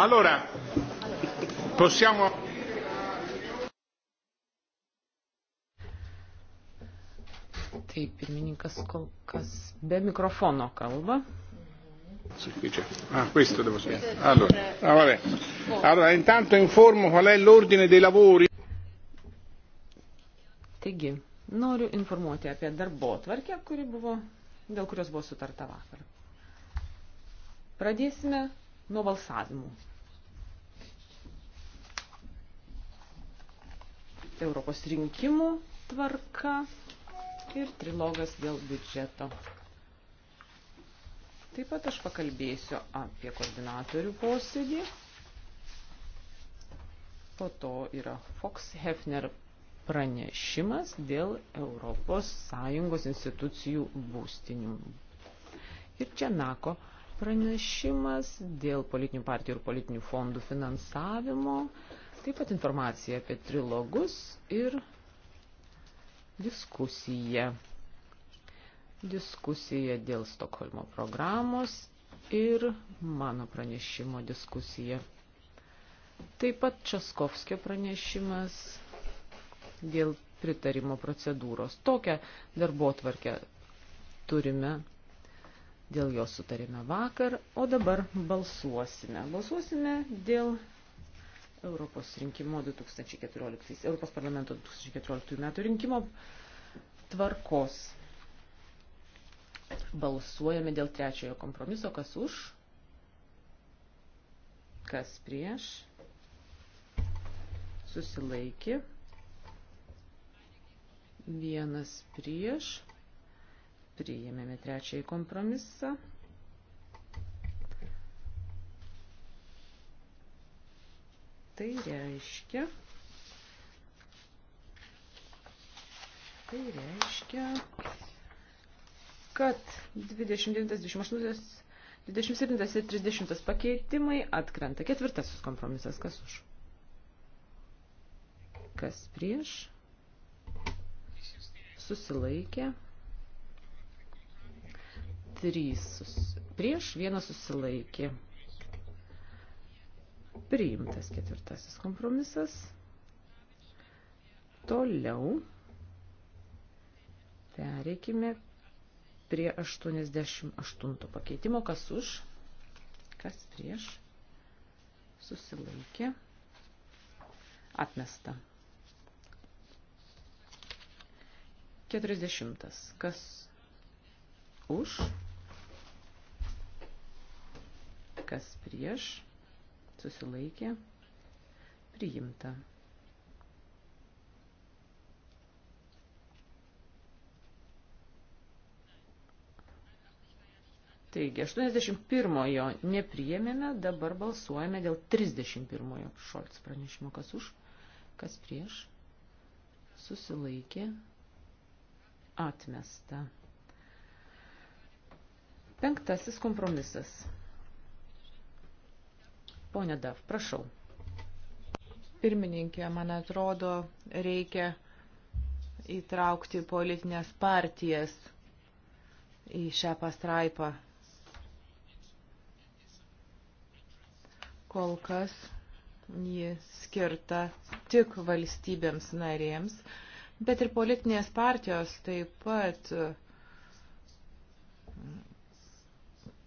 Allora, possiamo... Taip, pirmininkas kol kas be mikrofono kalba. Ah, questo devo spiegare. Allora, ah, vabbè. allora, intanto informo qual è l'ordine dei lavori. Taigi, noriu informuoti apie darbo tvarkę, kuri buvo, dėl kurios buvo sutarta vakar. Pradėsime nuo balsavimų. Europos rinkimų tvarka ir trilogas dėl biudžeto. Taip pat aš pakalbėsiu apie koordinatorių posėdį. Po to yra Fox Hefner pranešimas dėl ES institucijų būstinių. Ir čia Nako pranešimas dėl politinių partijų ir politinių fondų finansavimo, Taip pat informacija apie trilogus ir diskusiją. Diskusija dėl Stokholmo programos ir mano pranešimo diskusija. Taip pat Časkovskio pranešimas dėl pritarimo procedūros. Tokią darbo tvarkę turime, dėl jos sutarėme vakar, o dabar balsuosime. Balsuosime dėl Europos rinkimo 2014, Europos parlamento 2014 metų rinkimo tvarkos. Balsuojame dėl trečiojo kompromiso, kas už, kas prieš, susilaikė, vienas prieš, priėmėme trečiąjį kompromisą. Tai reiškia, tai reiškia, kad 29, 28, 27 ir 30 pakeitimai atkrenta. Ketvirtasis kompromisas, kas už? Kas prieš? Susilaikė. Trys sus... prieš, vienas susilaikė. Priimtas ketvirtasis kompromisas. Toliau pereikime prie 88 pakeitimo. Kas už? Kas prieš? Susilaikė. Atmesta. 40. Kas už? Kas prieš? susilaikė, priimta. Taigi, 81-ojo nepriėmėme, dabar balsuojame dėl 31-ojo Šolts pranešimo, kas už, kas prieš, susilaikė, atmesta. Penktasis kompromisas. Pone Dav, prašau. Pirmininkė, man atrodo, reikia įtraukti politinės partijas į šią pastraipą. Kol kas ji skirta tik valstybėms narėms, bet ir politinės partijos taip pat uh,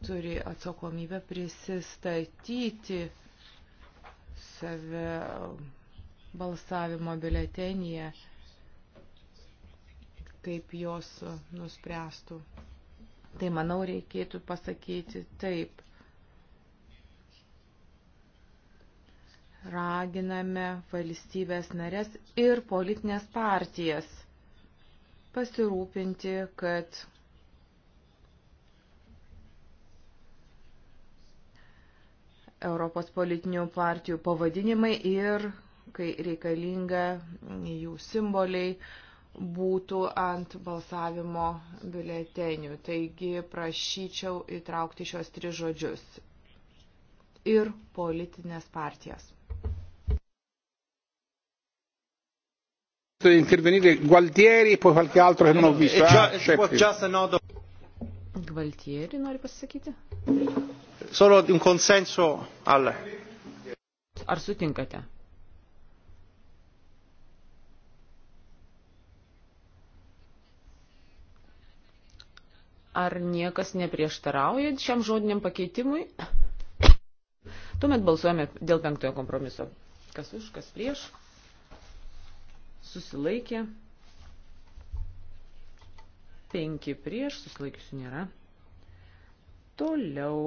turi atsakomybę prisistatyti save balsavimo biuletenyje, kaip jos nuspręstų. Tai manau reikėtų pasakyti taip. Raginame valstybės narės ir politinės partijas pasirūpinti, kad Europos politinių partijų pavadinimai ir, kai reikalinga, jų simboliai būtų ant balsavimo biuletenių. Taigi prašyčiau įtraukti šios tris žodžius ir politinės partijas. intervenire Gualtieri e poi qualche altro che non ho visto. Eh? eh, eh Gualtieri nori pasisakyti? solo di un consenso al. Ar sutinkate? Ar niekas neprieštarauja šiam žodiniam pakeitimui? Tuomet balsuojame dėl penktojo kompromiso. Kas už, kas prieš? Susilaikė. Penki prieš, susilaikiusių nėra. Toliau.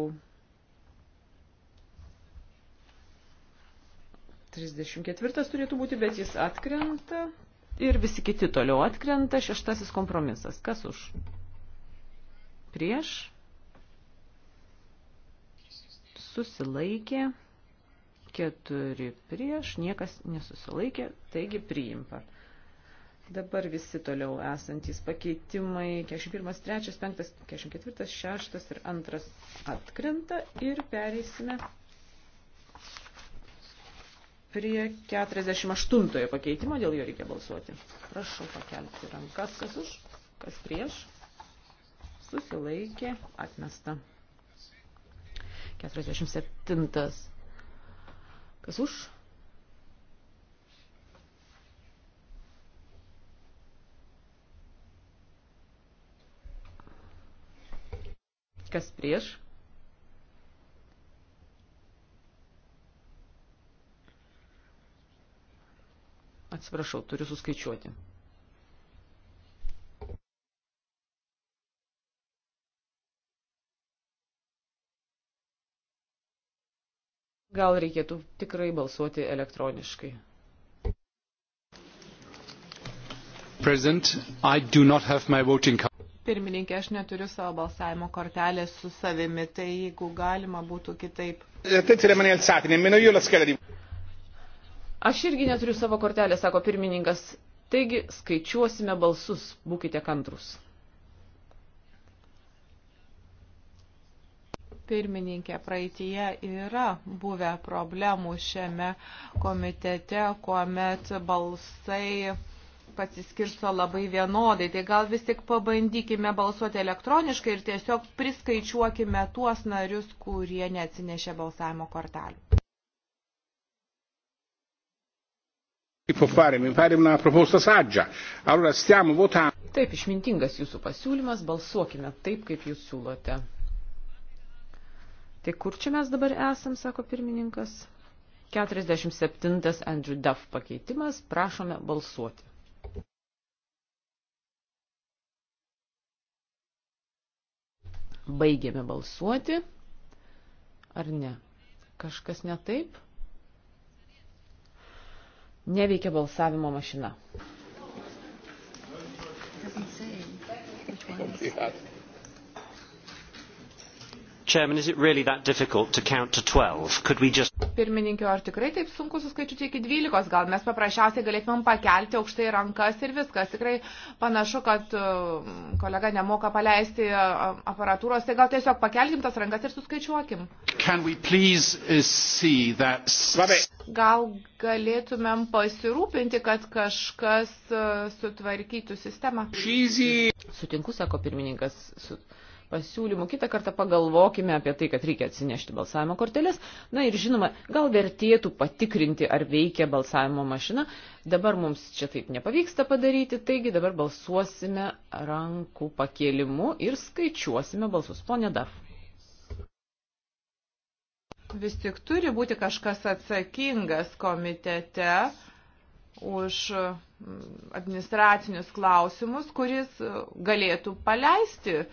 34 turėtų būti, bet jis atkrenta. Ir visi kiti toliau atkrenta. Šeštasis kompromisas. Kas už? Prieš. Susilaikė. Keturi prieš. Niekas nesusilaikė. Taigi priimta. Dabar visi toliau esantys pakeitimai 41, 3, 5, 44, 6 ir 2 atkrenta ir pereisime prie 48 pakeitimo, dėl jo reikia balsuoti. Prašau pakelti rankas, kas už, kas prieš. Susilaikė, atmesta. 47. Kas už? Kas prieš? Atsiprašau, turiu suskaičiuoti. Gal reikėtų tikrai balsuoti elektroniškai. Pirmininkė, aš neturiu savo balsavimo kortelės su savimi, tai jeigu galima būtų kitaip. Aš irgi neturiu savo kortelės, sako pirmininkas. Taigi skaičiuosime balsus, būkite kantrus. Pirmininkė, praeitie yra buvę problemų šiame komitete, kuomet balsai pasiskirsto labai vienodai. Tai gal vis tik pabandykime balsuoti elektroniškai ir tiesiog priskaičiuokime tuos narius, kurie neatsinešė balsavimo kortelių. Taip, išmintingas jūsų pasiūlymas, balsuokime taip, kaip jūs siūlote. Tai kur čia mes dabar esam, sako pirmininkas. 47 Andrew Duff pakeitimas, prašome balsuoti. Baigėme balsuoti, ar ne? Kažkas ne taip? neveikia balsavimo mašina. Doesn't say which one is. Chairman, is it really that difficult to count to 12? Could we just... Pirmininkio, ar tikrai taip sunku suskaičiuoti iki 12? Gal mes paprasčiausiai galėtumėm pakelti aukštai rankas ir viskas. Tikrai panašu, kad um, kolega nemoka paleisti aparatūros, tai gal tiesiog pakelkim tas rankas ir suskaičiuokim. Uh, that... Gal galėtumėm pasirūpinti, kad kažkas uh, sutvarkytų sistemą? Cheesy. Sutinku, sako pirmininkas. Su pasiūlymų. Kitą kartą pagalvokime apie tai, kad reikia atsinešti balsavimo kortelės. Na ir žinoma, gal vertėtų patikrinti, ar veikia balsavimo mašina. Dabar mums čia taip nepavyksta padaryti, taigi dabar balsuosime rankų pakėlimu ir skaičiuosime balsus. Pone Daf. Vis tik turi būti kažkas atsakingas komitete už mm, administracinius klausimus, kuris galėtų paleisti uh,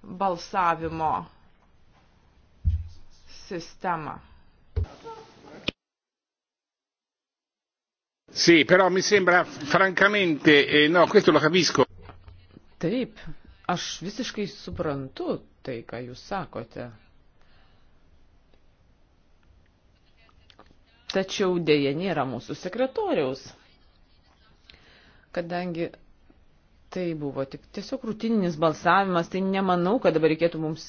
balsavimo sistemą. Sì, però mi sembra francamente, eh, no, questo lo capisco. Taip, aš visiškai suprantu tai, ką jūs sakote. Tačiau dėje nėra mūsų sekretoriaus, kadangi Tai buvo tik tiesiog rutininis balsavimas, tai nemanau, kad dabar reikėtų mums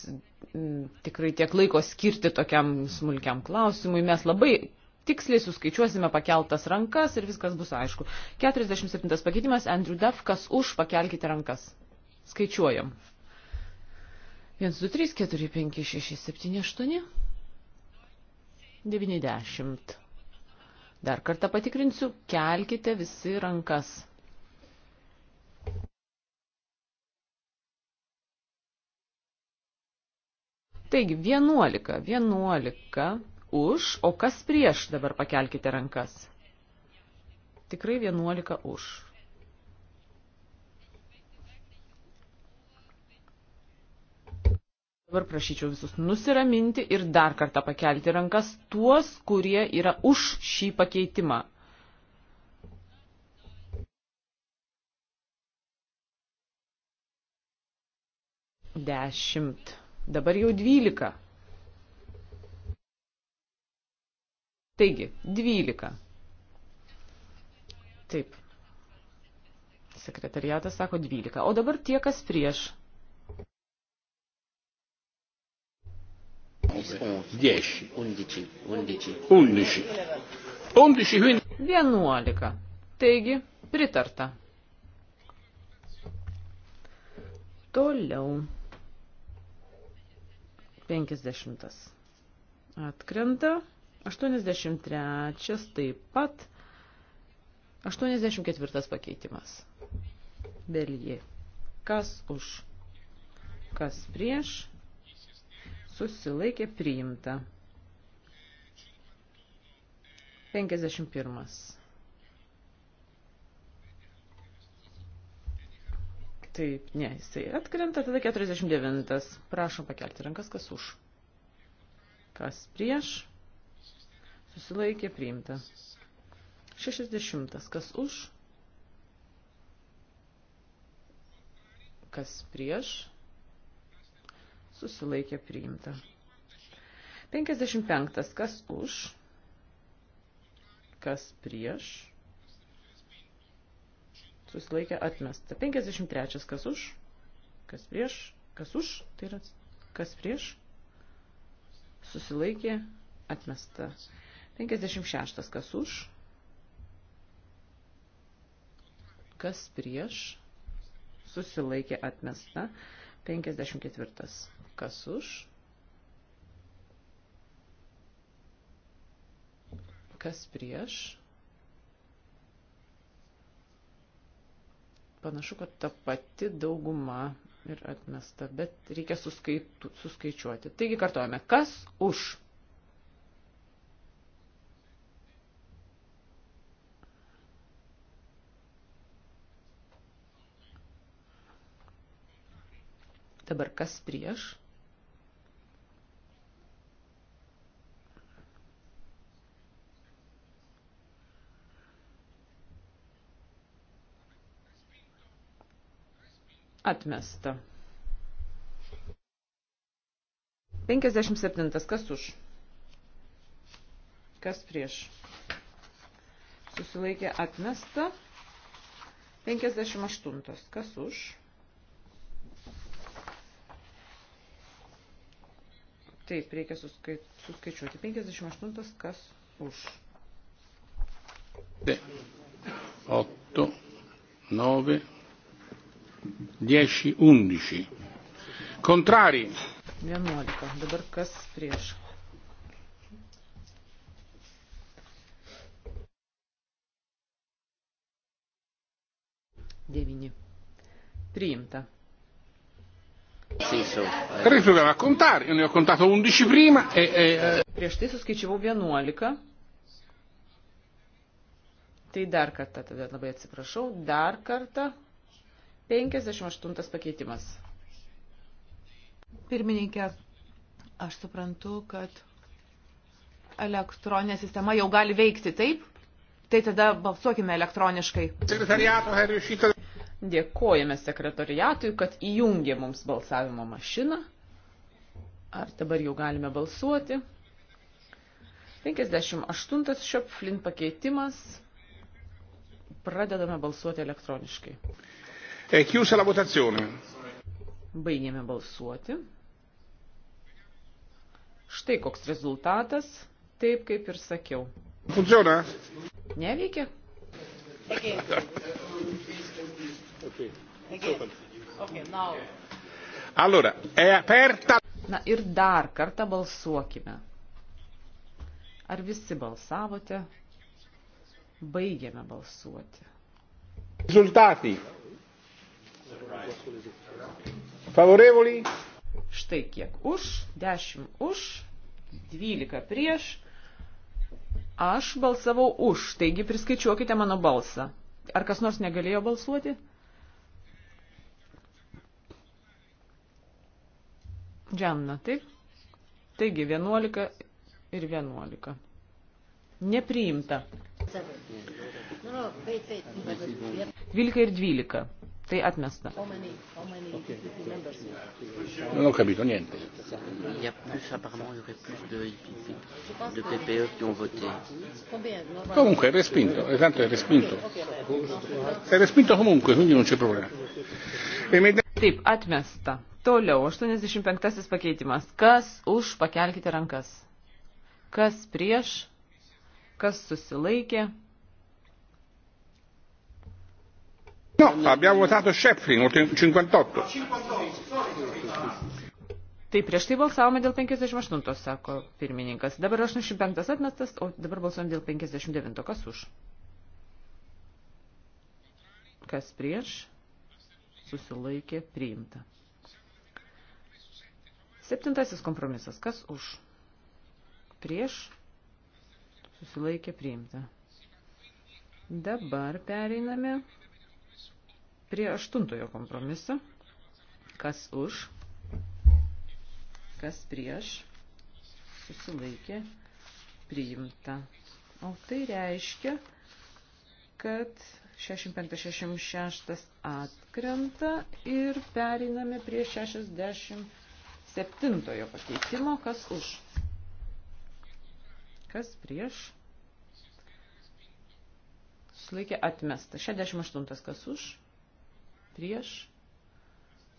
tikrai tiek laiko skirti tokiam smulkiam klausimui. Mes labai tiksliai suskaičiuosime pakeltas rankas ir viskas bus aišku. 47 pakeitimas, Andrew Duff, kas už, pakelkite rankas. Skaičiuojam. 1, 2, 3, 4, 5, 6, 7, 8, 90. Dar kartą patikrinsiu, kelkite visi rankas. Taigi, 11, 11 už, o kas prieš dabar pakelkite rankas. Tikrai 11 už. Dabar prašyčiau visus nusiraminti ir dar kartą pakelti rankas tuos, kurie yra už šį pakeitimą. Dešimt. Dabar jau 12. Taigi, 12. Taip. Sekretariatas sako 12. O dabar tie, kas prieš. 10, 11, 11. 11. 11. 11. Taigi, pritarta. Toliau. 50 atkrenta, 83 taip pat, 84 pakeitimas. Belie. Kas už, kas prieš, susilaikė priimta. 51. Taip, ne, jisai atkrenta, tada 49. Prašom pakelti rankas, kas už. Kas prieš? Susilaikė priimta. 60. Kas už? Kas prieš? Susilaikė priimta. 55. Kas už? Kas prieš? susilaikė atmesta. 53. Kas už, kas prieš, kas už, tai yra kas prieš, susilaikė atmesta. 56. Kas už, kas prieš, susilaikė atmesta. 54. Kas už, kas prieš, Panašu, kad ta pati dauguma ir atmesta, bet reikia suskaitu, suskaičiuoti. Taigi kartuojame, kas už? Dabar kas prieš? Atmesta. 57. Kas už? Kas prieš? Susilaikė atmesta. 58. Kas už? Taip, reikia suskai, suskaičiuoti. 58. Kas už? 8, 9, 10, 11. Kontrari. 11. Dabar kas prieš? Devini. Priimta. Gerai, tu doveva contare, io ne ho contato 11 prima e, e... e Prieš tai suskaičiavau 11. Tai dar kartą, tada labai atsiprašau, dar kartą 58 pakeitimas. Pirmininkė, aš suprantu, kad elektroninė sistema jau gali veikti, taip? Tai tada balsuokime elektroniškai. Dėkojame sekretariatui, kad įjungė mums balsavimo mašiną. Ar dabar jau galime balsuoti? 58 šio flint pakeitimas. Pradedame balsuoti elektroniškai. È chiusa la votazione. Baigėme balsuoti. Štai koks rezultatas, taip kaip ir sakiau. Funkciona? Neveikia. Okay. Okay. Okay, now. Allora, è aperta. Na ir dar kartą balsuokime. Ar visi balsavote? Baigėme balsuoti. Rezultatai. Favorevoli? Štai kiek už, 10 už, 12 prieš. Aš balsavau už, taigi priskaičiuokite mano balsą. Ar kas nors negalėjo balsuoti? Džemna, taip? Taigi 11 ir 11. Nepriimta. 12 ir 12 tai atmesta. Non, non, capito niente. Il y a plus, apparemment, il y aurait plus de, de PPE qui ont voté. Comunque è respinto, e tanto è respinto. È respinto comunque, quindi non c'è problema. E Taip, atmesta. Toliau, 85 pakeitimas. Kas už pakelkite rankas? Kas prieš? Kas susilaikė? No, abbiamo votato Shefflin, 58. Tai prieš tai balsavome dėl 58, sako pirmininkas. Dabar 85 atmestas, o dabar balsuojam dėl 59. Kas už? Kas prieš? Susilaikė priimta. Septintasis kompromisas. Kas už? Prieš? Susilaikė priimta. Dabar pereiname Prie aštuntojo kompromiso. Kas už? Kas prieš? Susilaikė. Priimta. O tai reiškia, kad 65-66 atkrenta ir periname prie 67 pakeitimo, kas už. Kas prieš? Sulaikė atmesta. 68 kas už prieš,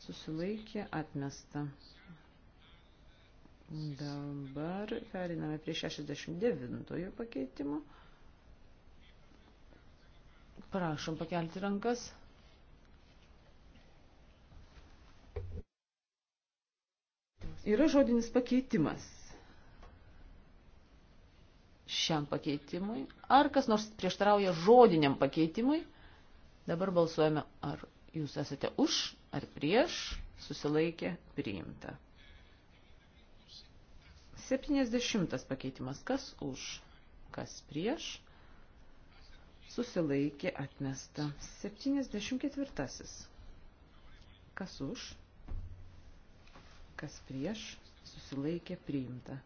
susilaikė, atmesta. Dabar periname prie 69 pakeitimo. Prašom pakelti rankas. Yra žodinis pakeitimas šiam pakeitimui. Ar kas nors prieštarauja žodiniam pakeitimui? Dabar balsuojame, ar Jūs esate už ar prieš susilaikė priimta. 70 pakeitimas. Kas už, kas prieš susilaikė atmesta. 74. Kas už, kas prieš susilaikė priimta.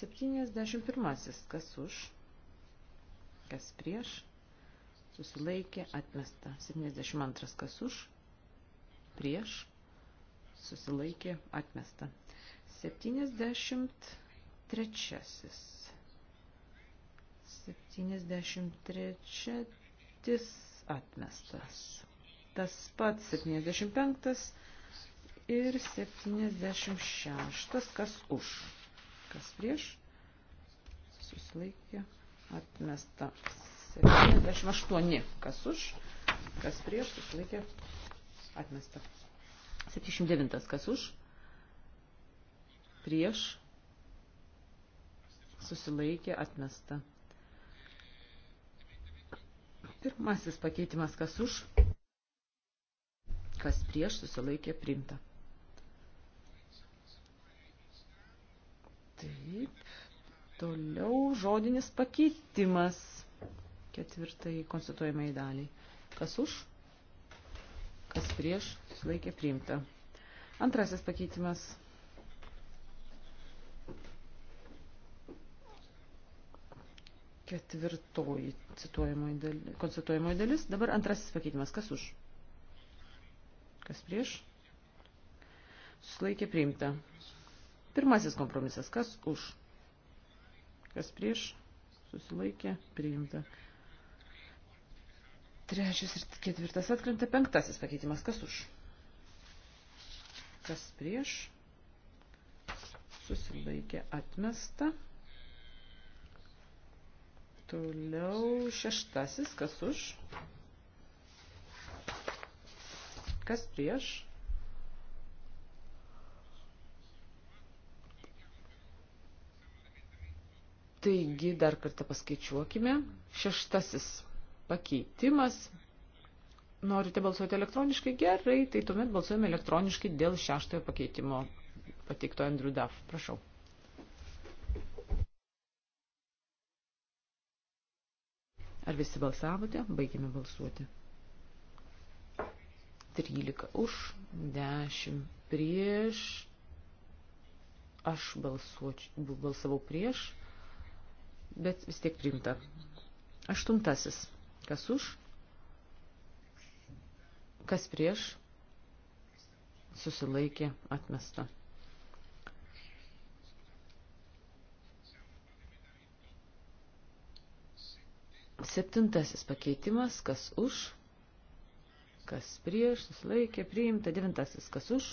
71. Kas už, kas prieš susilaikė, atmesta. 72 kas už, prieš, susilaikė, atmesta. 73. 73 atmestas. Tas pats 75 ir 76. Kas už? Kas prieš? Susilaikė, atmesta. 78. Kas už, kas prieš, susilaikė, atmesta. 79. Kas už, prieš, susilaikė, atmesta. Pirmasis pakeitimas, kas už, kas prieš, susilaikė, primta. Taip. Toliau žodinis pakeitimas ketvirtai konstatuojamai daliai. Kas už, kas prieš, susilaikė priimta. Antrasis pakeitimas. Ketvirtoji dalis, konstatuojamoji dalis. Dabar antrasis pakeitimas. Kas už? Kas prieš? Susilaikė priimta. Pirmasis kompromisas. Kas už? Kas prieš? Susilaikė priimta. Trečias ir ketvirtas atkrenta penktasis pakeitimas. Kas už? Kas prieš? Susilaikė atmesta. Toliau šeštasis. Kas už? Kas prieš? Taigi dar kartą paskaičiuokime. Šeštasis pakeitimas. Norite balsuoti elektroniškai? Gerai, tai tuomet balsuojame elektroniškai dėl šeštojo pakeitimo pateikto Andrew Duff. Prašau. Ar visi balsavote? Baigime balsuoti. 13 už, 10 prieš. Aš balsuočiau, balsavau prieš, bet vis tiek priimta. Aštuntasis. Kas už? Kas prieš? Susilaikė atmesta. Septintasis pakeitimas, kas už, kas prieš, susilaikė, priimta. Devintasis, kas už,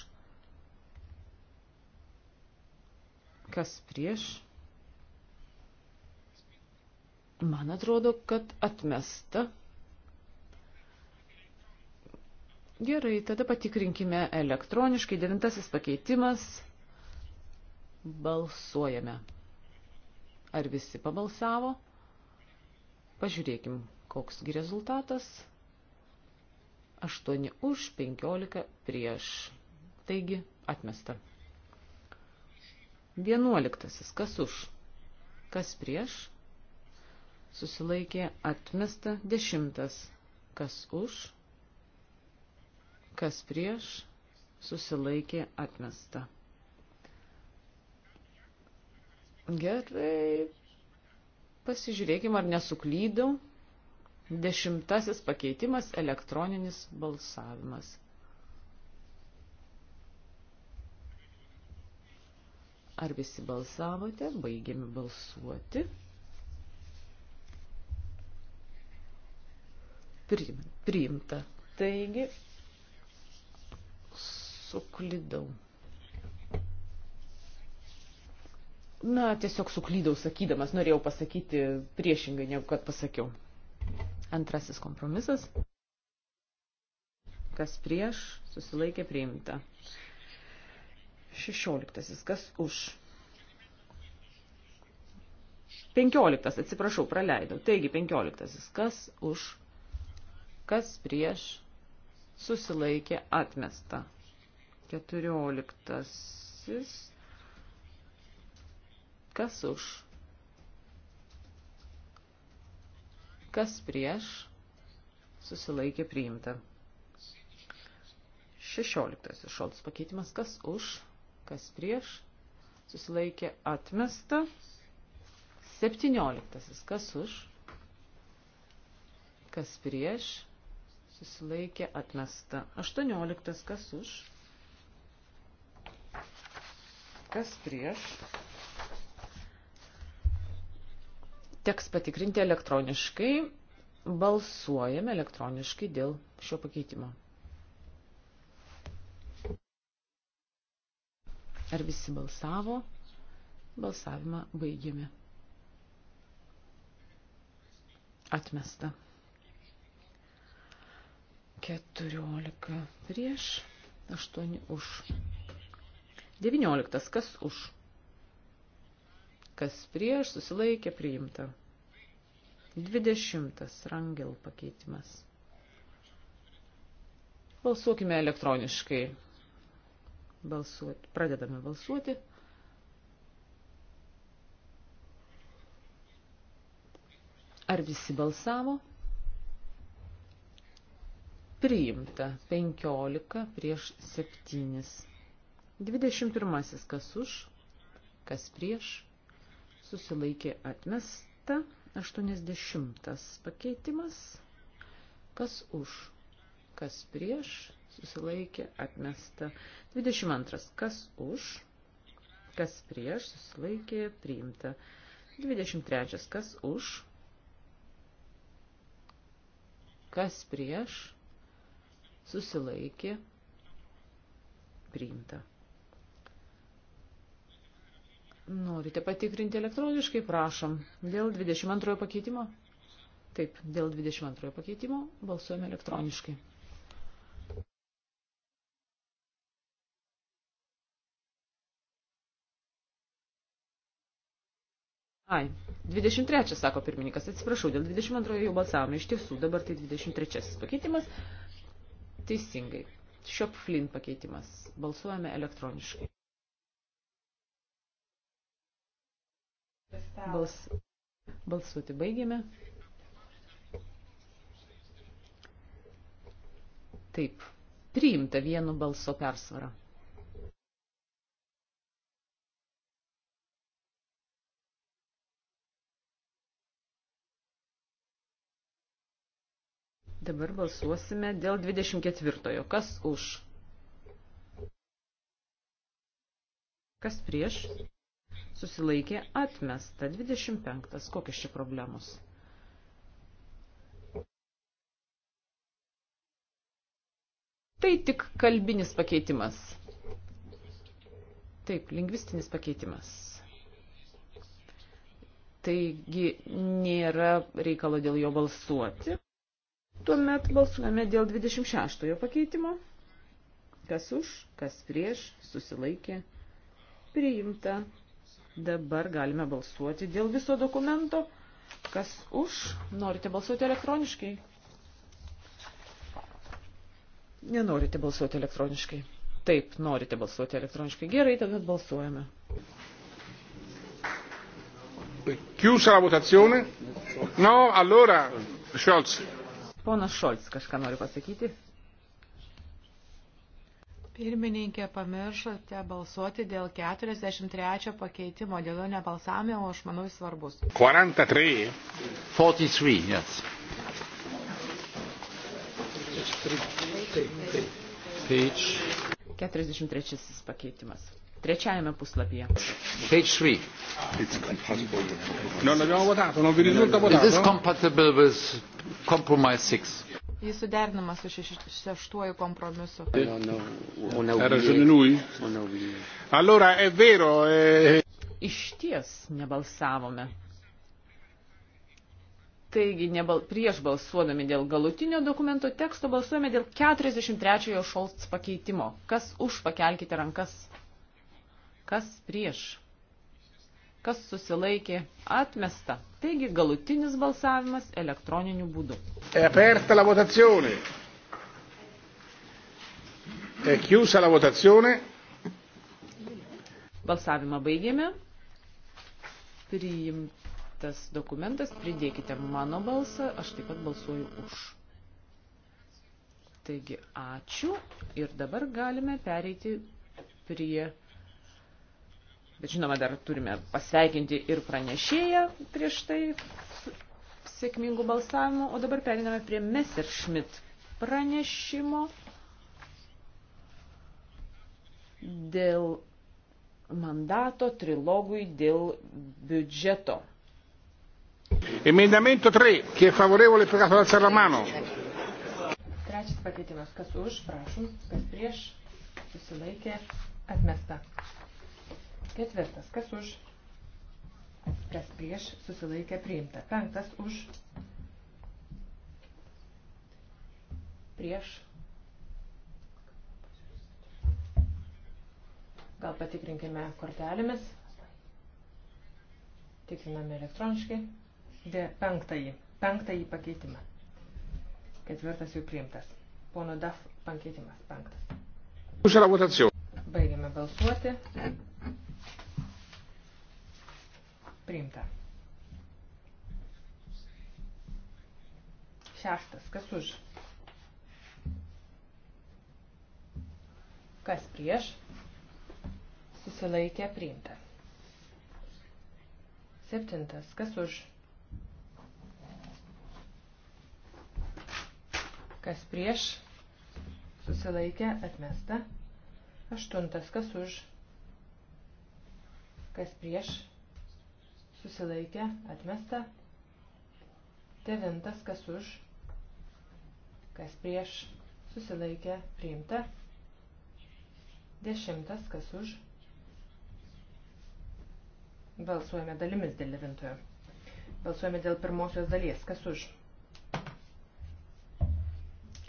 kas prieš, Man atrodo, kad atmesta. Gerai, tada patikrinkime elektroniškai. Devintasis pakeitimas. Balsuojame. Ar visi pabalsavo? Pažiūrėkim, koksgi rezultatas. 8 už, 15 prieš. Taigi, atmesta. Vienuoliktasis. Kas už? Kas prieš? susilaikė atmesta dešimtas, kas už, kas prieš, susilaikė atmesta. Gerai, pasižiūrėkime, ar nesuklydau. Dešimtasis pakeitimas - elektroninis balsavimas. Ar visi balsavote? Baigėme balsuoti. priimta. Taigi, suklydau. Na, tiesiog suklydau sakydamas, norėjau pasakyti priešingai, negu kad pasakiau. Antrasis kompromisas. Kas prieš, susilaikė priimta. Šešioliktasis, kas už. Penkioliktas, atsiprašau, praleidau. Taigi, penkioliktasis, kas už kas prieš, susilaikė atmesta. Keturioliktasis, kas už, kas prieš, susilaikė priimta. Šešioliktasis šaltas pakeitimas, kas už, kas prieš, susilaikė atmesta. Septynioliktasis, kas už, kas prieš, susilaikė atmesta. 18. Kas už? Kas prieš? Teks patikrinti elektroniškai. Balsuojame elektroniškai dėl šio pakeitimo. Ar visi balsavo? Balsavimą baigėme. Atmesta. 14 prieš, 8 už. 19. Kas už? Kas prieš, susilaikė priimta. 20. Rangel pakeitimas. Balsuokime elektroniškai. Balsuoti. Pradedame balsuoti. Ar visi balsavo? Priimta 15 prieš 7. 21. Kas už, kas prieš, susilaikė atmesta. 80. Pakeitimas. Kas už, kas prieš, susilaikė atmesta. 22. Kas už, kas prieš, susilaikė priimta. 23. Kas už, kas prieš, susilaikė, priimta. Norite patikrinti elektroniškai, prašom. Dėl 22 pakeitimo? Taip, dėl 22 pakeitimo balsuojame elektroniškai. Ai, 23, sako pirmininkas, atsiprašau, dėl 22 jau balsavome, iš tiesų, dabar tai 23 pakeitimas, Teisingai. Šiop Flynn pakeitimas. Balsuojame elektroniškai. Bals, balsuoti baigėme. Taip, priimta vienu balso persvarą. Dabar balsuosime dėl 24. Kas už? Kas prieš? Susilaikė atmesta 25. Kokios čia problemos? Tai tik kalbinis pakeitimas. Taip, lingvistinis pakeitimas. Taigi nėra reikalo dėl jo balsuoti. Tuomet balsuojame dėl 26 pakeitimo. Kas už, kas prieš, susilaikė, priimta. Dabar galime balsuoti dėl viso dokumento. Kas už, norite balsuoti elektroniškai? Nenorite balsuoti elektroniškai. Taip, norite balsuoti elektroniškai. Gerai, tada balsuojame. Chiusa la votazione? No, allora, Scholz. Ponas Šolts kažką nori pasakyti. Pirmininkė, pamiršote balsuoti dėl 43 pakeitimo, dėl jo nebalsavome, o aš manau jis svarbus. 43. 43, yes. Page. 43 pakeitimas trečiajame puslapyje. Page 3. Non abbiamo votato, non vi risulta votato. Is this compatible with compromise 6? Jis suderinamas su šeštuoju kompromisu. Era žinui. Allora, è vero. È... Eh. Iš ties nebalsavome. Taigi, nebal, prieš balsuodami dėl galutinio dokumento teksto balsuojame dėl 43-ojo šolts pakeitimo. Kas už, pakelkite rankas. Kas prieš? Kas susilaikė? Atmesta. Taigi galutinis balsavimas elektroniniu būdu. E aperta la votazione. E chiusa la votazione. Balsavimą baigėme. Priimtas dokumentas, pridėkite mano balsą, aš taip pat balsuoju už. Taigi, ačiū ir dabar galime pereiti prie Bet žinoma, dar turime pasveikinti ir pranešėją prieš tai sėkmingų balsavimų. O dabar periname prie Messerschmitt pranešimo dėl mandato trilogui dėl biudžeto. Emendamento 3, chi è favorevole per alzare la mano. Trečias pakeitimas, kas už, prašom, kas prieš, susilaikė, atmesta. Ketvirtas. Kas už? Kas prieš susilaikė priimta. Penktas už. Prieš. Gal patikrinkime kortelėmis. Tikriname elektroniškai. D. Penktąjį. Penktąjį pakeitimą. Ketvirtas jau priimtas. Pono DAF pakeitimas. Penktas. Už Baigiame balsuoti. Priimta. Šeštas. Kas už? Kas prieš? Susilaikė priimta. Septintas. Kas už? Kas prieš? Susilaikė atmesta. Aštuntas. Kas už? Kas prieš? susilaikė, atmesta. Devintas, kas už, kas prieš, susilaikė, priimta. Dešimtas, kas už. Balsuojame dalimis dėl devintojo. Balsuojame dėl pirmosios dalies, kas už.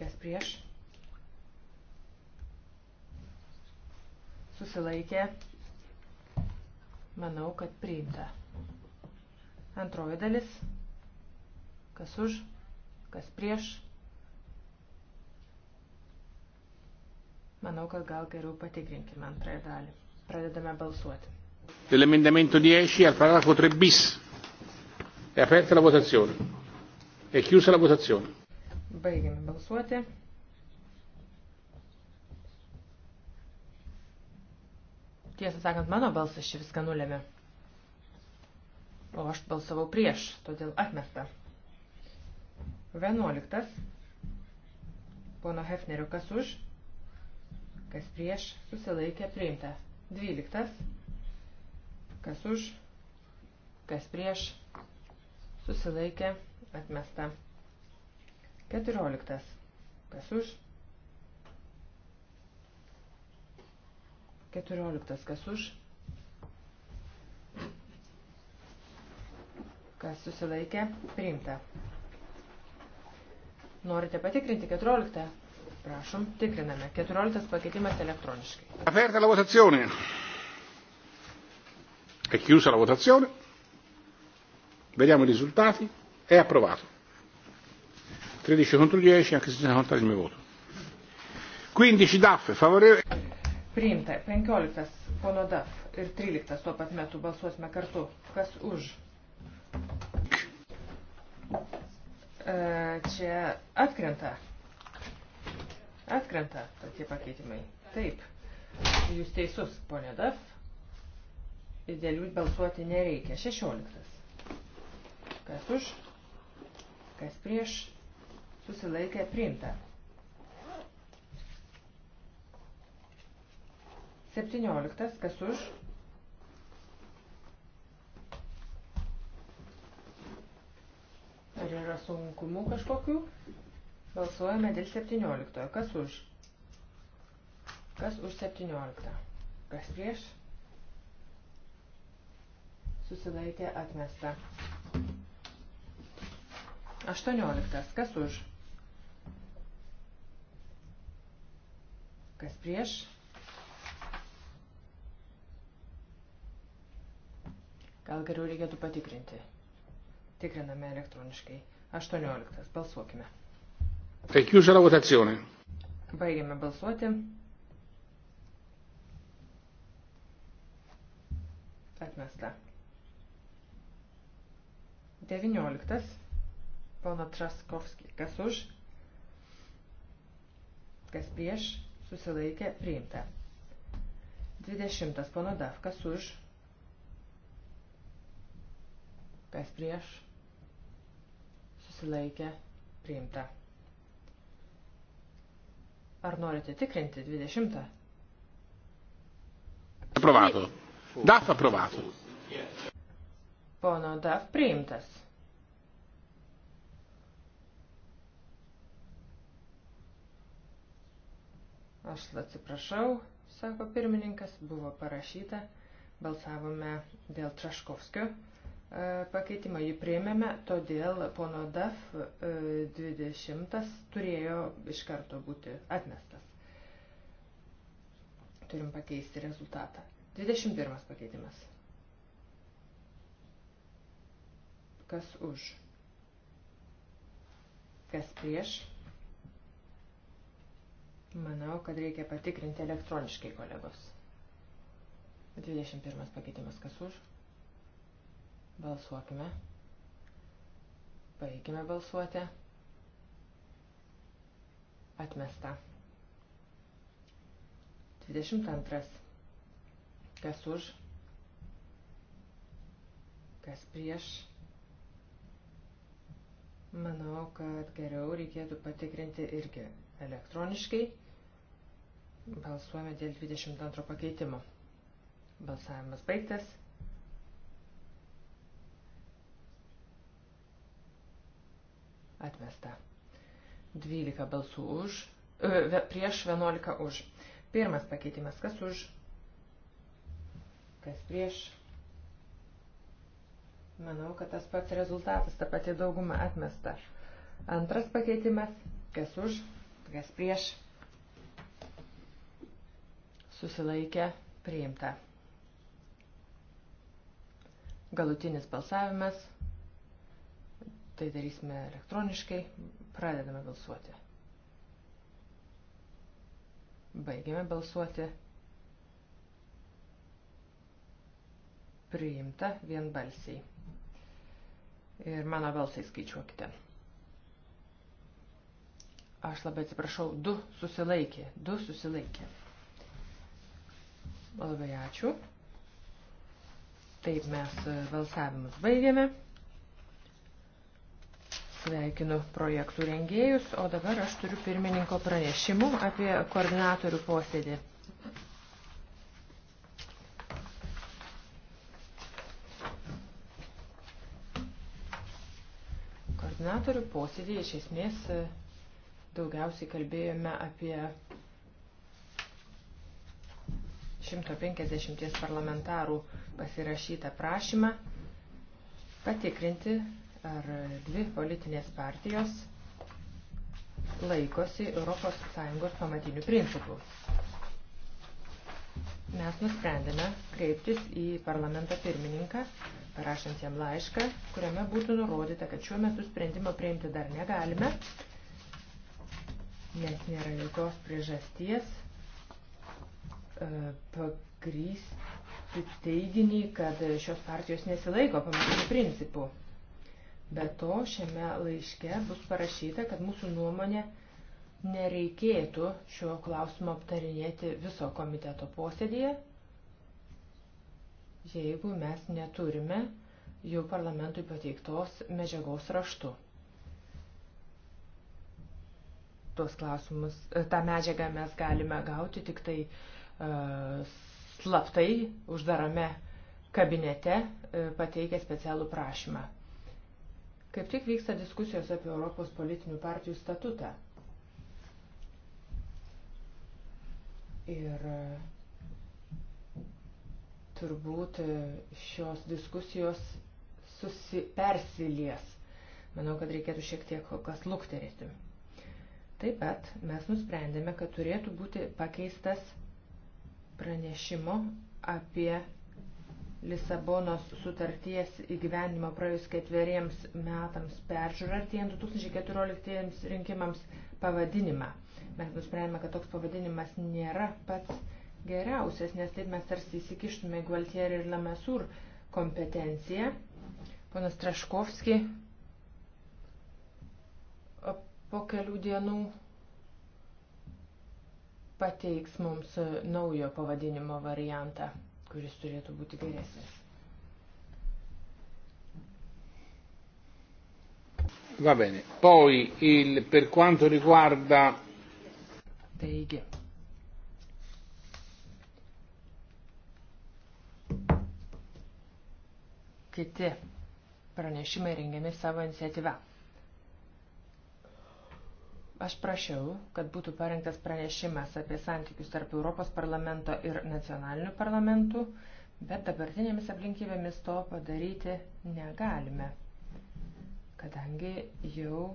Kas prieš. Susilaikė. Manau, kad priimta. Antroji dalis. Kas už, kas prieš. Manau, kad gal geriau patikrinkime antrąją dalį. Pradedame balsuoti. Dell'emendamento 10 al paragrafo 3 bis. È aperta la votazione. È chiusa la votazione. Baigiame balsuoti. Tiesą sakant, mano balsas šį viską nulėmė o aš balsavau prieš, todėl atmesta. Vienuoliktas. Pono Hefnerio kas už, kas prieš, susilaikė priimta. Dvyliktas. Kas už, kas prieš, susilaikė atmesta. Keturioliktas. Kas už? Keturioliktas. Kas už? kas susilaikė, priimta. Norite patikrinti 14? Prašom, tikriname. 14 pakeitimas elektroniškai. Aperta la votazione. È chiusa la votazione. Vediamo i risultati. È approvato. 13 contro 10, anche se sono contati il mio voto. 15 DAF, favorevole. Priimta 15 pono DAF ir 13 tuo pat metu balsuosime kartu. Kas už? E, čia atkrenta. Atkrenta tokie pakeitimai. Taip. Jūs teisus, ponė Daf. Ir dėl jų balsuoti nereikia. 16. Kas už, kas prieš, susilaikė priimta. 17. Kas už, ar yra sunkumų kažkokių? Balsuojame dėl 17. Kas už? Kas už 17? Kas prieš? Susilaikė atmesta. 18. Kas už? Kas prieš? Gal geriau reikėtų patikrinti. Tikriname elektroniškai. 18. Balsuokime. Tai chiusa la votazione. Baigiame balsuoti. Atmesta. 19. Pono Traskovski. Kas už? Kas prieš? Susilaikė. Priimta. 20. Pono Dav. Kas už? Kas prieš? susilaikė, priimta. Ar norite tikrinti 20? Approvato. DAF approvato. Pono DAF priimtas. Aš atsiprašau, sako pirmininkas, buvo parašyta, balsavome dėl Traškovskio E, pakeitimą. Jį priėmėme, todėl pono DAF 20 e, turėjo iš karto būti atmestas. Turim pakeisti rezultatą. 21 pakeitimas. Kas už? Kas prieš? Manau, kad reikia patikrinti elektroniškai, kolegos. 21 pakeitimas. Kas už? Balsuokime. Baigime balsuoti. Atmesta. 22. Kas už? Kas prieš? Manau, kad geriau reikėtų patikrinti irgi elektroniškai. Balsuojame dėl 22 pakeitimo. Balsavimas baigtas. Atmesta. 12 balsų už, e, prieš 11 už. Pirmas pakeitimas, kas už, kas prieš. Manau, kad tas pats rezultatas, ta pati dauguma atmesta. Antras pakeitimas, kas už, kas prieš. Susilaikė priimta. Galutinis balsavimas Tai darysime elektroniškai. Pradedame balsuoti. Baigiame balsuoti. Priimta vienbalsiai. Ir mano balsai skaičiuokite. Aš labai atsiprašau, du susilaikė. Du susilaikė. Labai ačiū. Taip mes balsavimus baigiame. Sveikinu projektų rengėjus, o dabar aš turiu pirmininko pranešimų apie koordinatorių posėdį. Koordinatorių posėdį iš esmės e, daugiausiai kalbėjome apie 150 parlamentarų pasirašytą prašymą patikrinti ar dvi politinės partijos laikosi ES pamatinių principų. Mes nusprendėme kreiptis į parlamento pirmininką, parašant jam laišką, kuriame būtų nurodyta, kad šiuo metu sprendimo priimti dar negalime, nes nėra jokios priežasties e, pagrysti teiginį, kad šios partijos nesilaiko pamatinių principų. Be to, šiame laiške bus parašyta, kad mūsų nuomonė nereikėtų šio klausimo aptarinėti viso komiteto posėdėje, jeigu mes neturime jų parlamentui pateiktos medžiagos raštu. Tuos klausimus, e, tą medžiagą mes galime gauti tik tai uh, slaptai, uždarame kabinete, uh, pateikę specialų prašymą. Kaip tik vyksta diskusijos apie Europos politinių partijų statutą. Ir e, turbūt e, šios diskusijos susipersilies. Manau, kad reikėtų šiek tiek kas lukterėti. Taip pat mes nusprendėme, kad turėtų būti pakeistas pranešimo apie Lisabonos sutarties įgyvenimo praėjus ketveriems metams peržiūrą artėjant 2014 rinkimams pavadinimą. Mes nusprendėme, kad toks pavadinimas nėra pats geriausias, nes taip mes tarsi įsikištume į Gualtierį ir Lamesur kompetenciją. Ponas Traškovski po kelių dienų pateiks mums naujo pavadinimo variantą kuris turėtų būti geresnis. Va bene. Poi il, per quanto riguarda. Taigi. Kiti pranešimai rengiami savo iniciatyvą. Aš prašiau, kad būtų parengtas pranešimas apie santykius tarp Europos parlamento ir nacionalinių parlamentų, bet dabartinėmis aplinkybėmis to padaryti negalime, kadangi jau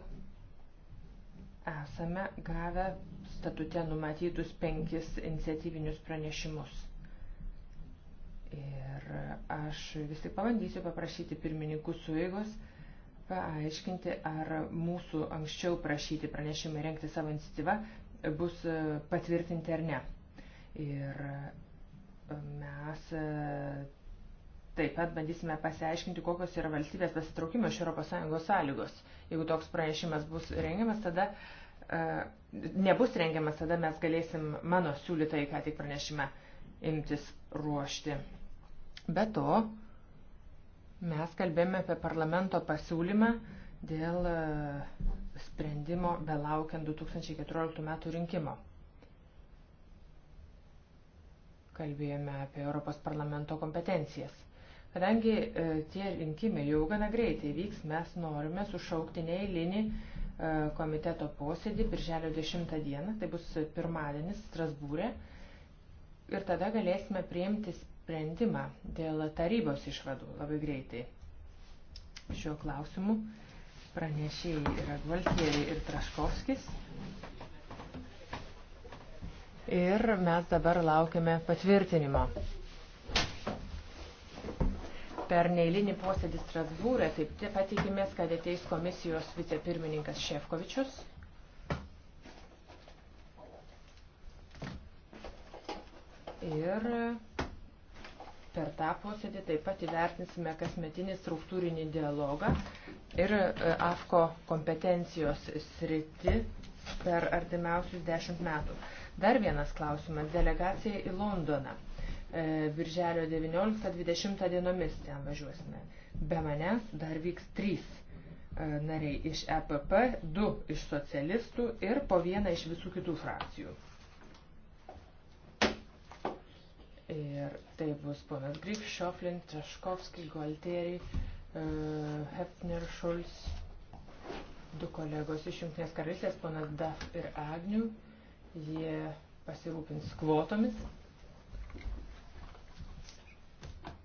esame gavę statute numatytus penkis iniciatyvinius pranešimus. Ir aš vis tik pabandysiu paprašyti pirmininkų suėgos, paaiškinti, ar mūsų anksčiau prašyti pranešimai renkti savo iniciatyvą bus e, patvirtinti ar ne. Ir e, mes e, taip pat bandysime pasiaiškinti, kokios yra valstybės pasitraukimo iš ES sąlygos. Jeigu toks pranešimas bus rengiamas, tada nebus rengiamas, tada mes galėsim mano siūlytai, ką tik pranešime, imtis ruošti. Be to, Mes kalbėjome apie parlamento pasiūlymą dėl e, sprendimo belaukiant 2014 metų rinkimo. Kalbėjome apie Europos parlamento kompetencijas. Kadangi e, tie rinkimai jau gana greitai vyks, mes norime sušaukti neįlinį e, komiteto posėdį birželio 10 dieną, tai bus pirmadienis Strasbūrė, ir tada galėsime priimti sprendimą sprendimą dėl tarybos išvadų labai greitai. Šiuo klausimu pranešėjai yra Gvaltieri ir Traškovskis. Ir mes dabar laukiame patvirtinimo. Per neįlinį posėdį Strasbūrę taip patikimės, kad ateis komisijos vicepirmininkas Šefkovičius. Ir Per tą posėdį taip pat įvertinsime kasmetinį struktūrinį dialogą ir e, AFKO kompetencijos sritį per artimiausius dešimt metų. Dar vienas klausimas – delegacija į Londoną. E, Birželio 19-20 dienomis ten važiuosime. Be manęs dar vyks trys e, nariai iš EPP, du iš socialistų ir po vieną iš visų kitų frakcijų. Ir tai bus ponas Grif, Šoflin, Traškovski, Gualteriai, e, Hefner, Šulc, du kolegos iš Junktinės karalystės, ponas Daf ir Agnių. Jie pasirūpins kvotomis,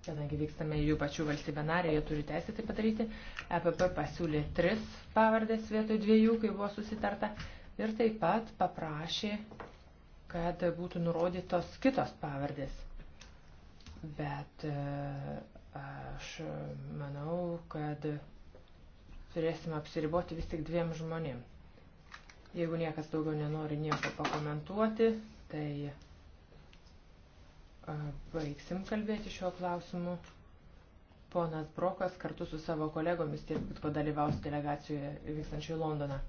kadangi vykstame į jų pačių valstybę narę, jie turi teisę tai padaryti. EPP pasiūlė tris pavardės vietoj dviejų, kai buvo susitarta, ir taip pat paprašė, kad būtų nurodytos kitos pavardės. Bet e, aš manau, kad turėsim apsiriboti vis tik dviem žmonėm. Jeigu niekas daugiau nenori nieko pakomentuoti, tai e, baigsim kalbėti šiuo klausimu. Ponas Brokas kartu su savo kolegomis tiek pat dalyvaus delegacijoje vykstančioje Londoną.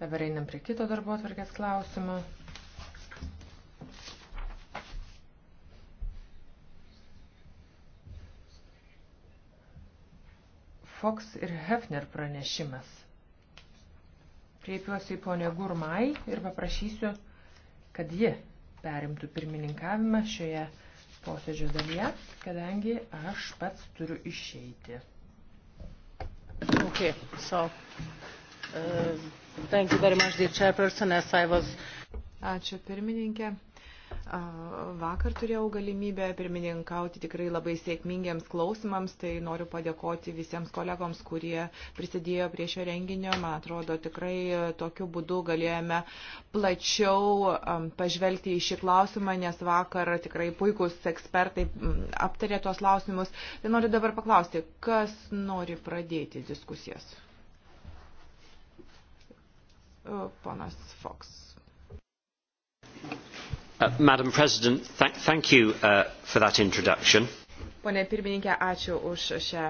Dabar einam prie kito darbo atvarkės klausimo. Fox ir Hefner pranešimas. Kreipiuosi į ponę Gurmai ir paprašysiu, kad ji perimtų pirmininkavimą šioje posėdžio dalyje, kadangi aš pats turiu išeiti. Okay, so, uh, was... Ačiū pirmininkė. Vakar turėjau galimybę pirmininkauti tikrai labai sėkmingiems klausimams, tai noriu padėkoti visiems kolegoms, kurie prisidėjo prie šio renginio. Man atrodo, tikrai tokiu būdu galėjome plačiau pažvelgti į šį klausimą, nes vakar tikrai puikus ekspertai aptarė tuos klausimus. Tai noriu dabar paklausti, kas nori pradėti diskusijas? Ponas Fox. Uh, Madam President, th thank you uh, for that introduction. Pone pirmininkė, ačiū už šią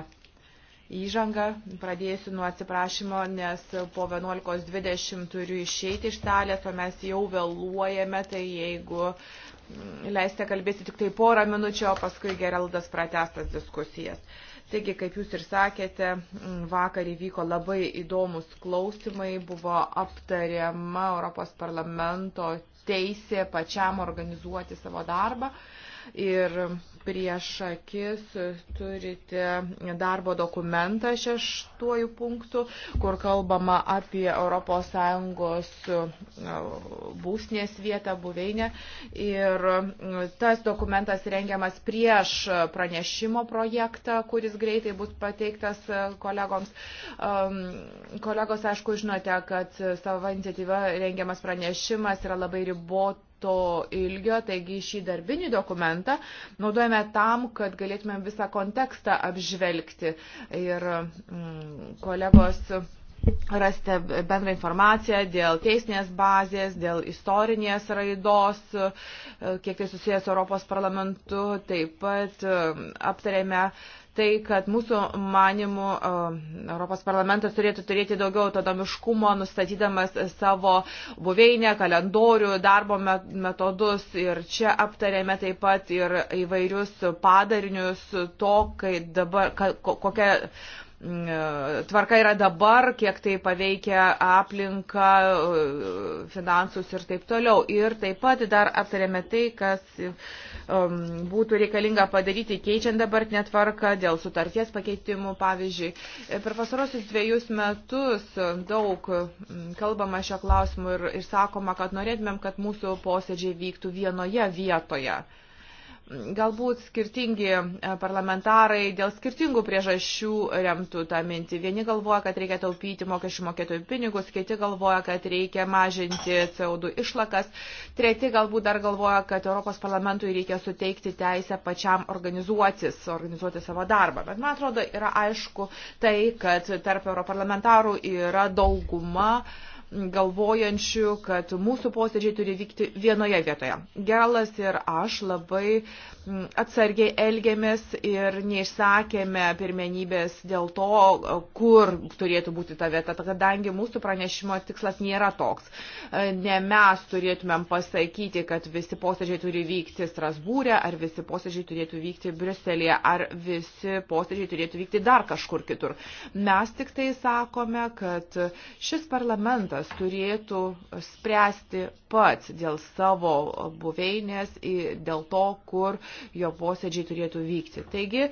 įžangą. Pradėsiu nuo atsiprašymo, nes po 11.20 turiu išeiti iš salės, o mes jau vėluojame, tai jeigu mm, leisite kalbėti tik tai porą minučių, o paskui Geraldas pratestas diskusijas. Taigi, kaip jūs ir sakėte, mm, vakar įvyko labai įdomus klausimai, buvo aptariama Europos parlamento teisė pačiam organizuoti savo darbą. Ir prieš akis turite darbo dokumentą šeštuoju punktu, kur kalbama apie ES e, būsnės vietą buveinę. Ir e, tas dokumentas rengiamas prieš pranešimo projektą, kuris greitai bus pateiktas e, kolegoms. Kolegos, aišku, žinote, kad savo iniciatyva rengiamas pranešimas yra labai ribot to ilgio, taigi šį darbinį dokumentą naudojame tam, kad galėtume visą kontekstą apžvelgti. Ir mm, kolegos rasti bendrą informaciją dėl teisinės bazės, dėl istorinės raidos, e, kiek tai susijęs Europos parlamentu. Taip pat e, aptarėme tai, kad mūsų manimų Europos parlamentas turėtų turėti daugiau autonomiškumo, nustatydamas savo buveinę, kalendorių, darbo metodus. Ir čia aptarėme taip pat ir įvairius padarinius to, kai dabar, kokia tvarka yra dabar, kiek tai paveikia aplinką, finansus ir taip toliau. Ir taip pat dar aptarėme tai, kas um, būtų reikalinga padaryti keičiant dabartinę tvarką dėl sutarties pakeitimų. Pavyzdžiui, per pasarosius dviejus metus daug mm, kalbama šio klausimu ir, ir sakoma, kad norėtumėm, kad mūsų posėdžiai vyktų vienoje vietoje galbūt skirtingi e, parlamentarai dėl skirtingų priežasčių remtų tą mintį. Vieni galvoja, kad reikia taupyti mokesčių mokėtojų pinigus, kiti galvoja, kad reikia mažinti CO2 išlakas, treti galbūt dar galvoja, kad Europos parlamentui reikia suteikti teisę pačiam organizuotis, organizuoti savo darbą. Bet man atrodo, yra aišku tai, kad tarp europarlamentarų yra dauguma uh, galvojančių, kad mūsų posėdžiai turi vykti vienoje vietoje. Gelas ir aš labai mm, atsargiai elgėmės ir neišsakėme pirmenybės dėl to, kur turėtų būti ta vieta, kadangi mūsų pranešimo tikslas nėra toks. E, ne mes turėtumėm pasakyti, kad visi posėdžiai turi vykti Strasbūrė, ar visi posėdžiai turėtų vykti Briuselėje, ar visi posėdžiai turėtų vykti dar kažkur kitur. Mes tik tai sakome, kad šis parlamentas verslininkas turėtų spręsti pats dėl savo buveinės, dėl to, kur jo posėdžiai turėtų vykti. Taigi,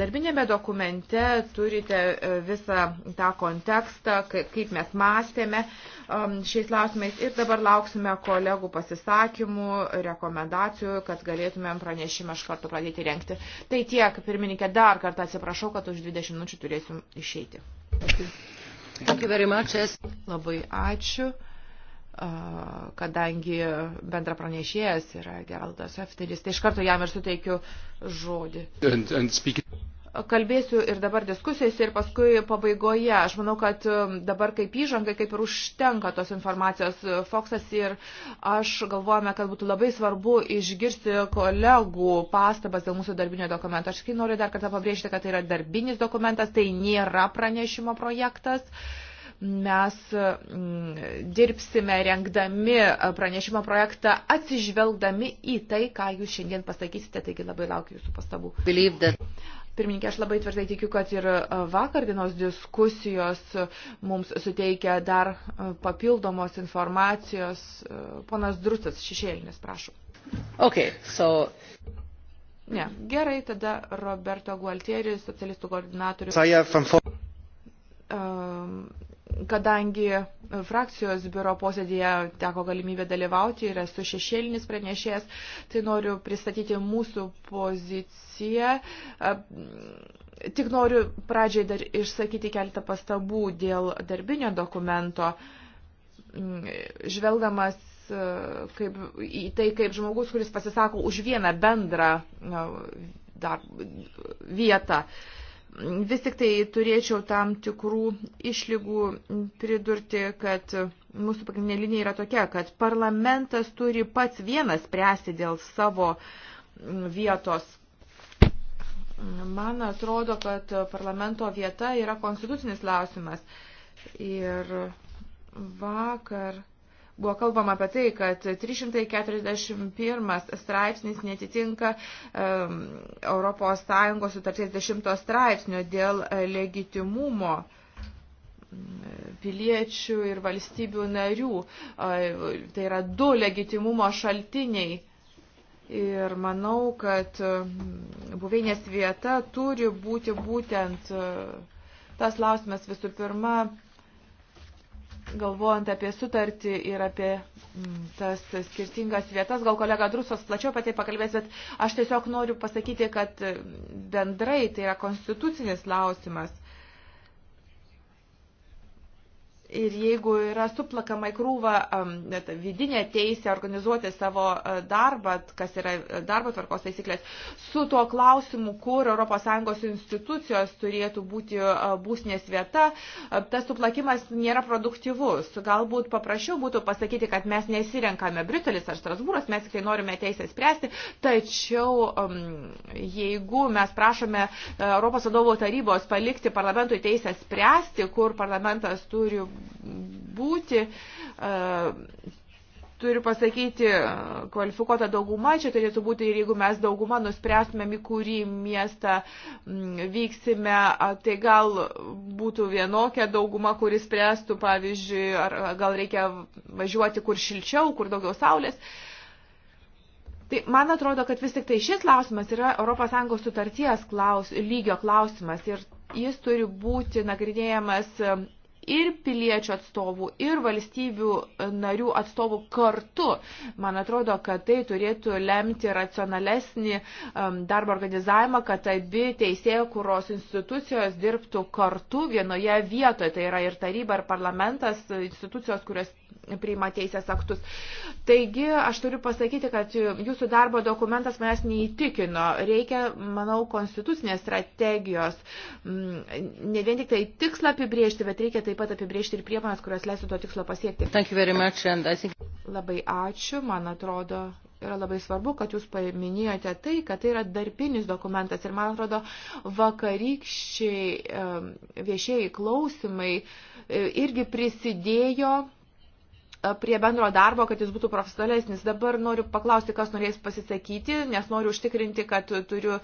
darbinėme dokumente turite e, visą tą kontekstą, kaip mes mąstėme um, šiais lausimais ir dabar lauksime kolegų pasisakymų, rekomendacijų, kad galėtumėm pranešimą iš karto pradėti renkti. Tai tiek, pirmininkė, dar kartą atsiprašau, kad už 20 minučių turėsim išeiti. Thank you. Labai ačiū, kadangi bendra pranešėjas yra Geraldas Eftelis, tai iš karto jam ir suteikiu žodį. And, and speaking kalbėsiu ir dabar diskusijose, ir paskui pabaigoje. Aš manau, kad um, dabar kaip įžangai, kaip ir užtenka tos informacijos. Uh, Foksas ir aš galvojame, kad būtų labai svarbu išgirsti kolegų pastabas dėl mūsų darbinio dokumento. Aš tik noriu dar kartą pabrėžti, kad tai yra darbinis dokumentas, tai nėra pranešimo projektas mes mm, dirbsime rengdami uh, pranešimo projektą, atsižvelgdami į tai, ką jūs šiandien pasakysite, taigi labai laukiu jūsų pastabų. Pirmininkė, aš labai tvirtai tikiu, kad ir e, vakar dienos diskusijos e, mums suteikia dar e, papildomos informacijos. Ponas Drustas, šešėlinis, prašau. Okay, so... Ne, gerai, tada Roberto Gualtieri, socialistų koordinatorius. Um, kadangi frakcijos biuro posėdėje teko galimybė dalyvauti ir esu šešėlinis pranešėjas, tai noriu pristatyti mūsų poziciją. Tik noriu pradžiai dar išsakyti keletą pastabų dėl darbinio dokumento. Žvelgdamas kaip, į tai, kaip žmogus, kuris pasisako už vieną bendrą dar, vietą, vis tik tai turėčiau tam tikrų išlygų pridurti, kad mūsų pagrindinė linija yra tokia, kad parlamentas turi pats vienas spręsti dėl savo vietos. Man atrodo, kad parlamento vieta yra konstitucinis klausimas. Ir vakar buvo kalbama apie tai, kad 341 straipsnis netitinka um, ES sutarties 10 straipsnio dėl e, legitimumo piliečių ir valstybių narių. Tai yra du legitimumo šaltiniai. Ir manau, kad buveinės vieta turi būti būtent e, tas lausimas visų pirma galvojant apie sutartį ir apie mm, tas skirtingas vietas, gal kolega Drusos plačiau apie tai pakalbės, bet aš tiesiog noriu pasakyti, kad bendrai tai yra konstitucinis klausimas. Ir jeigu yra suplakama į krūvą vidinė teisė organizuoti savo e, darbą, kas yra e, darbo tvarkos taisyklės, su tuo klausimu, kur ES institucijos turėtų būti e, būsnės vieta, tas suplakimas nėra produktyvus. Galbūt paprasčiau būtų pasakyti, kad mes nesirenkame Briuselis ar Strasbūras, mes tik tai norime teisę spręsti, tačiau jeigu mes prašome ES tarybos palikti parlamentui teisę spręsti, kur parlamentas turi būti. E, turiu pasakyti, kvalifikuota dauguma čia turėtų būti ir jeigu mes daugumą nuspręstumėm, į kurį miestą mm, vyksime, tai gal būtų vienokia dauguma, kuris spręstų, pavyzdžiui, ar gal reikia važiuoti kur šilčiau, kur daugiau saulės. Tai man atrodo, kad vis tik tai šis klausimas yra ES sutarties klaus, lygio klausimas ir jis turi būti nagrinėjamas ir piliečių atstovų, ir valstybių narių atstovų kartu. Man atrodo, kad tai turėtų lemti racionalesnį um, darbo organizavimą, kad abi teisėjų kuros institucijos dirbtų kartu vienoje vietoje. Tai yra ir taryba, ir parlamentas, institucijos, kurios priima teisės aktus. Taigi, aš turiu pasakyti, kad jūsų darbo dokumentas manęs neįtikino. Reikia, manau, konstitucinės strategijos. Mm, ne vien tik tai tikslą apibriežti, bet reikia taip pat apibriežti ir priemonės, kurios leistų to tikslo pasiekti. Much, think... Labai ačiū, man atrodo. Yra labai svarbu, kad jūs paminėjote tai, kad tai yra darbinis dokumentas ir, man atrodo, vakarykščiai viešieji klausimai e, irgi prisidėjo prie bendro darbo, kad jis būtų profesionalesnis. Dabar noriu paklausti, kas norės pasisakyti, nes noriu užtikrinti, kad turiu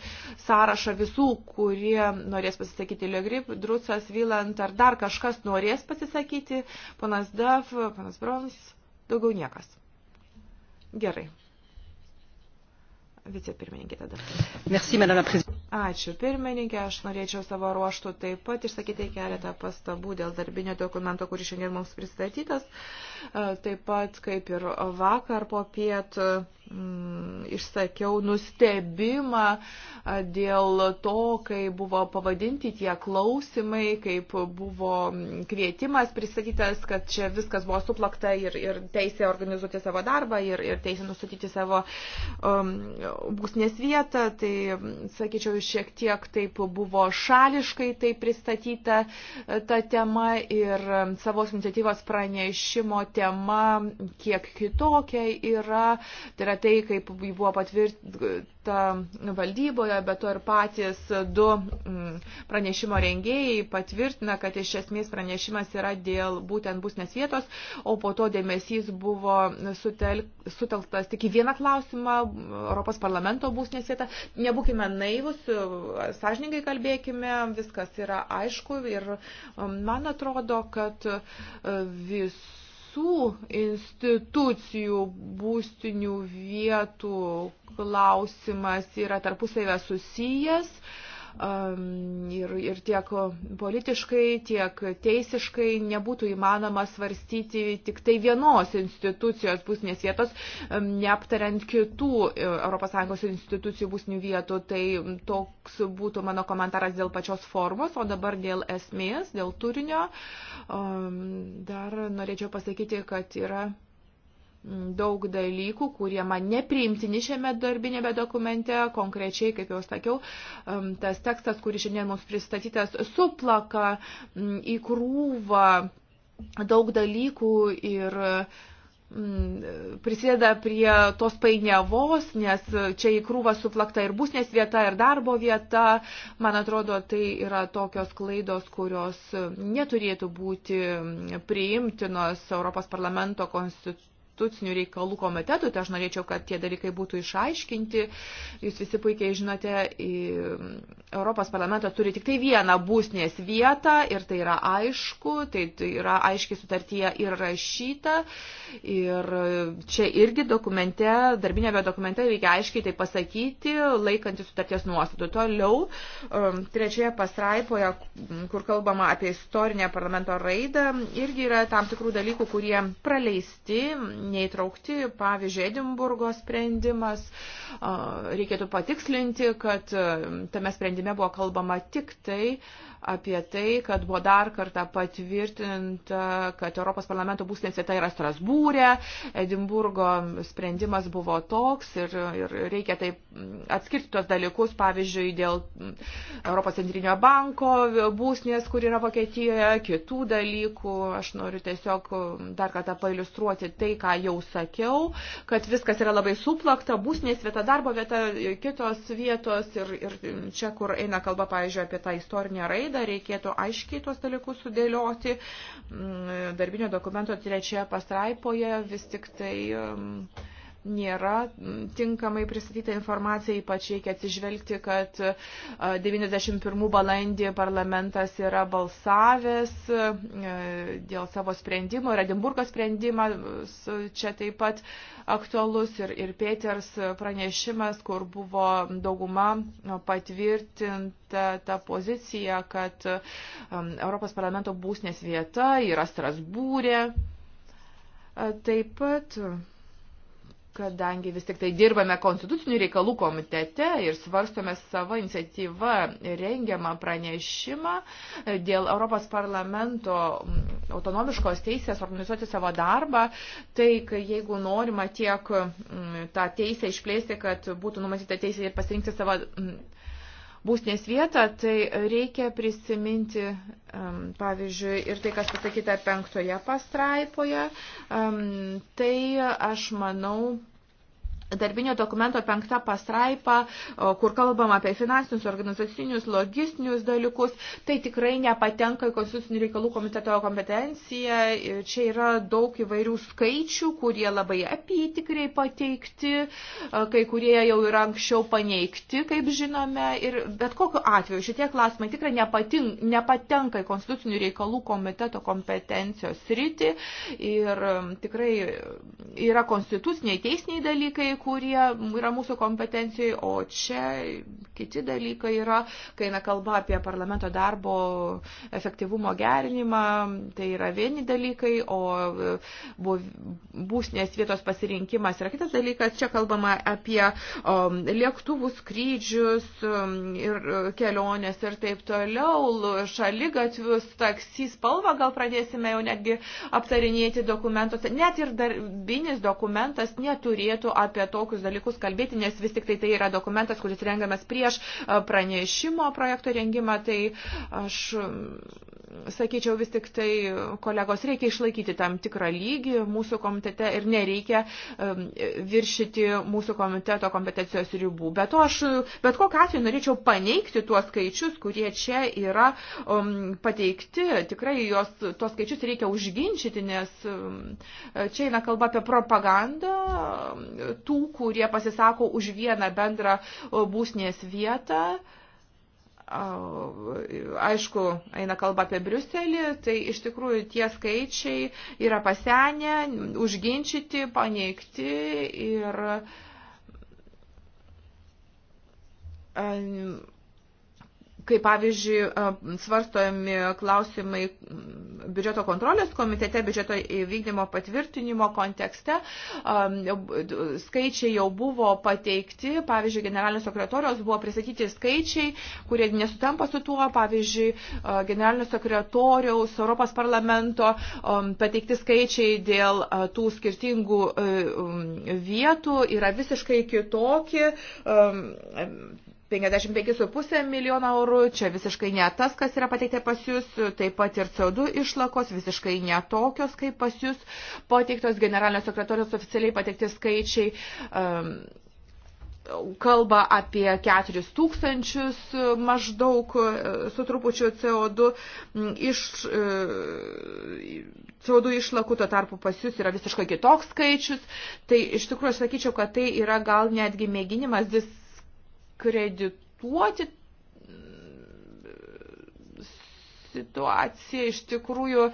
sąrašą visų, kurie norės pasisakyti. Legrip, Drusas, Vilant, ar dar kažkas norės pasisakyti. Panas Dav, panas Brons, daugiau niekas. Gerai. Vicepirmininkė tada. Merci, madame la prezidente. Ačiū pirmininkė, aš norėčiau savo ruoštų taip pat išsakyti keletą pastabų dėl darbinio dokumento, kuris šiandien mums pristatytas. E, taip pat, kaip ir vakar po pietų, mm, išsakiau nustebimą e, dėl to, kai buvo pavadinti tie klausimai, kaip buvo kvietimas pristatytas, kad čia viskas buvo suplakta ir, ir teisė organizuoti savo darbą, ir, ir teisė nustatyti savo um, būsnės vietą. Tai, sakyčiau, šiek tiek taip buvo šališkai tai pristatyta e, ta tema ir e, savos iniciatyvos pranešimo tema kiek kitokia yra. Tai yra tai, kaip buvo patvirtinta valdyboje, bet to ir patys du mm, pranešimo rengėjai patvirtina, kad iš esmės pranešimas yra dėl būtent būsnės vietos, o po to dėmesys buvo sutel, sutelktas tik į vieną klausimą Europos parlamento būsnės vietą. Nebūkime naivus, sąžininkai kalbėkime, viskas yra aišku ir um, man atrodo, kad visų uh, visų institucijų būstinių vietų klausimas yra tarpusavę susijęs ir, ir tiek politiškai, tiek teisiškai nebūtų įmanoma svarstyti tik tai vienos institucijos būsnės vietos, neaptariant kitų e, ES institucijų būsnių vietų. Tai toks būtų mano komentaras dėl pačios formos, o dabar dėl esmės, dėl turinio. Dar norėčiau pasakyti, kad yra daug dalykų, kurie man nepriimtini šiame darbinėme dokumente, konkrečiai, kaip jau sakiau, tas tekstas, kuris šiandien mums pristatytas, suplaka į krūvą daug dalykų ir prisideda prie tos painiavos, nes čia į krūvą suplakta ir būsnės vieta, ir darbo vieta. Man atrodo, tai yra tokios klaidos, kurios neturėtų būti priimtinos Europos parlamento konstitucijos konstitucinių reikalų komitetui, tai aš norėčiau, kad tie dalykai būtų išaiškinti. Jūs visi puikiai žinote, Europos parlamentas turi tik tai vieną būsnės vietą ir tai yra aišku, tai, tai yra aiškiai sutartyje įrašyta. Ir čia irgi dokumente, darbinėme dokumente reikia aiškiai tai pasakyti, laikantį sutarties nuostatų. Toliau, um, trečioje pasraipoje, kur kalbama apie istorinę parlamento raidą, irgi yra tam tikrų dalykų, kurie praleisti, neįtraukti, pavyzdžiui, Edimburgo sprendimas. Reikėtų patikslinti, kad tame sprendime buvo kalbama tik tai apie tai, kad buvo dar kartą patvirtinta, kad Europos parlamento būstinė vieta yra Strasbūrė, Edimburgo sprendimas buvo toks ir, ir reikia taip atskirti tuos dalykus, pavyzdžiui, dėl Europos centrinio banko būstinės, kur yra Vokietijoje, kitų dalykų. Aš noriu tiesiog dar kartą pailustruoti tai, ką jau sakiau, kad viskas yra labai suplakta, būstinės vieta, darbo vieta, kitos vietos ir, ir čia, kur eina kalba, pavyzdžiui, apie tą istorinę raidą klaidą, reikėtų aiškiai tuos dalykus sudėlioti. Mm, darbinio dokumento trečioje pastraipoje vis tik tai mm, nėra tinkamai pristatyta informacija, ypač reikia atsižvelgti, kad 91 balandį parlamentas yra balsavęs dėl savo sprendimo ir Edimburgo sprendimas čia taip pat aktualus ir, ir Peters pranešimas, kur buvo dauguma patvirtinta ta pozicija, kad Europos parlamento būsnės vieta yra Strasbūrė. Taip pat kadangi vis tik tai dirbame konstitucinių reikalų komitete ir svarstome savo iniciatyvą rengiamą pranešimą dėl Europos parlamento autonomiškos teisės organizuoti savo darbą, tai jeigu norima tiek mm, tą teisę išplėsti, kad būtų numatyta teisė ir pasirinkti savo mm, būsnės vietą, tai reikia prisiminti, pavyzdžiui, ir tai, kas pasakyta penktoje pastraipoje. Tai aš manau darbinio dokumento penktą pastraipą, kur kalbam apie finansinius, organizacinius, logistinius dalykus, tai tikrai nepatenka į konstitucinių reikalų komiteto kompetenciją. Ir čia yra daug įvairių skaičių, kurie labai apytikriai pateikti, kai kurie jau yra anksčiau paneigti, kaip žinome. Ir bet kokiu atveju šitie klausimai tikrai nepatin, nepatenka į konstitucinių reikalų komiteto kompetencijos sritį. Ir tikrai yra konstituciniai teisiniai dalykai, kurie yra mūsų kompetencijai, o čia kiti dalykai yra, kai eina kalba apie parlamento darbo efektyvumo gerinimą, tai yra vieni dalykai, o būsnės vietos pasirinkimas yra kitas dalykas. Čia kalbama apie um, lėktuvų skrydžius um, ir kelionės ir taip toliau, šalygatvius, taksy spalvą gal pradėsime jau netgi aptarinėti dokumentuose. Net ir darbinis dokumentas neturėtų apie tokius dalykus kalbėti, nes vis tik tai tai yra dokumentas, kuris rengiamas prieš pranešimo projekto rengimą. Tai aš sakyčiau vis tik tai, kolegos, reikia išlaikyti tam tikrą lygį mūsų komitete ir nereikia um, viršyti mūsų komiteto kompetencijos ribų. Bet to aš bet kokią atveju norėčiau paneigti tuos skaičius, kurie čia yra um, pateikti. Tikrai jos, tuos skaičius reikia užginčyti, nes um, čia eina kalba apie propagandą um, tų, kurie pasisako už vieną bendrą uh, būsnės vietą. Uh, aišku, eina kalba apie Briuselį, tai iš tikrųjų tie skaičiai yra pasenę, užginčyti, paneigti ir kaip pavyzdžiui svarstomi klausimai biudžeto kontrolės komitete, biudžeto įvykdymo patvirtinimo kontekste, skaičiai jau buvo pateikti, pavyzdžiui, generalinio sekretorijos buvo pristatyti skaičiai, kurie nesutampa su tuo, pavyzdžiui, generalinio sekretoriaus Europos parlamento pateikti skaičiai dėl tų skirtingų vietų yra visiškai kitokie 55,5 milijono eurų, čia visiškai ne tas, kas yra pateikta pas jūs, taip pat ir CO2 išlakos visiškai ne tokios, kaip pas jūs pateiktos generalinio sekretorijos oficialiai pateikti skaičiai. Um, kalba apie 4 tūkstančius maždaug uh, su trupučiu CO2, iš, uh, CO2 išlakų, tuo tarpu pas jūs yra visiškai kitoks skaičius. Tai iš tikrųjų aš sakyčiau, kad tai yra gal netgi mėginimas dis, kredituoti situacija iš tikrųjų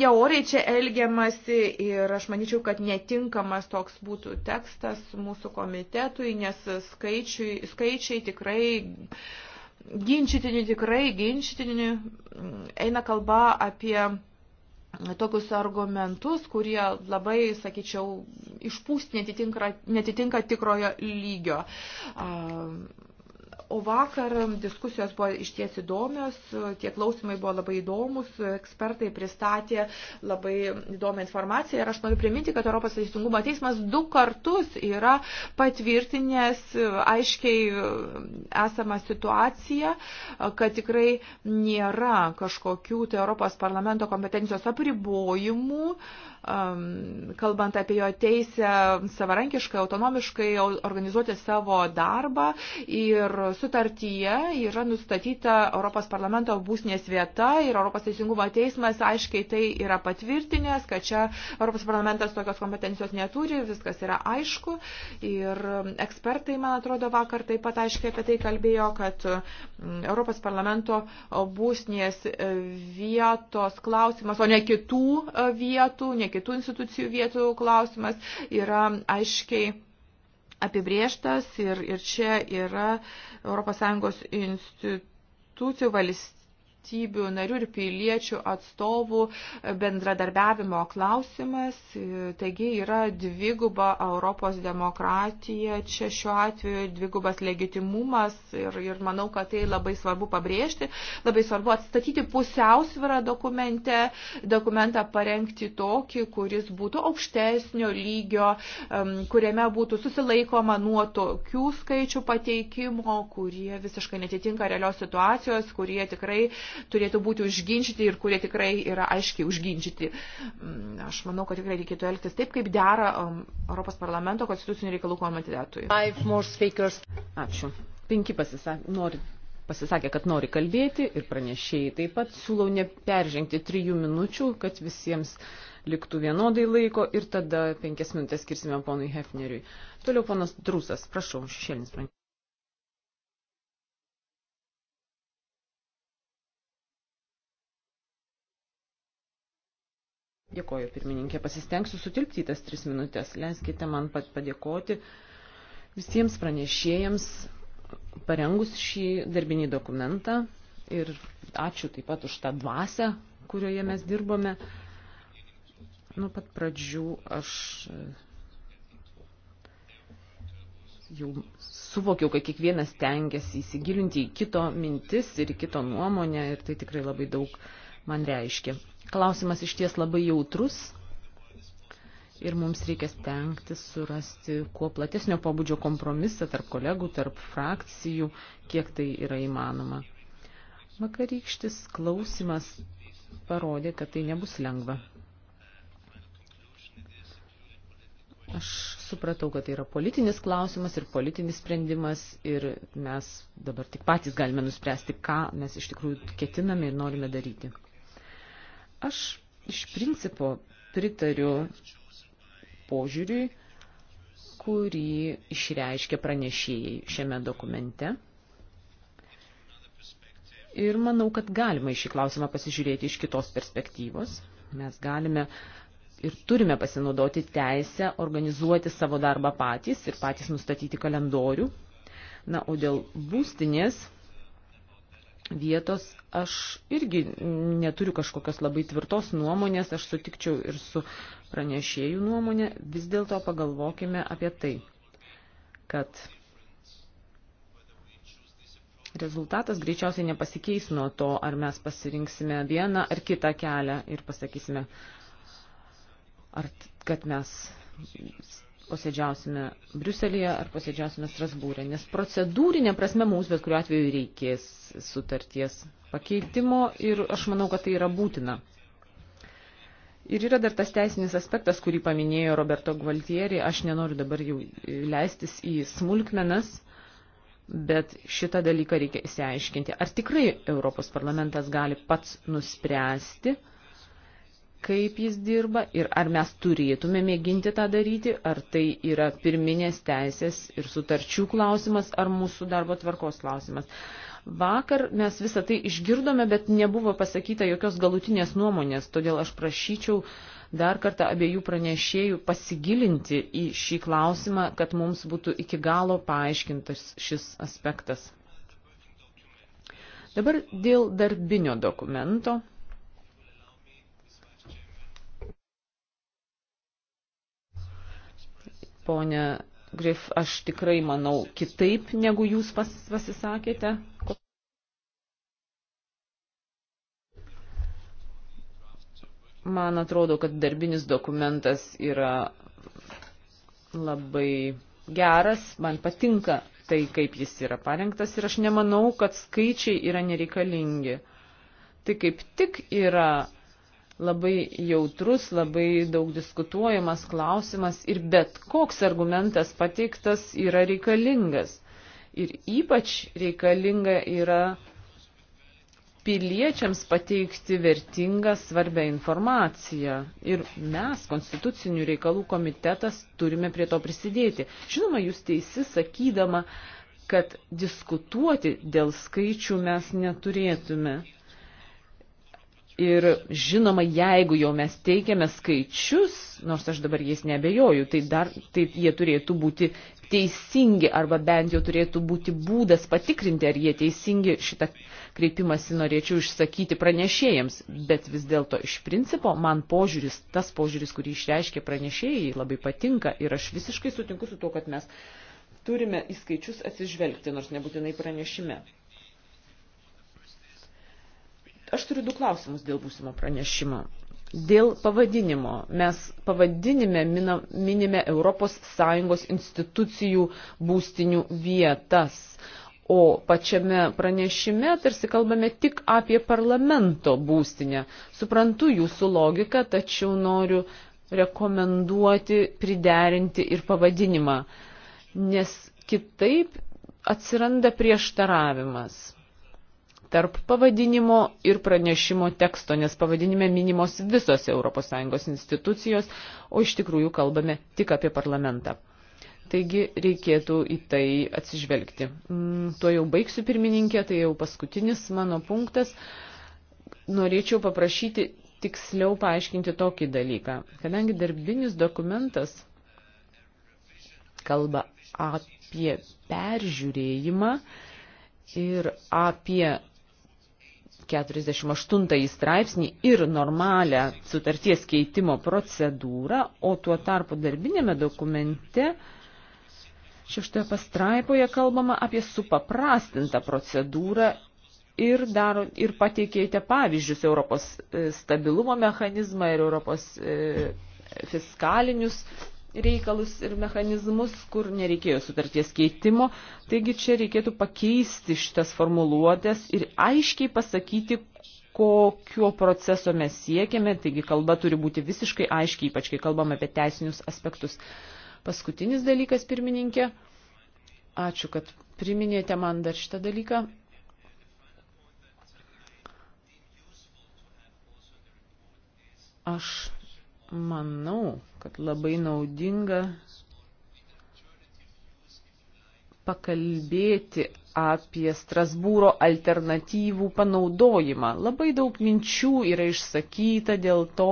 neoriai čia elgiamasi ir aš manyčiau, kad netinkamas toks būtų tekstas mūsų komitetui, nes skaičiai, skaičiai tikrai ginčytini, tikrai ginčytini, eina kalba apie tokius argumentus, kurie labai, sakyčiau, išpūst netitinka, netitinka tikrojo lygio. O vakar diskusijos buvo išties įdomios, tie klausimai buvo labai įdomus, ekspertai pristatė labai įdomią informaciją ir aš noriu priminti, kad Europos teisingumo teismas du kartus yra patvirtinęs aiškiai esamą situaciją, kad tikrai nėra kažkokių tai Europos parlamento kompetencijos apribojimų uh, Um, kalbant apie jo teisę savarankiškai, autonomiškai organizuoti savo darbą. Ir sutartyje yra nustatyta Europos parlamento būsnės vieta ir Europos teisingumo teismas aiškiai tai yra patvirtinęs, kad čia Europos parlamentas tokios kompetencijos neturi, viskas yra aišku. Ir ekspertai, man atrodo, vakar taip pat aiškiai apie tai kalbėjo, kad mm, Europos parlamento būsnės vietos klausimas, o ne kitų vietų, ne kitų institucijų vietų klausimas yra aiškiai apibrieštas ir, ir čia yra ES institucijų valstybės valstybių narių ir piliečių atstovų bendradarbiavimo klausimas. Taigi yra dviguba Europos demokratija čia šiuo atveju, dvigubas legitimumas ir, ir manau, kad tai labai svarbu pabrėžti, labai svarbu atstatyti pusiausvyrą dokumente, dokumentą parengti tokį, kuris būtų aukštesnio lygio, kuriame būtų susilaikoma nuo tokių skaičių pateikimo, kurie visiškai netitinka realios situacijos, kurie tikrai turėtų būti užginčyti ir kurie tikrai yra aiškiai užginčyti. Mm, aš manau, kad tikrai reikėtų elgtis taip, kaip dera um, Europos parlamento konstitucinių reikalų komitetui. Ačiū. Penki pasisakė, nori, pasisakė, kad nori kalbėti ir pranešėjai taip pat siūlau neperžengti trijų minučių, kad visiems liktų vienodai laiko ir tada penkias minutės skirsime ponui Hefneriui. Toliau ponas Drusas, prašau, šešėlinis pranešimas. Dėkoju, pirmininkė. Pasistengsiu sutilpti į tas tris minutės. Leiskite man pat padėkoti visiems pranešėjams parengus šį darbinį dokumentą ir ačiū taip pat už tą dvasę, kurioje mes dirbome. Nuo pat pradžių aš e, jau suvokiau, kad kiekvienas tengiasi įsigilinti į kito mintis ir į kito nuomonę ir tai tikrai labai daug man reiškia. Klausimas iš ties labai jautrus ir mums reikia stengtis surasti kuo platesnio pobūdžio kompromisą tarp kolegų, tarp frakcijų, kiek tai yra įmanoma. Vakarykštis klausimas parodė, kad tai nebus lengva. Aš supratau, kad tai yra politinis klausimas ir politinis sprendimas ir mes dabar tik patys galime nuspręsti, ką mes iš tikrųjų ketiname ir norime daryti. Aš iš principo pritariu požiūriui, kurį išreiškia pranešėjai šiame dokumente. Ir manau, kad galima į šį klausimą pasižiūrėti iš kitos perspektyvos. Mes galime ir turime pasinaudoti teisę organizuoti savo darbą patys ir patys nustatyti kalendorių. Na, o dėl būstinės vietos aš irgi neturiu kažkokios labai tvirtos nuomonės, aš sutikčiau ir su pranešėjų nuomonė, vis dėlto pagalvokime apie tai, kad rezultatas greičiausiai nepasikeis nuo to, ar mes pasirinksime vieną ar kitą kelią ir pasakysime, ar kad mes posėdžiausime Briuselėje ar posėdžiausime Strasbūrė, nes procedūrinė prasme mums bet kuriuo atveju reikės sutarties pakeitimo ir aš manau, kad tai yra būtina. Ir yra dar tas teisinis aspektas, kurį paminėjo Roberto Gvaltieri, aš nenoriu dabar jau leistis į smulkmenas, bet šitą dalyką reikia įsiaiškinti. Ar tikrai Europos parlamentas gali pats nuspręsti, kaip jis dirba ir ar mes turėtume mėginti tą daryti, ar tai yra pirminės teisės ir sutarčių klausimas, ar mūsų darbo tvarkos klausimas. Vakar mes visą tai išgirdome, bet nebuvo pasakyta jokios galutinės nuomonės, todėl aš prašyčiau dar kartą abiejų pranešėjų pasigilinti į šį klausimą, kad mums būtų iki galo paaiškintas šis aspektas. Dabar dėl darbinio dokumento Pone Grif, aš tikrai manau kitaip, negu jūs pas, pasisakėte. Man atrodo, kad darbinis dokumentas yra labai geras, man patinka tai, kaip jis yra parengtas ir aš nemanau, kad skaičiai yra nereikalingi. Tai kaip tik yra labai jautrus, labai daug diskutuojamas klausimas ir bet koks argumentas pateiktas yra reikalingas. Ir ypač reikalinga yra piliečiams pateikti vertingą svarbę informaciją. Ir mes, Konstitucinių reikalų komitetas, turime prie to prisidėti. Žinoma, jūs teisi sakydama, kad diskutuoti dėl skaičių mes neturėtume Ir žinoma, jeigu jau mes teikiame skaičius, nors aš dabar jais nebejoju, tai, dar, tai jie turėtų būti teisingi arba bent jau turėtų būti būdas patikrinti, ar jie teisingi. Šitą kreipimąsi norėčiau išsakyti pranešėjams, bet vis dėlto iš principo man požiūris, tas požiūris, kurį išreiškė pranešėjai, labai patinka ir aš visiškai sutinku su to, kad mes turime į skaičius atsižvelgti, nors nebūtinai pranešime. Aš turiu du klausimus dėl būsimo pranešimo. Dėl pavadinimo. Mes pavadinime minime ES institucijų būstinių vietas, o pačiame pranešime tarsi kalbame tik apie parlamento būstinę. Suprantu jūsų logiką, tačiau noriu rekomenduoti priderinti ir pavadinimą, nes kitaip atsiranda prieštaravimas tarp pavadinimo ir pranešimo teksto, nes pavadinime minimos visos ES institucijos, o iš tikrųjų kalbame tik apie parlamentą. Taigi reikėtų į tai atsižvelgti. Mm, tuo jau baigsiu pirmininkė, tai jau paskutinis mano punktas. Norėčiau paprašyti tiksliau paaiškinti tokį dalyką. Kadangi darbinis dokumentas kalba apie peržiūrėjimą ir apie 48 straipsnį ir normalią sutarties keitimo procedūrą, o tuo tarpu darbinėme dokumente šeštoje pastraipoje kalbama apie supaprastintą procedūrą ir, daro, ir pateikėte pavyzdžius Europos e, stabilumo mechanizmą ir Europos e, fiskalinius reikalus ir mechanizmus, kur nereikėjo sutarties keitimo. Taigi čia reikėtų pakeisti šitas formuluotės ir aiškiai pasakyti, kokio proceso mes siekiame. Taigi kalba turi būti visiškai aiškiai, ypač kai kalbam apie teisinius aspektus. Paskutinis dalykas, pirmininkė. Ačiū, kad priminėte man dar šitą dalyką. Aš manau, kad labai naudinga pakalbėti apie Strasbūro alternatyvų panaudojimą. Labai daug minčių yra išsakyta dėl to,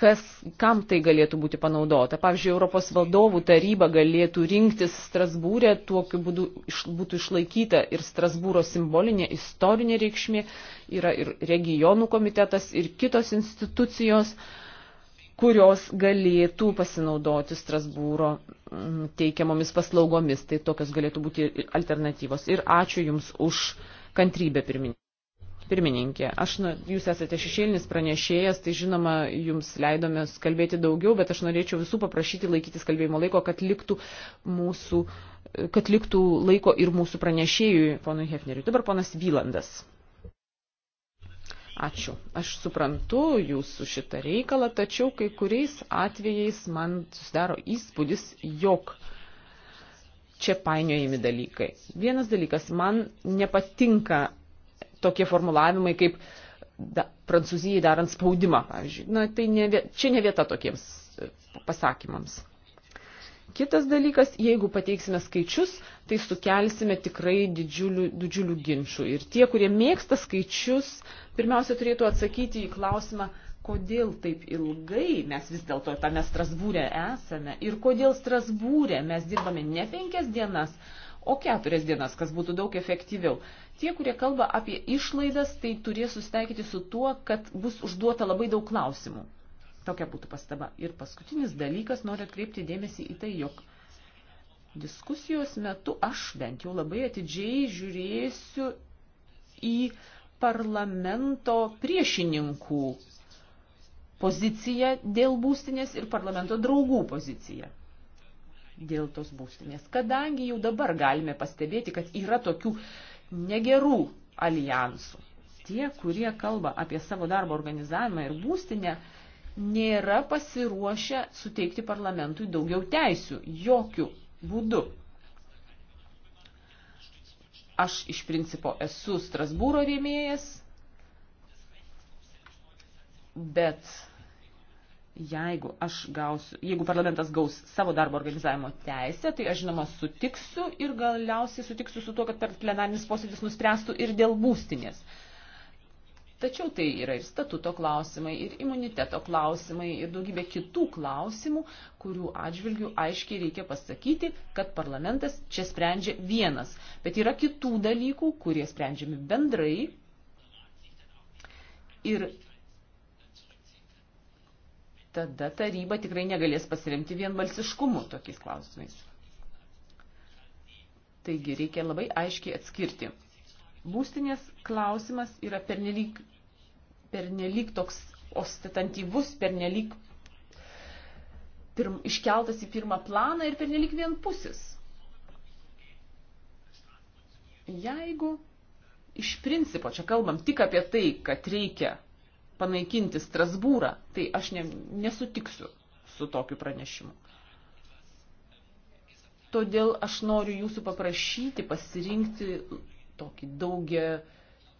kas, kam tai galėtų būti panaudota. Pavyzdžiui, Europos valdovų taryba galėtų rinktis Strasbūrė, tokiu būdu iš, būtų išlaikyta ir Strasbūro simbolinė istorinė reikšmė, yra ir regionų komitetas, ir kitos institucijos. Uh, kurios galėtų pasinaudoti Strasbūro mm, teikiamomis paslaugomis. Tai tokios galėtų būti alternatyvos. Ir ačiū Jums už kantrybę pirmininkę. Pirmininkė, aš, nu, jūs esate šešėlinis pranešėjas, tai žinoma, jums leidome kalbėti daugiau, bet aš norėčiau visų paprašyti laikytis kalbėjimo laiko, kad liktų, mūsų, kad liktų laiko ir mūsų pranešėjui, ponui Hefneriui. Dabar ponas Vylandas. Ačiū. Aš suprantu jūsų šitą reikalą, tačiau kai kuriais atvejais man susidaro įspūdis, jog čia painiojami dalykai. Vienas dalykas, man nepatinka tokie formulavimai kaip da, Prancūzijai darant spaudimą, pavyzdžiui. Na, tai ne, čia ne vieta tokiems pasakymams. Kitas dalykas, jeigu pateiksime skaičius, tai sukelsime tikrai didžiulių, didžiulių ginčių. Ir tie, kurie mėgsta skaičius, pirmiausia turėtų atsakyti į klausimą, kodėl taip ilgai mes vis dėlto tame Strasbūrė esame ir kodėl Strasbūrė mes dirbame ne penkias dienas, o keturias dienas, kas būtų daug efektyviau. Tie, kurie kalba apie išlaidas, tai turės susitaikyti su tuo, kad bus užduota labai daug klausimų. Tokia būtų pastaba. Ir paskutinis dalykas, noriu atkreipti dėmesį į tai, jog diskusijos metu aš bent jau labai atidžiai žiūrėsiu į parlamento priešininkų poziciją dėl būstinės ir parlamento draugų poziciją dėl tos būstinės. Kadangi jau dabar galime pastebėti, kad yra tokių negerų alijansų. Tie, kurie kalba apie savo darbo organizavimą ir būstinę, uh, nėra pasiruošę suteikti parlamentui daugiau teisių. Jokių būdų. Aš iš principo esu Strasbūro rėmėjas, bet jeigu aš gausiu, jeigu parlamentas gaus savo darbo organizavimo teisę, tai aš žinoma sutiksiu ir galiausiai sutiksiu su tuo, kad per plenarinis posėdis nuspręstų ir dėl būstinės. Uh, Tačiau tai yra ir statuto klausimai, ir imuniteto klausimai, ir daugybė kitų klausimų, kurių atžvilgių aiškiai reikia pasakyti, kad parlamentas čia sprendžia vienas. Bet yra kitų dalykų, kurie sprendžiami bendrai. Ir tada taryba tikrai negalės pasiremti vienbalsiškumu tokiais klausimais. Taigi reikia labai aiškiai atskirti Būstinės klausimas yra pernelyg, pernelyg toks ostentatyvus, pernelyg pirm, iškeltas į pirmą planą ir pernelyg vienpusis. Jeigu iš principo čia kalbam tik apie tai, kad reikia panaikinti Strasbūrą, tai aš ne, nesutiksiu su tokiu pranešimu. Todėl aš noriu jūsų paprašyti pasirinkti tokį daugia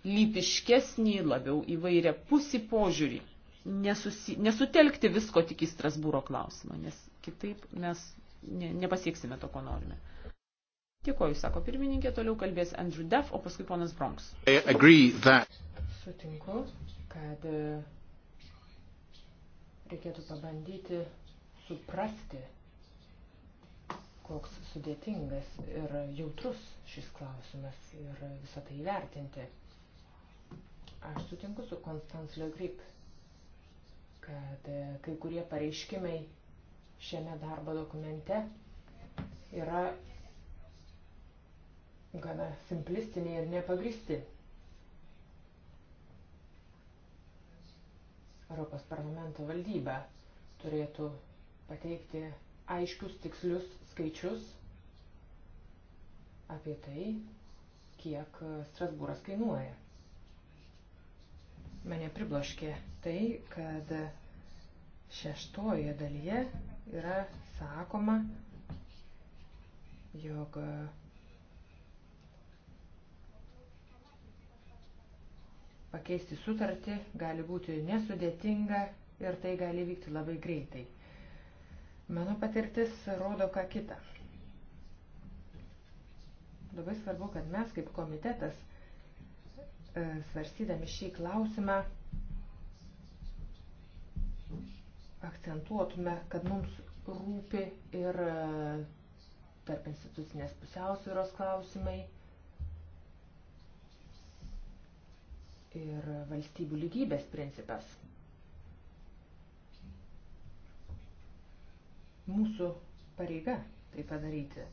lypiškesnį, labiau įvairia pusį požiūrį. Nesusi, nesutelkti visko tik į Strasbūro klausimą, nes kitaip mes ne, nepasieksime to, ko norime. Dėkoju, sako pirmininkė, toliau kalbės Andrew Duff, o paskui ponas Bronx. That... Sutinku, kad e, reikėtų pabandyti suprasti koks sudėtingas ir jautrus šis klausimas ir visą tai įvertinti. Aš sutinku su Konstans Le Grip, kad kai kurie pareiškimai šiame darbo dokumente yra gana simplistiniai ir nepagristi. Europos parlamento valdyba turėtų pateikti aiškius, tikslius skaičius apie tai, kiek Strasbūras kainuoja. Mane pribloškė tai, kad šeštoje dalyje yra sakoma, jog pakeisti sutartį gali būti nesudėtinga ir tai gali vykti labai greitai. Mano patirtis rodo ką kitą. Labai svarbu, kad mes kaip komitetas e, svarstydami šį klausimą akcentuotume, kad mums rūpi ir e, tarp institucinės pusiausvyros klausimai ir valstybių lygybės principas. mūsų pareiga tai padaryti.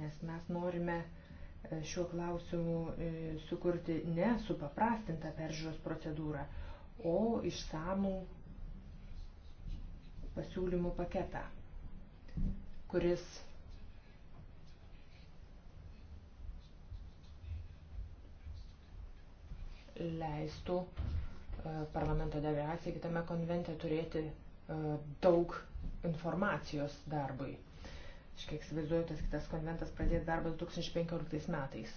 Nes mes norime e, šiuo klausimu e, sukurti ne supaprastintą peržiūros procedūrą, o išsamų pasiūlymų paketą, kuris leistų e, parlamento delegaciją kitame konvente turėti E, daug informacijos darbui. Aš kiek įsivaizduoju, tas kitas konventas pradės darbas 2015 metais.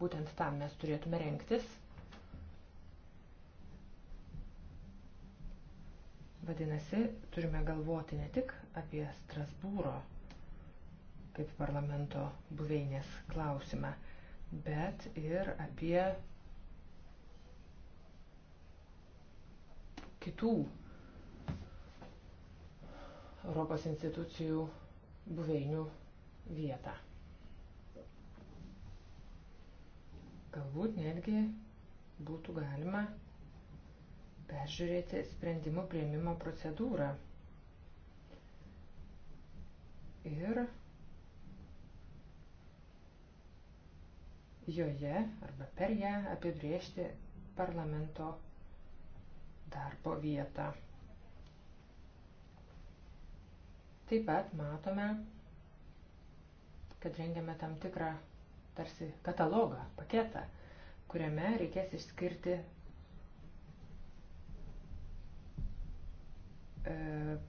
Būtent tam mes turėtume renktis. Vadinasi, turime galvoti ne tik apie Strasbūro kaip parlamento buveinės klausimą, bet ir apie kitų Europos institucijų buveinių vietą. Galbūt netgi būtų galima peržiūrėti sprendimų prieimimo procedūrą. Ir joje arba per ją apibriežti parlamento darbo vietą. Taip pat matome, kad rengiame tam tikrą tarsi katalogą, paketą, kuriame reikės išskirti e,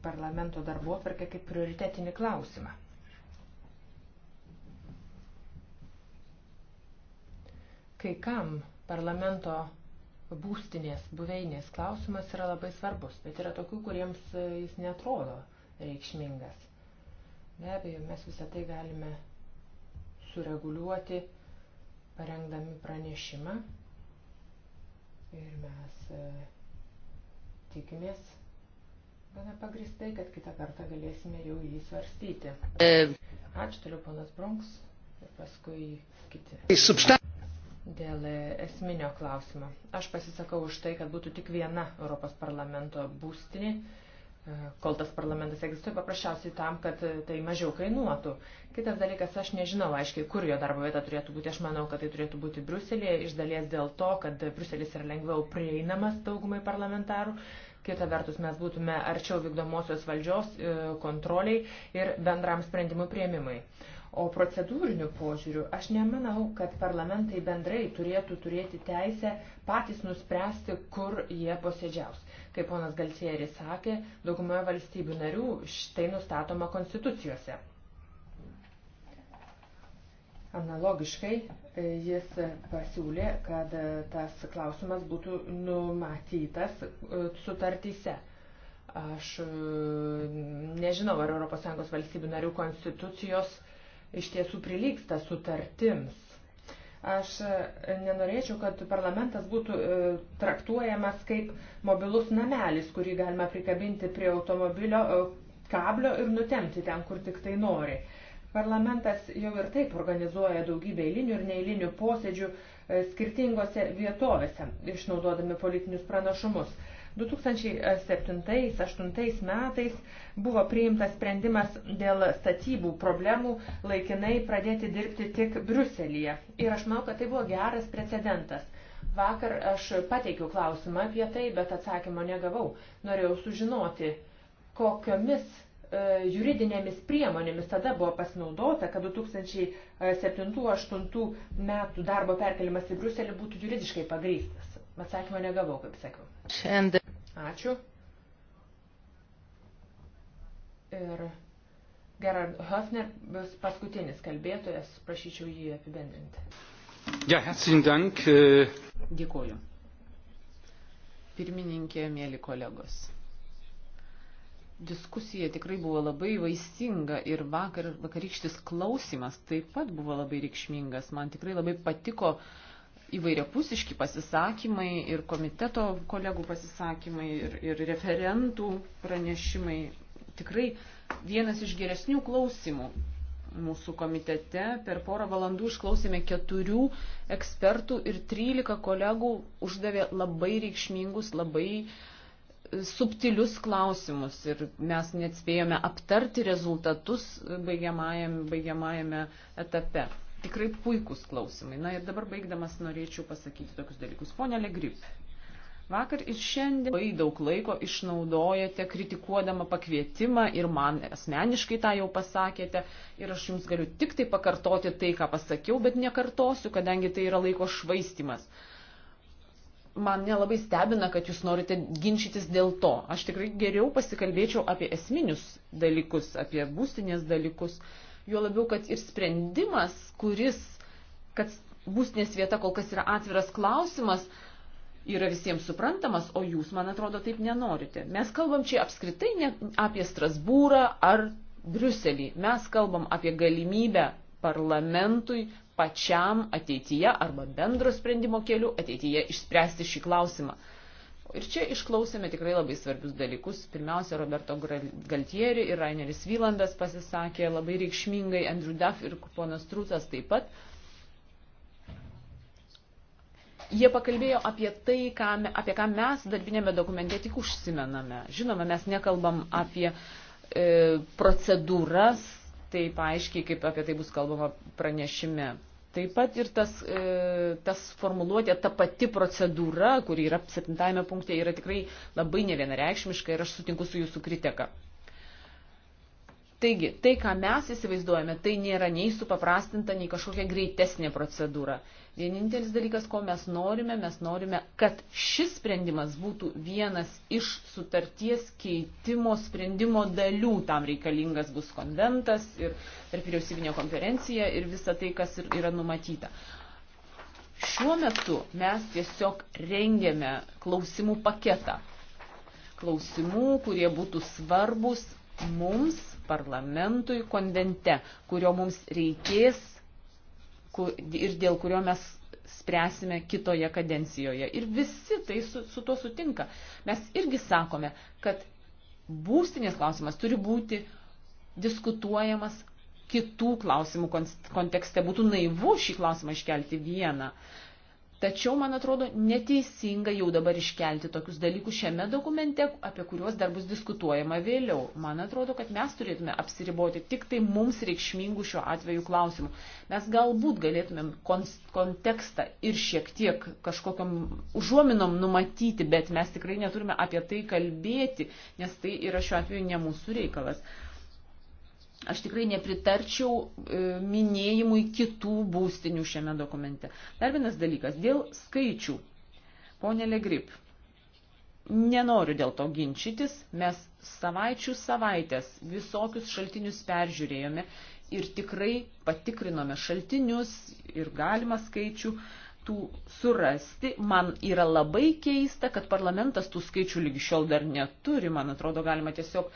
parlamento darbo atvarkę kaip prioritetinį klausimą. Kai kam parlamento būstinės, buveinės klausimas yra labai svarbus, bet yra tokių, kuriems e, jis netrodo reikšmingas. Be abejo, mes visą tai galime sureguliuoti, parengdami pranešimą ir mes e, tikimės gana pagristai, kad kitą kartą galėsime jau jį svarstyti. E. Ačiū toliau, ponas Brunks, ir paskui kiti. Tai dėl esminio klausimo. Aš pasisakau už tai, kad būtų tik viena Europos parlamento būstinė, e, kol tas parlamentas egzistuoja, paprasčiausiai tam, kad e, tai mažiau kainuotų. Kitas dalykas, aš nežinau aiškiai, kur jo darbo vieta turėtų būti. Aš manau, kad tai turėtų būti Bruselėje, iš dalies dėl to, kad Bruselis yra lengviau prieinamas daugumai parlamentarų. Kita vertus, mes būtume arčiau vykdomosios valdžios e, kontroliai ir bendram sprendimų prieimimui. O procedūriniu požiūriu aš nemanau, kad parlamentai bendrai turėtų turėti teisę patys nuspręsti, kur jie posėdžiaus. Kaip ponas Galsieris sakė, daugumoje valstybių narių štai nustatoma konstitucijose. Analogiškai e, jis pasiūlė, kad e, tas klausimas būtų numatytas e, sutartyse. Aš nežinau, ar ES valstybių narių konstitucijos uh, iš tiesų prilyksta sutartims. Aš e, nenorėčiau, kad parlamentas būtų e, traktuojamas kaip mobilus namelis, kurį galima prikabinti prie automobilio e, kablio ir nutemti ten, kur tik tai nori. Parlamentas jau ir taip organizuoja daugybę eilinių ir neeilinių posėdžių E, skirtingose vietovėse, išnaudodami politinius pranašumus. 2007-2008 metais buvo priimtas sprendimas dėl statybų problemų laikinai pradėti dirbti tik Briuselyje. Ir aš manau, kad tai buvo geras precedentas. Vakar aš pateikiau klausimą apie tai, bet atsakymo negavau. Norėjau sužinoti, kokiomis E, juridinėmis priemonėmis tada buvo pasinaudota, kad 2007-2008 metų darbo perkelimas į Bruselį būtų juridiškai pagrystas. Atsakymą negavau, kaip sakiau. Šiandien. Ačiū. Ir Gerard Höfner bus paskutinis kalbėtojas, prašyčiau jį apibendrinti. Ja, herzlichen Dank. Äh. Dėkuoju. Pirmininkė, mėly kolegos diskusija tikrai buvo labai vaisinga ir vakar, vakarykštis klausimas taip pat buvo labai reikšmingas. Man tikrai labai patiko įvairiapusiški pasisakymai ir komiteto kolegų pasisakymai ir, ir referentų pranešimai. Tikrai vienas iš geresnių klausimų mūsų komitete. Per porą valandų išklausėme keturių ekspertų ir trylika kolegų uždavė labai reikšmingus, labai uh, subtilius klausimus ir mes net spėjome aptarti rezultatus baigiamajame, baigiamajame etape. Tikrai puikūs klausimai. Na ir dabar baigdamas norėčiau pasakyti tokius dalykus. Pone Legrip, vakar ir šiandien labai daug laiko išnaudojate kritikuodama pakvietimą ir man asmeniškai tą jau pasakėte ir aš jums galiu tik tai pakartoti tai, ką pasakiau, bet nekartosiu, kadangi tai yra laiko švaistimas man nelabai stebina, kad jūs norite ginčytis dėl to. Aš tikrai geriau pasikalbėčiau apie esminius dalykus, apie būstinės dalykus. Juo labiau, kad ir sprendimas, kuris, kad būstinės vieta kol kas yra atviras klausimas, yra visiems suprantamas, o jūs, man atrodo, taip nenorite. Mes kalbam čia apskritai ne apie Strasbūrą ar Briuselį. Mes kalbam apie galimybę parlamentui pačiam ateityje arba bendro sprendimo keliu ateityje išspręsti šį klausimą. Ir čia išklausėme tikrai labai svarbius dalykus. Pirmiausia, Roberto Galtieri ir Raineris Vylandas pasisakė labai reikšmingai, Andrew Duff ir ponas Trūcas taip pat. Jie pakalbėjo apie tai, ką, apie ką mes darbinėme dokumente tik užsimename. Žinoma, mes nekalbam apie e, procedūras, taip aiškiai, kaip apie tai bus kalbama pranešime. Taip pat ir tas, e, tas formuluotė, ta pati procedūra, kuri yra septintame punkte, yra tikrai labai nevienareikšmiška ir aš sutinku su jūsų kritika. Taigi, tai, ką mes įsivaizduojame, tai nėra nei supaprastinta, nei kažkokia greitesnė procedūra. Vienintelis dalykas, ko mes norime, mes norime, kad šis sprendimas būtų vienas iš sutarties keitimo sprendimo dalių. Tam reikalingas bus konventas ir tarp vyriausybinė konferencija ir visa tai, kas yra numatyta. Šiuo metu mes tiesiog rengiame klausimų paketą. Klausimų, kurie būtų svarbus mums parlamentui konvente, kurio mums reikės ir dėl kurio mes spręsime kitoje kadencijoje. Ir visi tai su, su tuo sutinka. Mes irgi sakome, kad būstinės klausimas turi būti diskutuojamas kitų klausimų kontekste. Būtų naivu šį klausimą iškelti vieną. Uh, Tačiau, man atrodo, neteisinga jau dabar iškelti tokius dalykus šiame dokumente, apie kuriuos dar bus diskutuojama vėliau. Man atrodo, kad mes turėtume apsiriboti tik tai mums reikšmingų šiuo atveju klausimų. Mes galbūt galėtumėm kontekstą ir šiek tiek kažkokiam užuominom numatyti, bet mes tikrai neturime apie tai kalbėti, nes tai yra šiuo atveju ne mūsų reikalas aš tikrai nepritarčiau e, minėjimui kitų būstinių šiame dokumente. Dar vienas dalykas, dėl skaičių. Pone Legrip, nenoriu dėl to ginčytis, mes savaičių savaitės visokius šaltinius peržiūrėjome ir tikrai patikrinome šaltinius ir galima skaičių tų surasti. Man yra labai keista, kad parlamentas tų skaičių lygi šiol dar neturi. Man atrodo, galima tiesiog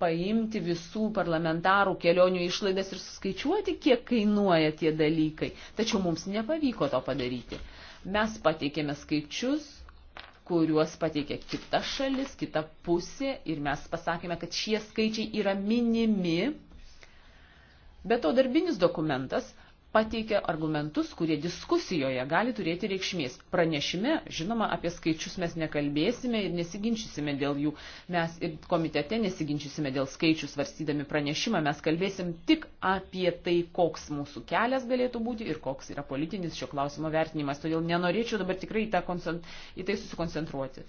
paimti visų parlamentarų kelionių išlaidas ir suskaičiuoti, kiek kainuoja tie dalykai. Tačiau mums nepavyko to padaryti. Mes pateikėme skaičius, kuriuos pateikė kita šalis, kita pusė ir mes pasakėme, kad šie skaičiai yra minimi. Be to darbinis dokumentas pateikia argumentus, kurie diskusijoje gali turėti reikšmės. Pranešime, žinoma, apie skaičius mes nekalbėsime ir nesiginčysime dėl jų. Mes ir komitete nesiginčysime dėl skaičių svarstydami pranešimą. Mes kalbėsim tik apie tai, koks mūsų kelias galėtų būti ir koks yra politinis šio klausimo vertinimas. Todėl nenorėčiau dabar tikrai į, tą koncent... į tai susikoncentruoti.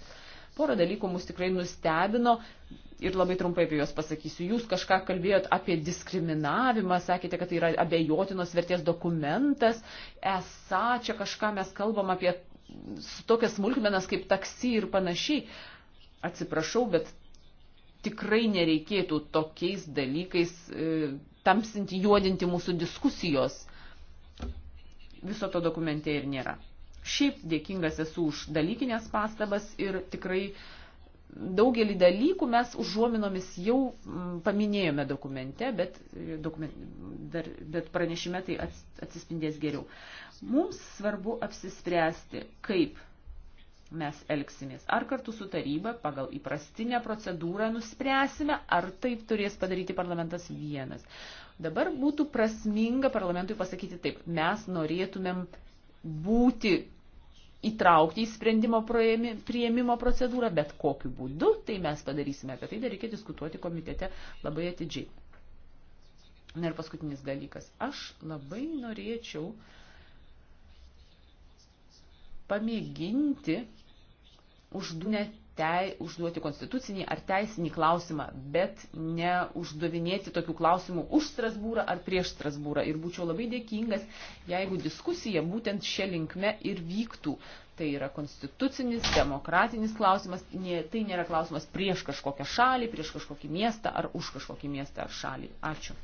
Porą dalykų mus tikrai nustebino ir labai trumpai apie juos pasakysiu. Jūs kažką kalbėjot apie diskriminavimą, sakėte, kad tai yra abejotinos vertės dokumentas. Esą čia kažką mes kalbam apie tokias smulkmenas kaip taksi ir panašiai. Atsiprašau, bet tikrai nereikėtų tokiais dalykais e, tamsinti, juodinti mūsų diskusijos. Viso to dokumente ir nėra. Šiaip dėkingas esu už dalykinės pastabas ir tikrai uh, daugelį dalykų mes užuominomis jau mm, paminėjome dokumente, bet, e, dokument, dar, bet pranešime tai atsispindės geriau. Mums svarbu apsispręsti, kaip mes elgsimės. Ar kartu su taryba pagal įprastinę procedūrą nuspręsime, ar taip turės padaryti parlamentas vienas. Dabar būtų prasminga parlamentui pasakyti taip, mes norėtumėm būti įtraukti į sprendimo prieimimo procedūrą, bet kokiu būdu tai mes padarysime. Apie tai dar reikia diskutuoti komitete labai atidžiai. Na ir paskutinis dalykas. Aš labai norėčiau pamėginti uždūnę tei, užduoti konstitucinį ar teisinį klausimą, bet ne uždavinėti tokių klausimų už Strasbūrą ar prieš Strasbūrą. Ir būčiau labai dėkingas, jeigu diskusija būtent šia linkme ir vyktų. Tai yra konstitucinis, demokratinis klausimas, ne, tai nėra klausimas prieš kažkokią šalį, prieš kažkokį miestą ar už kažkokį miestą ar šalį. Ačiū.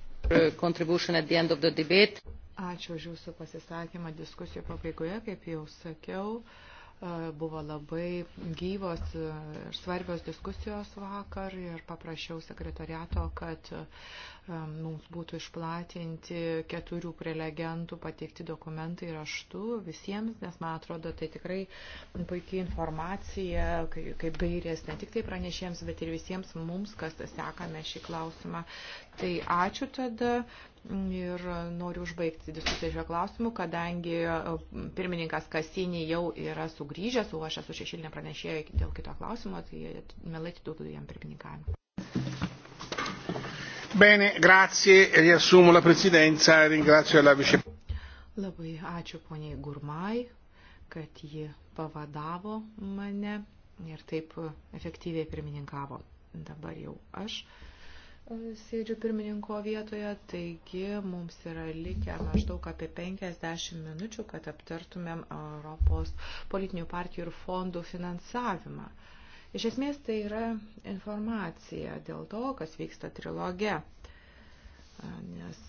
Ačiū už Jūsų pasisakymą diskusijų pabaigoje, kaip jau sakiau. E, buvo labai gyvos e, ir svarbios diskusijos vakar ir paprašiau sekretariato, kad e, mums būtų išplatinti keturių prelegentų pateikti dokumentai raštu visiems, nes man atrodo, tai tikrai puikiai informacija, kaip gairės ne tik tai pranešėjams, bet ir visiems mums, kas sekame šį klausimą. Tai ačiū tada. Ir noriu užbaigti diskusiją šio klausimu, kadangi e, pirmininkas Kasinį jau yra sugrįžęs, o aš esu šešilinė pranešėja dėl kito klausimo, tai melai atiduodu jam pirmininkavimą. Bene, grazie, riassumo la presidenza, e ringrazio la vice. Labai ačiū poniai Gurmai, kad ji pavadavo mane ir taip efektyviai pirmininkavo. Dabar jau aš sėdžiu pirmininko vietoje, taigi mums yra likę maždaug apie 50 minučių, kad aptartumėm Europos politinių partijų ir fondų finansavimą. Iš esmės tai yra informacija dėl to, kas vyksta triloge, nes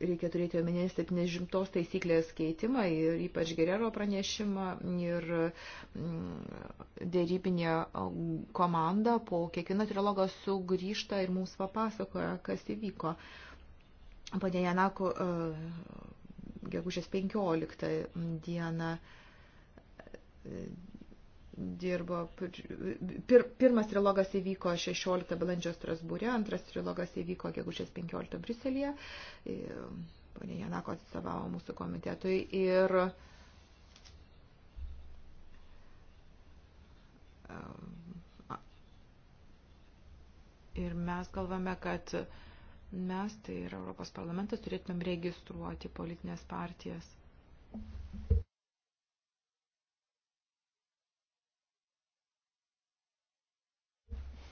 reikia turėti omenyje 70 taisyklės keitimą ir ypač gerero pranešimą ir mm, dėrybinė komanda po kiekvieno trilogo sugrįžta ir mums papasakoja, kas įvyko. Pane Janaku, gegužės 15 dieną dirbo. Pir, pirmas trilogas įvyko 16 balandžio Strasbūrė, antras trilogas įvyko gegužės 15 Briselėje. E, ponė Janako atstovavo mūsų komitetui ir Ir mes galvame, kad mes, tai yra Europos parlamentas, turėtumėm registruoti politinės partijas.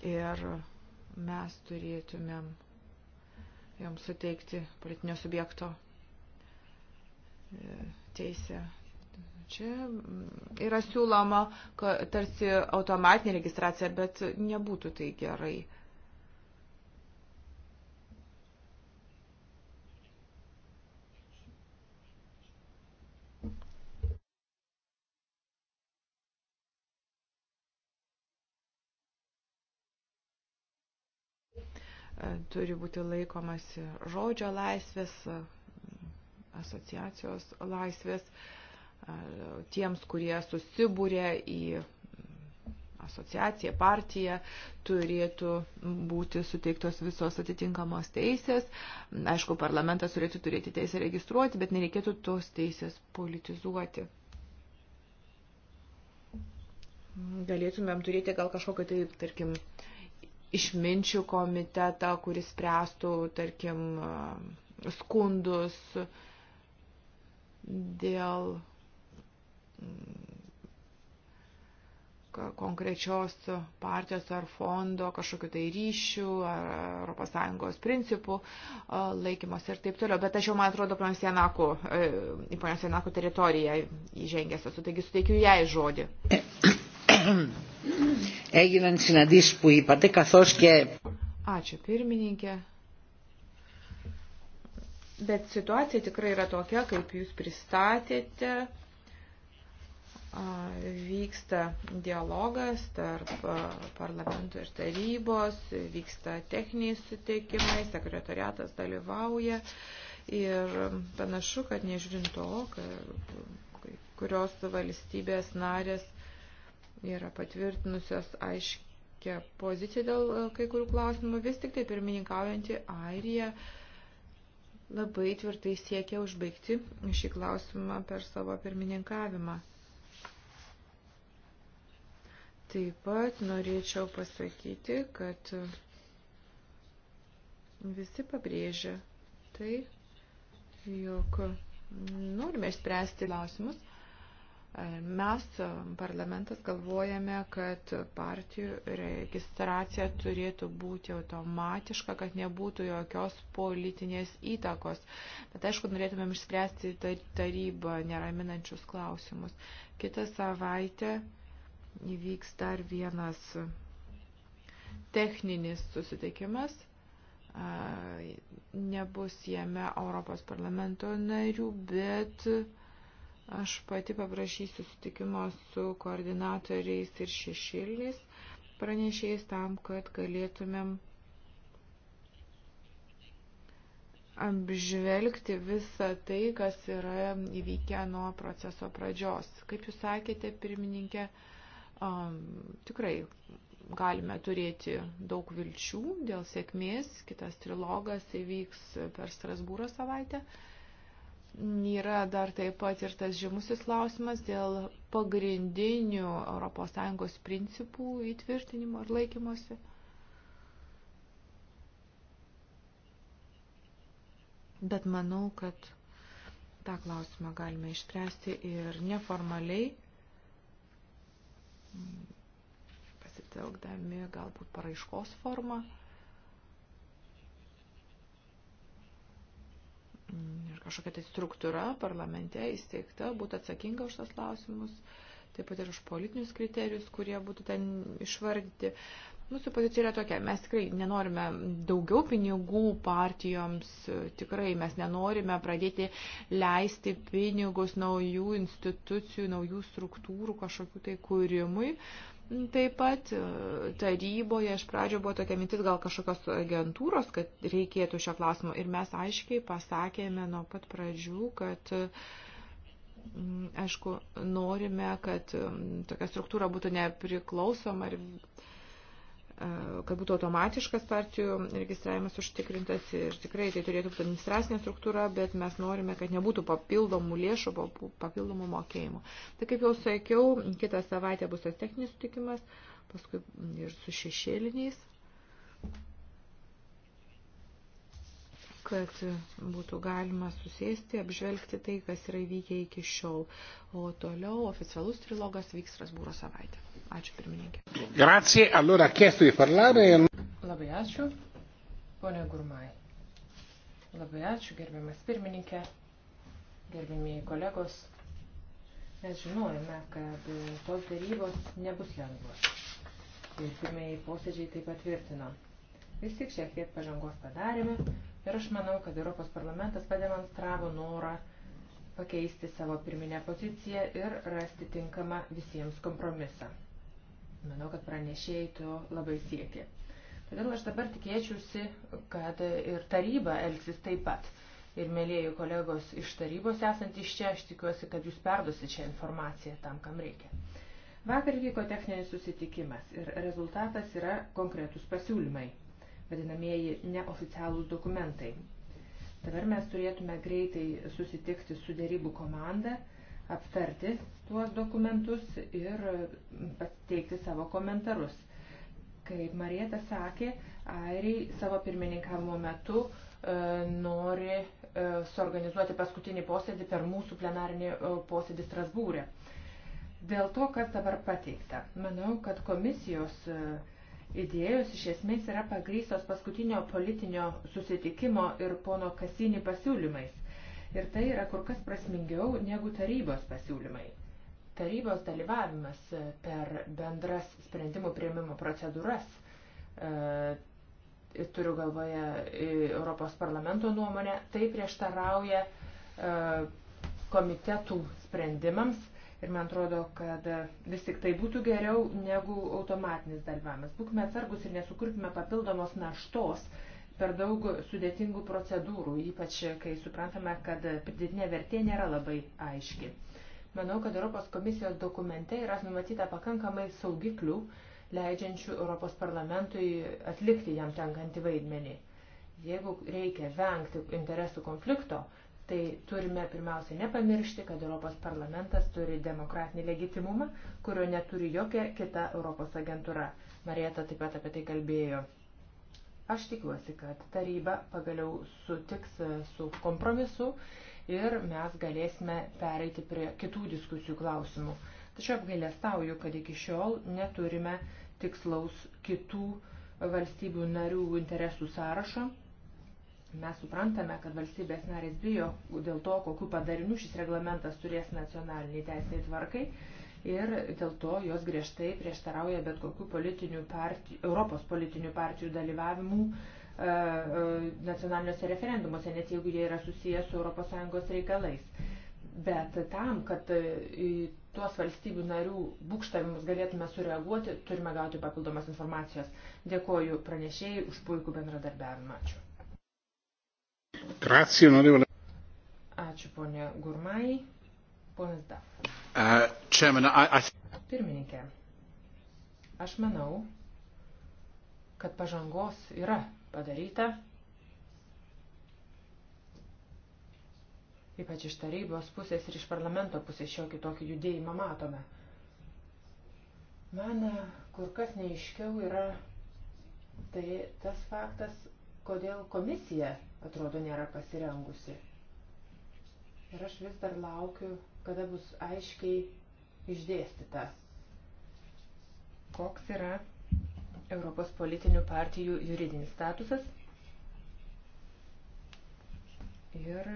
ir mes turėtumėm joms suteikti politinio subjekto e, teisę. Čia mm, yra siūloma tarsi automatinė registracija, bet nebūtų tai gerai. turi būti laikomasi žodžio laisvės, asociacijos laisvės, tiems, kurie susibūrė į asociacija, partija turėtų būti suteiktos visos atitinkamos teisės. Aišku, parlamentas turėtų turėti teisę registruoti, bet nereikėtų tos teisės politizuoti. Galėtumėm turėti gal kažkokią tai, tarkim, uh, išminčių komitetą, kuris spręstų, tarkim, skundus dėl mm, konkrečios partijos ar fondo kažkokiu tai ryšių ar ES principų laikymas ir taip toliau. Bet aš jau, man atrodo, ponios Janakų, e, į ponios Janakų teritoriją įžengęs esu, taigi suteikiu jai žodį. έγιναν συναντήσεις που είπατε καθώς και... Ačiū pirmininkė. Bet situacija tikrai yra tokia, kaip jūs pristatėte. Vyksta dialogas tarp parlamento ir tarybos, vyksta techniniai sutikimai, sekretariatas dalyvauja ir panašu, kad nežiūrint to, kad kurios valstybės narės yra patvirtinusios aiškę poziciją dėl e, kai kurių klausimų. Vis tik tai pirmininkaujanti Airija labai tvirtai siekia užbaigti šį klausimą per savo pirmininkavimą. Taip pat norėčiau pasakyti, kad visi pabrėžia tai, jog norime išspręsti klausimus Mes, parlamentas, galvojame, kad partijų registracija turėtų būti automatiška, kad nebūtų jokios politinės įtakos. Bet aišku, norėtumėm išspręsti tarybą neraminančius klausimus. Kitą savaitę įvyks dar vienas techninis susitikimas. Nebus jame Europos parlamento narių, bet Aš pati paprašysiu sutikimo su koordinatoriais ir šešėliais pranešėjais tam, kad galėtumėm apžvelgti visą tai, kas yra įvykę nuo proceso pradžios. Kaip jūs sakėte, pirmininkė, um, tikrai galime turėti daug vilčių dėl sėkmės. Kitas trilogas įvyks per Strasbūro savaitę. Uh, Yra dar taip pat ir tas žymusis klausimas dėl pagrindinių ES principų įtvirtinimo ir laikymosi. Bet manau, kad tą klausimą galime išspręsti ir neformaliai, pasitelkdami galbūt paraiškos formą kažkokia tai struktūra parlamente įsteigta būtų atsakinga už tas klausimus, taip pat ir už politinius kriterijus, kurie būtų ten išvardyti. Mūsų pozicija yra tokia, mes tikrai nenorime daugiau pinigų partijoms, tikrai mes nenorime pradėti leisti pinigus naujų institucijų, naujų struktūrų kažkokiu tai kūrimui. Uh, Taip pat e, taryboje iš pradžio buvo tokia mintis gal kažkokios agentūros, kad reikėtų šio klausimo. Ir mes aiškiai pasakėme nuo pat pradžių, kad mm, aišku, norime, kad mm, tokia struktūra būtų nepriklausoma ir kad būtų automatiškas partijų registravimas užtikrintas ir tikrai tai turėtų būti administracinė struktūra, bet mes norime, kad nebūtų papildomų lėšų, papildomų mokėjimų. Tai kaip jau sakiau, kitą savaitę bus tas techninis sutikimas, paskui ir su šešėliniais, kad būtų galima susėsti, apžvelgti tai, kas yra įvykę iki šiol. O toliau oficialus trilogas vyks Rasbūro savaitę. Ačiū pirmininkė. Grazie, allora chiesto di parlare. Labai ačiū, ponė Gurmai. Labai ačiū, gerbiamas pirmininkė, gerbėmiai kolegos. Mes žinojame, kad tos darybos nebus lengvos. Ir pirmieji posėdžiai tai patvirtino. Vis tik šiek tiek pažangos padarėme ir aš manau, kad Europos parlamentas pademonstravo norą pakeisti savo pirminę poziciją ir rasti tinkamą visiems kompromisą. Manau, kad pranešėjai to labai siekia. Todėl aš dabar tikėčiausi, kad ir taryba elgsis taip pat. Ir mėlėjų kolegos iš tarybos esantys čia, aš tikiuosi, kad jūs perdusit šią informaciją tam, kam reikia. Vakar vyko techninis susitikimas ir rezultatas yra konkretus pasiūlymai, vadinamieji neoficialūs dokumentai. Dabar mes turėtume greitai susitikti su dėrybų komanda aptarti tuos dokumentus ir pateikti savo komentarus. Kaip Marieta sakė, airiai savo pirmininkavimo metu e, nori e, suorganizuoti paskutinį posėdį per mūsų plenarinį e, posėdį Strasbūrė. Dėl to, kas dabar pateikta, manau, kad komisijos e, idėjos iš esmės yra pagrystos paskutinio politinio susitikimo ir pono Kasinį pasiūlymais Ir tai yra kur kas prasmingiau negu tarybos pasiūlymai. Tarybos dalyvavimas e, per bendras sprendimų prieimimo procedūras, e, turiu galvoje Europos parlamento nuomonę, tai prieštarauja e, komitetų sprendimams ir man atrodo, kad e, vis tik tai būtų geriau negu automatinis dalyvavimas. Būkime atsargus ir nesukurkime papildomos naštos per daug sudėtingų procedūrų, ypač kai suprantame, kad pridėtinė vertė nėra labai aiški. Manau, kad Europos komisijos dokumente yra numatyta pakankamai saugiklių, leidžiančių Europos parlamentui atlikti jam tenkantį vaidmenį. Jeigu reikia vengti interesų konflikto, tai turime pirmiausia nepamiršti, kad Europos parlamentas turi demokratinį legitimumą, kurio neturi jokia kita Europos agentūra. Marieta taip pat apie tai kalbėjo. Aš tikiuosi, kad taryba pagaliau sutiks e, su kompromisu ir mes galėsime pereiti prie kitų diskusijų klausimų. Tačiau apgailestauju, kad iki šiol neturime tikslaus kitų valstybių narių interesų sąrašo. Mes suprantame, kad valstybės narės bijo dėl to, kokiu padariniu šis reglamentas turės nacionaliniai teisėjai tvarkai ir dėl to jos griežtai prieštarauja bet kokių politinių partijų, Europos politinių partijų dalyvavimų e, e, nacionaliniuose referendumuose, net jeigu jie yra susijęs su ES reikalais. Bet tam, kad e, į tuos valstybių narių būkštavimus galėtume sureaguoti, turime gauti papildomas informacijos. Dėkoju pranešėjai už puikų bendradarbiavimą. Ačiū. Grazie, Ačiū, ponė Gurmai. Ponas Daf. Uh, chairman, I, I... Pirmininkė, aš manau, kad pažangos yra padaryta, ypač iš tarybos pusės ir iš parlamento pusės šiokį tokį judėjimą matome. Man uh, kur kas neiškiau yra tai tas faktas, kodėl komisija atrodo nėra pasirengusi. Ir aš vis dar laukiu kada bus aiškiai išdėstyta, koks yra Europos politinių partijų juridinis statusas ir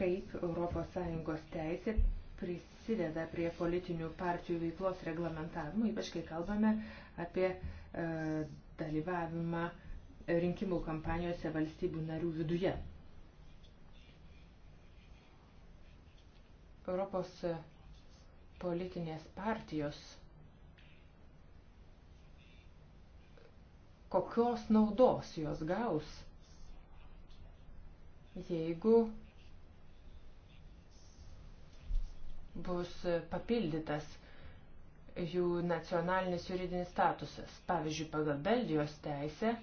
kaip ES teisė prisideda prie politinių partijų veiklos reglamentavimo, ypač kai kalbame apie e, dalyvavimą e, rinkimų kampanijose valstybių narių viduje. Europos politinės partijos kokios naudos jos gaus, jeigu bus papildytas jų nacionalinis juridinis statusas. Pavyzdžiui, pagal Belgijos teisę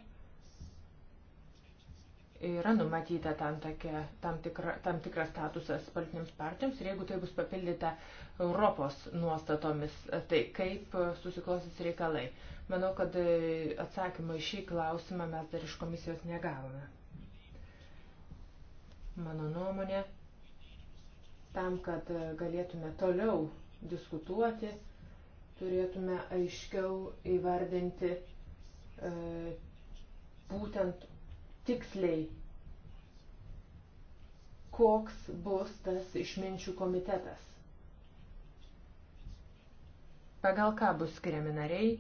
yra numatyta tam, tokia, tam, tikra, tam tikras statusas politinėms partijoms ir jeigu tai bus papildyta Europos nuostatomis, tai kaip susiklosys reikalai. Manau, kad e, atsakymą į šį klausimą mes dar iš komisijos negavome. Mano nuomonė, tam, kad e, galėtume toliau diskutuoti, turėtume aiškiau įvardinti e, būtent tiksliai, koks bus tas išminčių komitetas. Pagal ką bus skiriami nariai,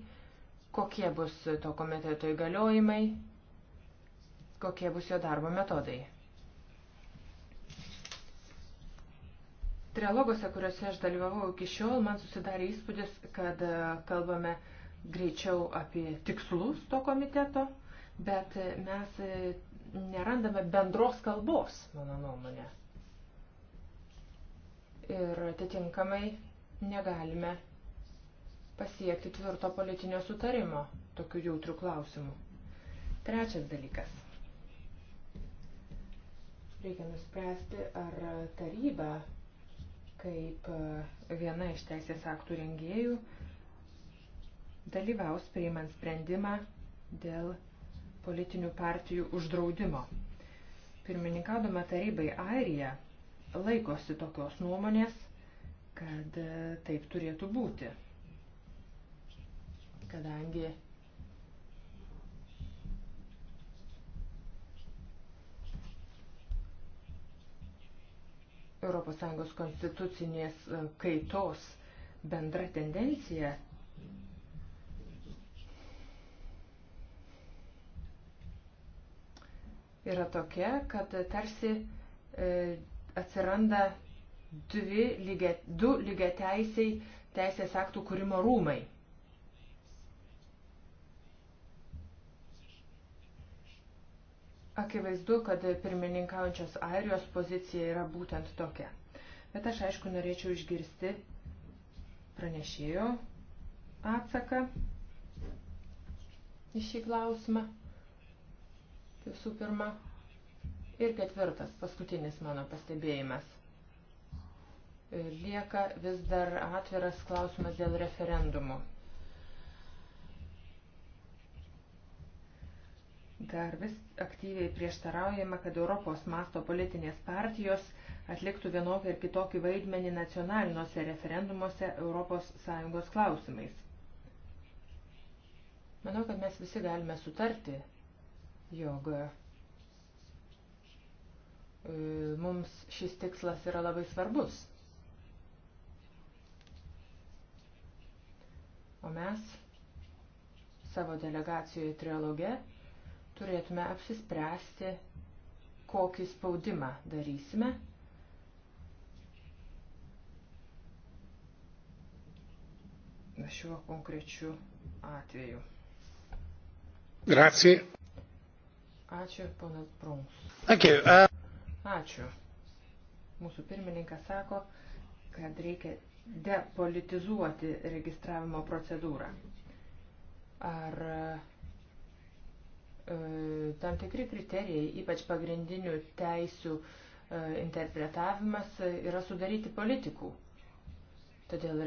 kokie bus to komiteto įgaliojimai, kokie bus jo darbo metodai. Trialoguose, kuriuose aš dalyvavau iki šiol, man susidarė įspūdis, kad e, kalbame greičiau apie tikslus to komiteto bet e, mes e, nerandame bendros kalbos, mano nuomonė. Ir atitinkamai negalime pasiekti tvirto politinio sutarimo tokių jautrių klausimų. Trečias dalykas. Reikia nuspręsti, ar taryba, kaip e, viena iš teisės aktų rengėjų, dalyvaus priimant sprendimą dėl politinių partijų uždraudimo. Pirmininkaudama tarybai Airija laikosi tokios nuomonės, kad e, taip turėtų būti. Kadangi ES konstitucinės e, kaitos bendra tendencija yra tokia, kad tarsi e, atsiranda dvi, lygia, du lygiateisiai teisės aktų kūrimo rūmai. Akivaizdu, kad pirmininkaujančios Airijos pozicija yra būtent tokia. Bet aš aišku norėčiau išgirsti pranešėjo atsaką į šį klausimą visų pirma. Ir ketvirtas, paskutinis mano pastebėjimas. Lieka vis dar atviras klausimas dėl referendumų. Dar vis aktyviai prieštaraujama, kad Europos masto politinės partijos atliktų vienokį ir kitokį vaidmenį nacionaliniuose referendumuose ES klausimais. Manau, kad mes visi galime sutarti, jog e, mums šis tikslas yra labai svarbus. O mes savo delegacijoje trialoge turėtume apsispręsti, kokį spaudimą darysime. šiuo konkrečiu atveju. Grazie. Ačiū, ponas Brums. Uh, Ačiū. Mūsų pirmininkas sako, kad reikia depolitizuoti registravimo procedūrą. Ar e, tam tikri kriterijai, ypač pagrindinių teisių e, interpretavimas, e, yra sudaryti politikų. Todėl,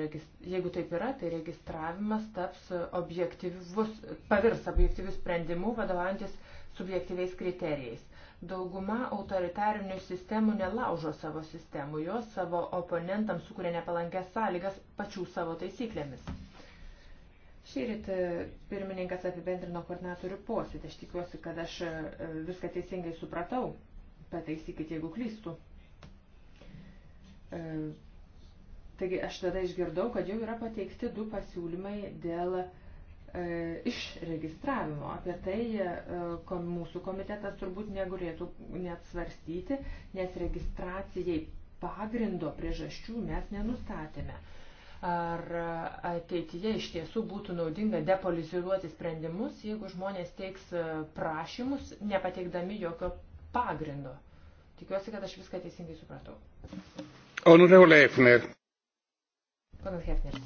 jeigu taip yra, tai registravimas taps objektyvus, pavirs objektyvius sprendimu, vadovantis subjektyviais kriterijais. Dauguma autoritarinių sistemų nelaužo savo sistemų, jos savo oponentams sukuria nepalankęs sąlygas pačių savo taisyklėmis. Šįryt pirmininkas apibendrino koordinatorių posėdį. Aš tikiuosi, kad aš e, viską teisingai supratau. Pataisykit, jeigu klystu. E, taigi aš tada išgirdau, kad jau yra pateikti du pasiūlymai dėl uh, E, išregistravimo. Apie tai e, mūsų komitetas turbūt negurėtų net svarstyti, nes registracijai pagrindo priežasčių mes nenustatėme. Ar ateityje iš tiesų būtų naudinga depoliziruoti sprendimus, jeigu žmonės teiks e, prašymus, nepateikdami jokio pagrindo? Tikiuosi, kad aš viską teisingai supratau. Honorable Hefner. Ponas Hefner.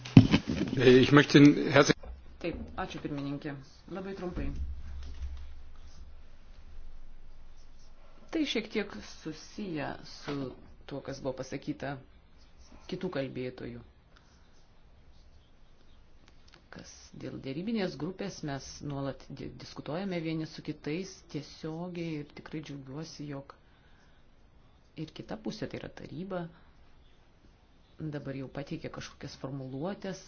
Ich möchte herzlich Taip, ačiū pirmininkė. Labai trumpai. Tai šiek tiek susiję su tuo, kas buvo pasakyta kitų kalbėtojų. Kas dėl dėrybinės grupės mes nuolat diskutuojame vieni su kitais tiesiogiai ir tikrai džiaugiuosi, jog ir kita pusė, tai yra taryba, dabar jau pateikė kažkokias formuluotės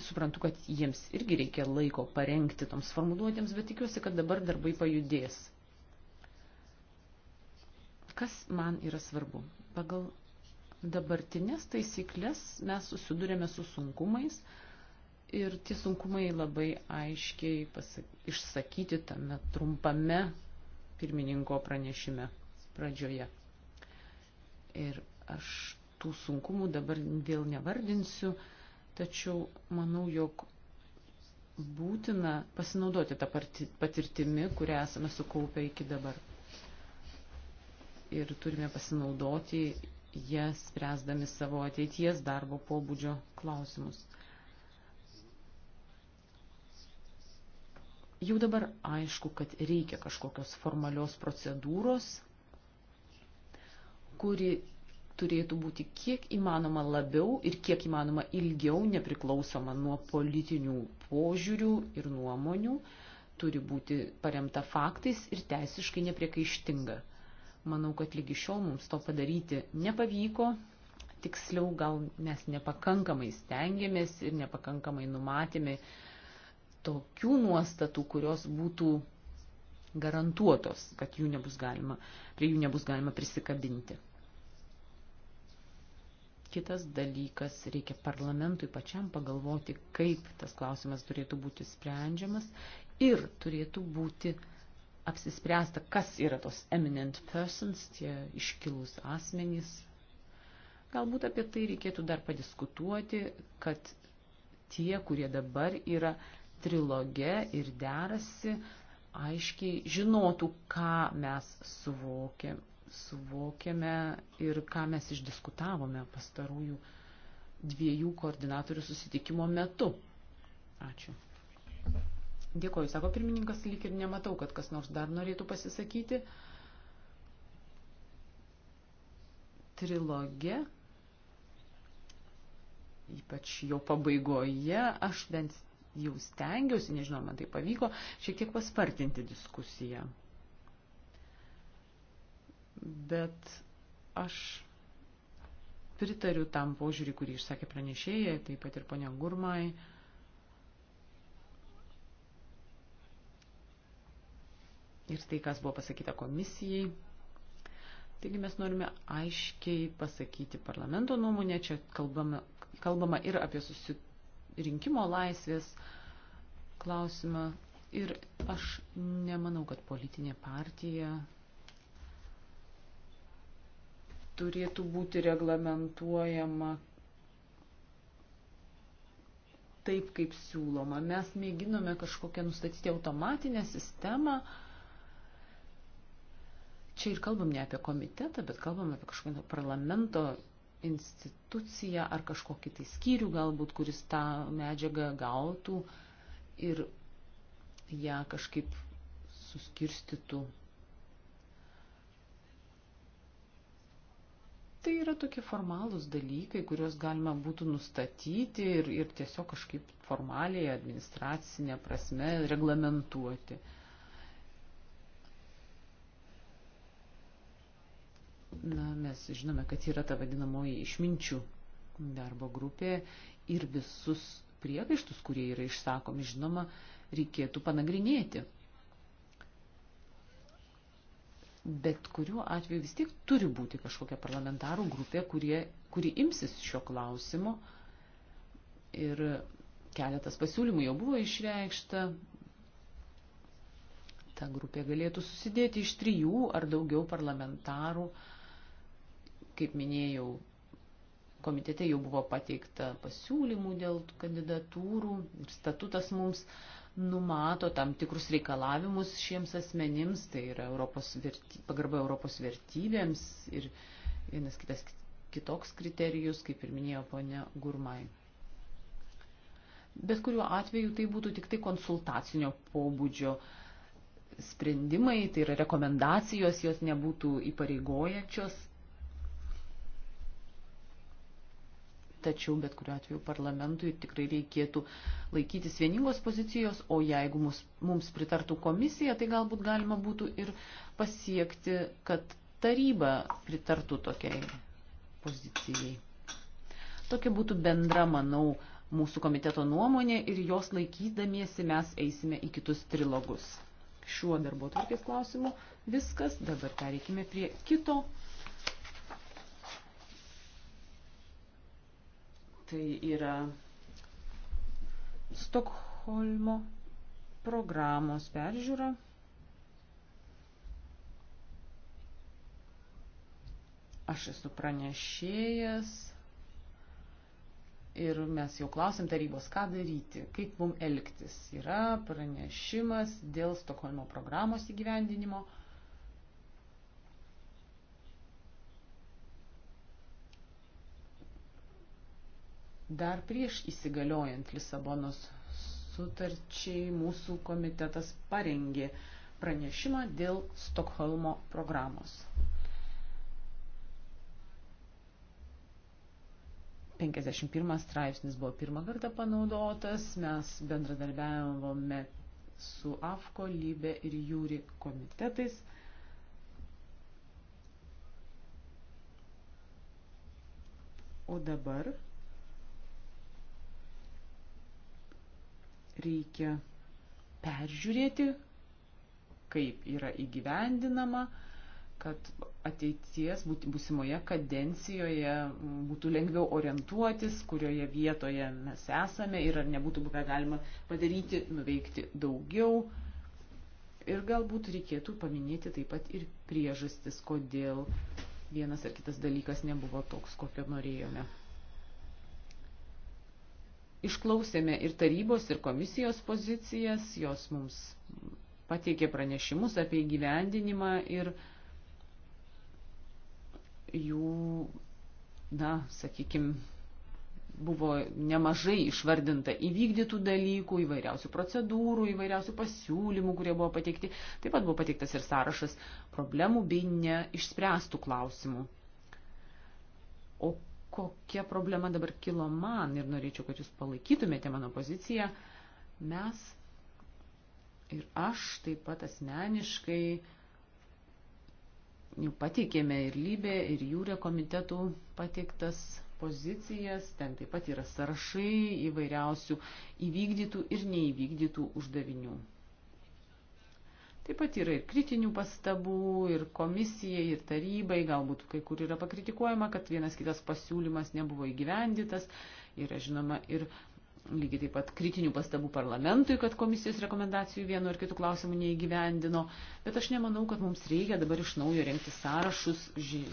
suprantu, kad jiems irgi reikia laiko parengti toms formuluotėms, bet tikiuosi, kad dabar darbai pajudės. Kas man yra svarbu? Pagal dabartinės taisyklės mes susidurėme su sunkumais ir tie sunkumai labai aiškiai pasak... išsakyti tame trumpame pirmininko pranešime pradžioje. Ir aš tų sunkumų dabar vėl nevardinsiu, tačiau manau, jog būtina pasinaudoti tą patirtimi, kurią esame sukaupę iki dabar. Ir turime pasinaudoti ją spręsdami savo ateities darbo pobūdžio klausimus. Jau dabar aišku, kad reikia kažkokios formalios procedūros, kuri turėtų būti kiek įmanoma labiau ir kiek įmanoma ilgiau nepriklausoma nuo politinių požiūrių ir nuomonių, turi būti paremta faktais ir teisiškai nepriekaištinga. Manau, kad lygi šiol mums to padaryti nepavyko, tiksliau gal mes nepakankamai stengiamės ir nepakankamai numatėme tokių nuostatų, kurios būtų garantuotos, kad jų nebus galima, prie jų nebus galima prisikabinti. Kitas dalykas, reikia parlamentui pačiam pagalvoti, kaip tas klausimas turėtų būti sprendžiamas ir turėtų būti apsispręsta, kas yra tos eminent persons, tie iškilus asmenys. Galbūt apie tai reikėtų dar padiskutuoti, kad tie, kurie dabar yra triloge ir derasi, aiškiai žinotų, ką mes suvokiam, suvokiame ir ką mes išdiskutavome pastarųjų dviejų koordinatorių susitikimo metu. Ačiū. Dėkoju, sako pirmininkas, lyg ir nematau, kad kas nors dar norėtų pasisakyti. Trilogė, ypač jo pabaigoje, aš bent jau stengiausi, nežinau, man tai pavyko, šiek tiek paspartinti diskusiją bet aš pritariu tam požiūrį, kurį išsakė pranešėjai, taip pat ir ponia Gurmai. Ir tai, kas buvo pasakyta komisijai. Taigi mes norime aiškiai pasakyti parlamento nuomonę, čia kalbama, kalbama ir apie susirinkimo laisvės klausimą. Ir aš nemanau, kad politinė partija turėtų būti reglamentuojama taip, kaip siūloma. Mes mėginome kažkokią nustatyti automatinę sistemą. Čia ir kalbam ne apie komitetą, bet kalbam apie kažkokią parlamento instituciją ar kažkokį tai skyrių galbūt, kuris tą medžiagą gautų ir ją kažkaip suskirstytų Tai yra tokie formalūs dalykai, kuriuos galima būtų nustatyti ir, ir tiesiog kažkaip formaliai, administracinė prasme reglamentuoti. Na, mes žinome, kad yra ta vadinamoji išminčių darbo grupė ir visus priekaištus, kurie yra išsakomi, žinoma, reikėtų panagrinėti bet kuriuo atveju vis tiek turi būti kažkokia parlamentarų grupė, kurie, kuri imsis šio klausimo. Ir keletas pasiūlymų jau buvo išreikšta. Ta grupė galėtų susidėti iš trijų ar daugiau parlamentarų. Kaip minėjau, komitete jau buvo pateikta pasiūlymų dėl kandidatūrų ir statutas mums uh, numato tam tikrus reikalavimus šiems asmenims, tai yra Europos verty, pagarba Europos vertybėms ir vienas kitas kitoks kriterijus, kaip ir minėjo ponia Gurmai. Bet kuriuo atveju tai būtų tik tai konsultacinio pobūdžio sprendimai, tai yra rekomendacijos, jos nebūtų įpareigojančios, Tačiau bet kuriuo atveju parlamentui tikrai reikėtų laikytis vieningos pozicijos, o jeigu mus, mums pritartų komisija, tai galbūt galima būtų ir pasiekti, kad taryba pritartų tokiai pozicijai. Tokia būtų bendra, manau, mūsų komiteto nuomonė ir jos laikydamiesi mes eisime į kitus trilogus. Šiuo darbo tvarkės klausimu viskas, dabar pereikime prie kito Tai yra Stokholmo programos peržiūra. Aš esu pranešėjas ir mes jau klausim tarybos, ką daryti, kaip mum elgtis. Yra pranešimas dėl Stokholmo programos įgyvendinimo. Dar prieš įsigaliojant Lisabonos sutarčiai mūsų komitetas parengė pranešimą dėl Stokholmo programos. 51 straipsnis buvo pirmą kartą panaudotas, mes bendradarbiavome su AFKO, Lybė ir Jūri komitetais. O dabar reikia peržiūrėti, kaip yra įgyvendinama, kad ateities būsimoje kadencijoje būtų lengviau orientuotis, kurioje vietoje mes esame ir ar nebūtų buvę galima padaryti, nuveikti daugiau. Ir galbūt reikėtų paminėti taip pat ir priežastis, kodėl vienas ar kitas dalykas nebuvo toks, kokio norėjome. Išklausėme ir tarybos, ir komisijos pozicijas, jos mums pateikė pranešimus apie įgyvendinimą ir jų, na, sakykime, buvo nemažai išvardinta įvykdytų dalykų, įvairiausių procedūrų, įvairiausių pasiūlymų, kurie buvo pateikti. Taip pat buvo pateiktas ir sąrašas problemų bei neišspręstų klausimų. O kokia problema dabar kilo man ir norėčiau, kad jūs palaikytumėte mano poziciją. Mes ir aš taip pat asmeniškai jau pateikėme ir lybė, ir jūrė komitetų pateiktas pozicijas, ten taip pat yra sąrašai įvairiausių įvykdytų ir neįvykdytų uždavinių. Taip pat yra ir kritinių pastabų, ir komisijai, ir tarybai, galbūt kai kur yra pakritikuojama, kad vienas kitas pasiūlymas nebuvo įgyvendytas, yra žinoma ir lygiai taip pat kritinių pastabų parlamentui, kad komisijos rekomendacijų vienu ar kitu klausimu neįgyvendino, bet aš nemanau, kad mums reikia dabar iš naujo renkti sąrašus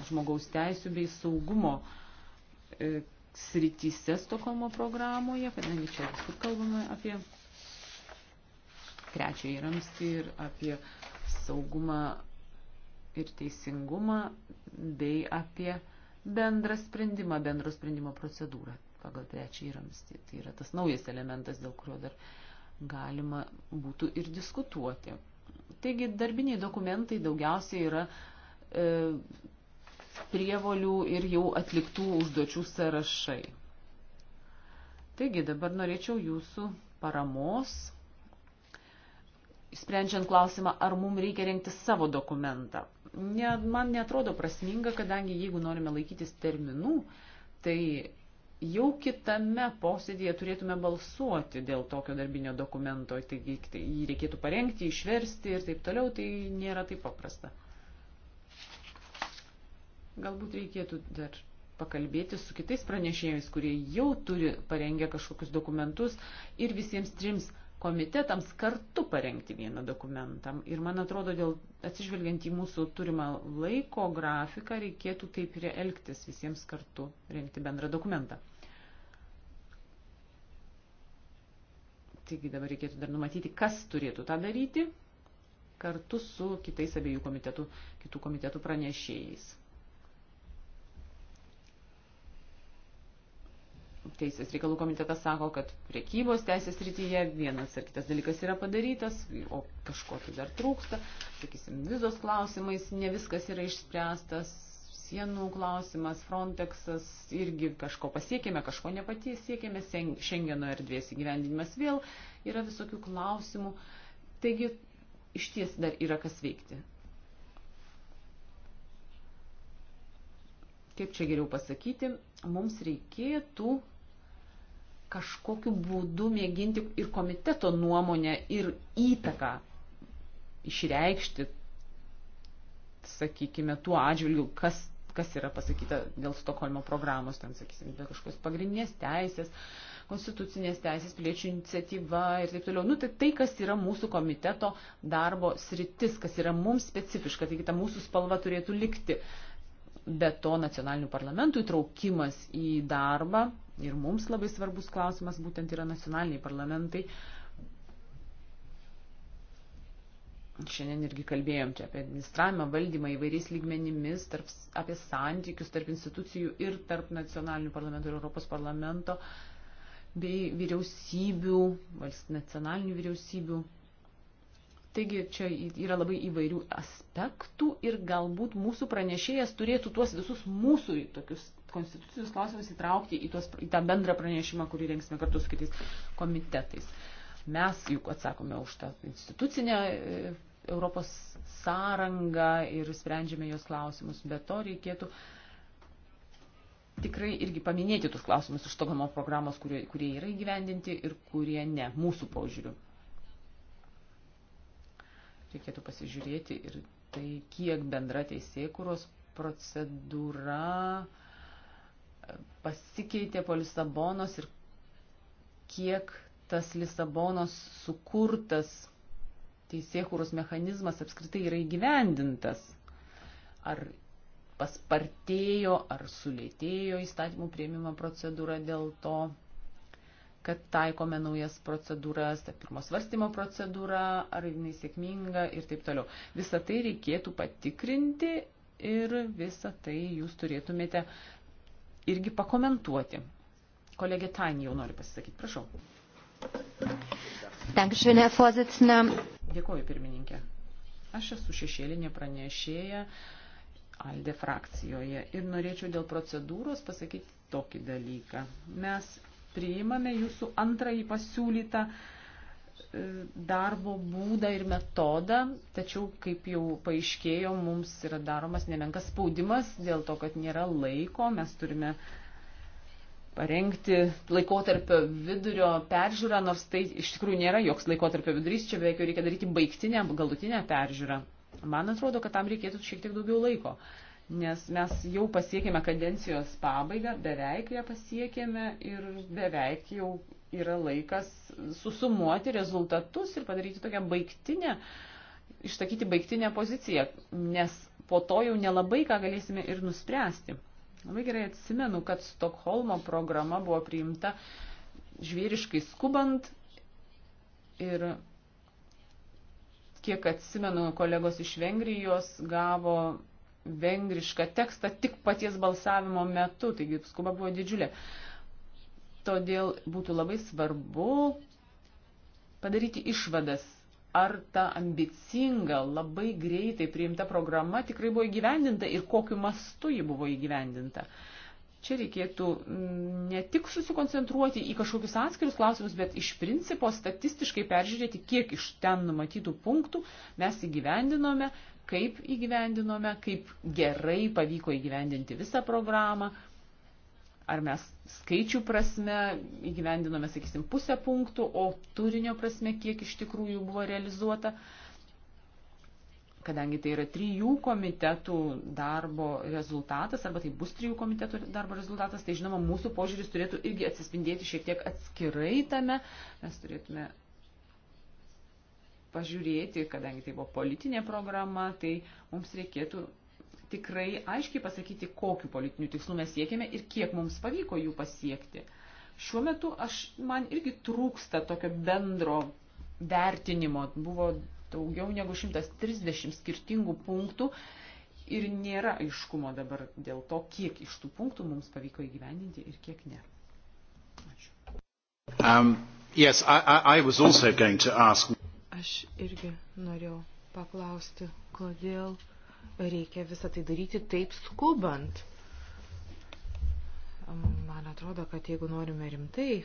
žmogaus teisų bei saugumo e, srityse Stokholmo programoje, kadangi čia visur kalbame apie trečiąjį ramstį ir apie saugumą ir teisingumą bei apie bendrą sprendimą, bendro sprendimo procedūrą pagal trečiąjį ramstį. Tai yra tas naujas elementas, dėl kurio dar galima būtų ir diskutuoti. Taigi darbiniai dokumentai daugiausiai yra e, prievolių ir jau atliktų užduočių sąrašai. Taigi dabar norėčiau jūsų paramos sprendžiant klausimą, ar mums reikia renkti savo dokumentą. Ne, man netrodo prasminga, kadangi jeigu norime laikytis terminų, tai jau kitame posėdėje turėtume balsuoti dėl tokio darbinio dokumento, taigi tai jį reikėtų parengti, išversti ir taip toliau, tai nėra taip paprasta. Galbūt reikėtų dar pakalbėti su kitais pranešėjais, kurie jau turi parengę kažkokius dokumentus ir visiems trims komitetams kartu parengti vieną dokumentą. Ir man atrodo, dėl atsižvelgiant į mūsų turimą laiko grafiką, reikėtų taip ir elgtis visiems kartu rengti bendrą dokumentą. Taigi dabar reikėtų dar numatyti, kas turėtų tą daryti kartu su kitais abiejų komitetų, kitų komitetų pranešėjais. Teisės reikalų komitetas sako, kad priekybos teisės rytyje vienas ar kitas dalykas yra padarytas, o kažko tai dar trūksta. Sakysim, vizos klausimais ne viskas yra išspręstas, sienų klausimas, Frontexas irgi kažko pasiekėme, kažko nepasiekėme, Schengeno erdvės įgyvendinimas vėl yra visokių klausimų. Taigi iš ties dar yra kas veikti. Kaip čia geriau pasakyti, mums reikėtų kažkokiu būdu mėginti ir komiteto nuomonę, ir įtaką išreikšti, sakykime, tuo atžvilgiu, kas, kas yra pasakyta dėl Stokholmo programos, ten, sakysim, dėl kažkokios pagrindinės teisės, konstitucinės teisės, piliečių iniciatyva ir taip toliau. Nu, tai tai, kas yra mūsų komiteto darbo sritis, kas yra mums specifiška, taigi ta mūsų spalva turėtų likti. Be to nacionalinių parlamentų įtraukimas į darbą ir mums labai svarbus klausimas būtent yra nacionaliniai parlamentai. Šiandien irgi kalbėjom čia apie administravimą, valdymą įvairiais lygmenimis, tarp, apie santykius tarp institucijų ir tarp nacionalinių parlamentų ir Europos parlamento bei vyriausybių, nacionalinių vyriausybių Taigi čia yra labai įvairių aspektų ir galbūt mūsų pranešėjas turėtų tuos visus mūsų tokius konstitucijos klausimus įtraukti į, tuos, į tą bendrą pranešimą, kurį rengsime kartu su kitais komitetais. Mes juk atsakome už tą institucinę e, Europos sąrangą ir sprendžiame jos klausimus, bet to reikėtų tikrai irgi paminėti tuos klausimus iš Stokholmo programos, kurie, kurie yra įgyvendinti ir kurie ne, mūsų požiūriu. Reikėtų pasižiūrėti ir tai, kiek bendra teisėkuros procedūra uh, pasikeitė po Lisabonos ir kiek tas Lisabonos sukurtas teisėkūros mechanizmas apskritai yra įgyvendintas. Ar paspartėjo, ar sulėtėjo įstatymų prieimimo procedūra dėl to, kad taikome naujas procedūras, ta pirmo svarstymo procedūra, ar jinai sėkminga ir taip toliau. Visą tai reikėtų patikrinti ir visą tai jūs turėtumėte irgi pakomentuoti. Kolegė Tain jau nori pasisakyti, prašau. Dankeschön, Herr Vorsitzender. Dėkuoju, pirmininkė. Aš esu šešėlinė pranešėja Alde frakcijoje ir norėčiau dėl procedūros pasakyti tokį dalyką. Mes priimame jūsų antrąjį pasiūlytą uh, E, darbo būdą ir metodą, tačiau, kaip jau paaiškėjo, mums yra daromas nemenkas spaudimas dėl to, kad nėra laiko, mes turime parengti laikotarpio vidurio peržiūrą, nors tai iš tikrųjų nėra joks laikotarpio vidurys, čia beveik jau reikia daryti baigtinę, galutinę peržiūrą. Man atrodo, kad tam reikėtų šiek tiek daugiau laiko, nes mes jau pasiekėme kadencijos pabaigą, beveik ją pasiekėme ir beveik jau yra laikas susumuoti rezultatus ir padaryti tokią baigtinę, išsakyti baigtinę poziciją, nes po to jau nelabai ką galėsime ir nuspręsti. Labai gerai atsimenu, kad Stokholmo programa buvo priimta žvėriškai skubant ir kiek atsimenu, kolegos iš Vengrijos gavo vengrišką tekstą tik paties balsavimo metu, taigi skuba buvo didžiulė. Uh, Todėl būtų labai svarbu padaryti išvadas, ar ta ambicinga, labai greitai priimta programa tikrai buvo įgyvendinta ir kokiu mastu ji buvo įgyvendinta. Čia reikėtų mm, ne tik susikoncentruoti į kažkokius atskirius klausimus, bet iš principo statistiškai peržiūrėti, kiek iš ten numatytų punktų mes įgyvendinome, kaip įgyvendinome, kaip gerai pavyko įgyvendinti visą programą, ar mes skaičių prasme įgyvendinome, sakysim, pusę punktų, o turinio prasme, kiek iš tikrųjų buvo realizuota. Kadangi tai yra trijų komitetų darbo rezultatas, arba tai bus trijų komitetų darbo rezultatas, tai žinoma, mūsų požiūris turėtų irgi atsispindėti šiek tiek atskirai tame. Mes turėtume pažiūrėti, kadangi tai buvo politinė programa, tai mums reikėtų tikrai aiškiai pasakyti, kokiu politiniu tikslu mes siekiame ir kiek mums pavyko jų pasiekti. Šiuo metu aš, man irgi trūksta tokio bendro vertinimo. Buvo daugiau negu 130 skirtingų punktų ir nėra aiškumo dabar dėl to, kiek iš tų punktų mums pavyko įgyvendinti ir kiek ne. Ačiū. Um, yes, I, I, I ask... Aš irgi norėjau paklausti, kodėl reikia visą tai daryti taip skubant. Man atrodo, kad jeigu norime rimtai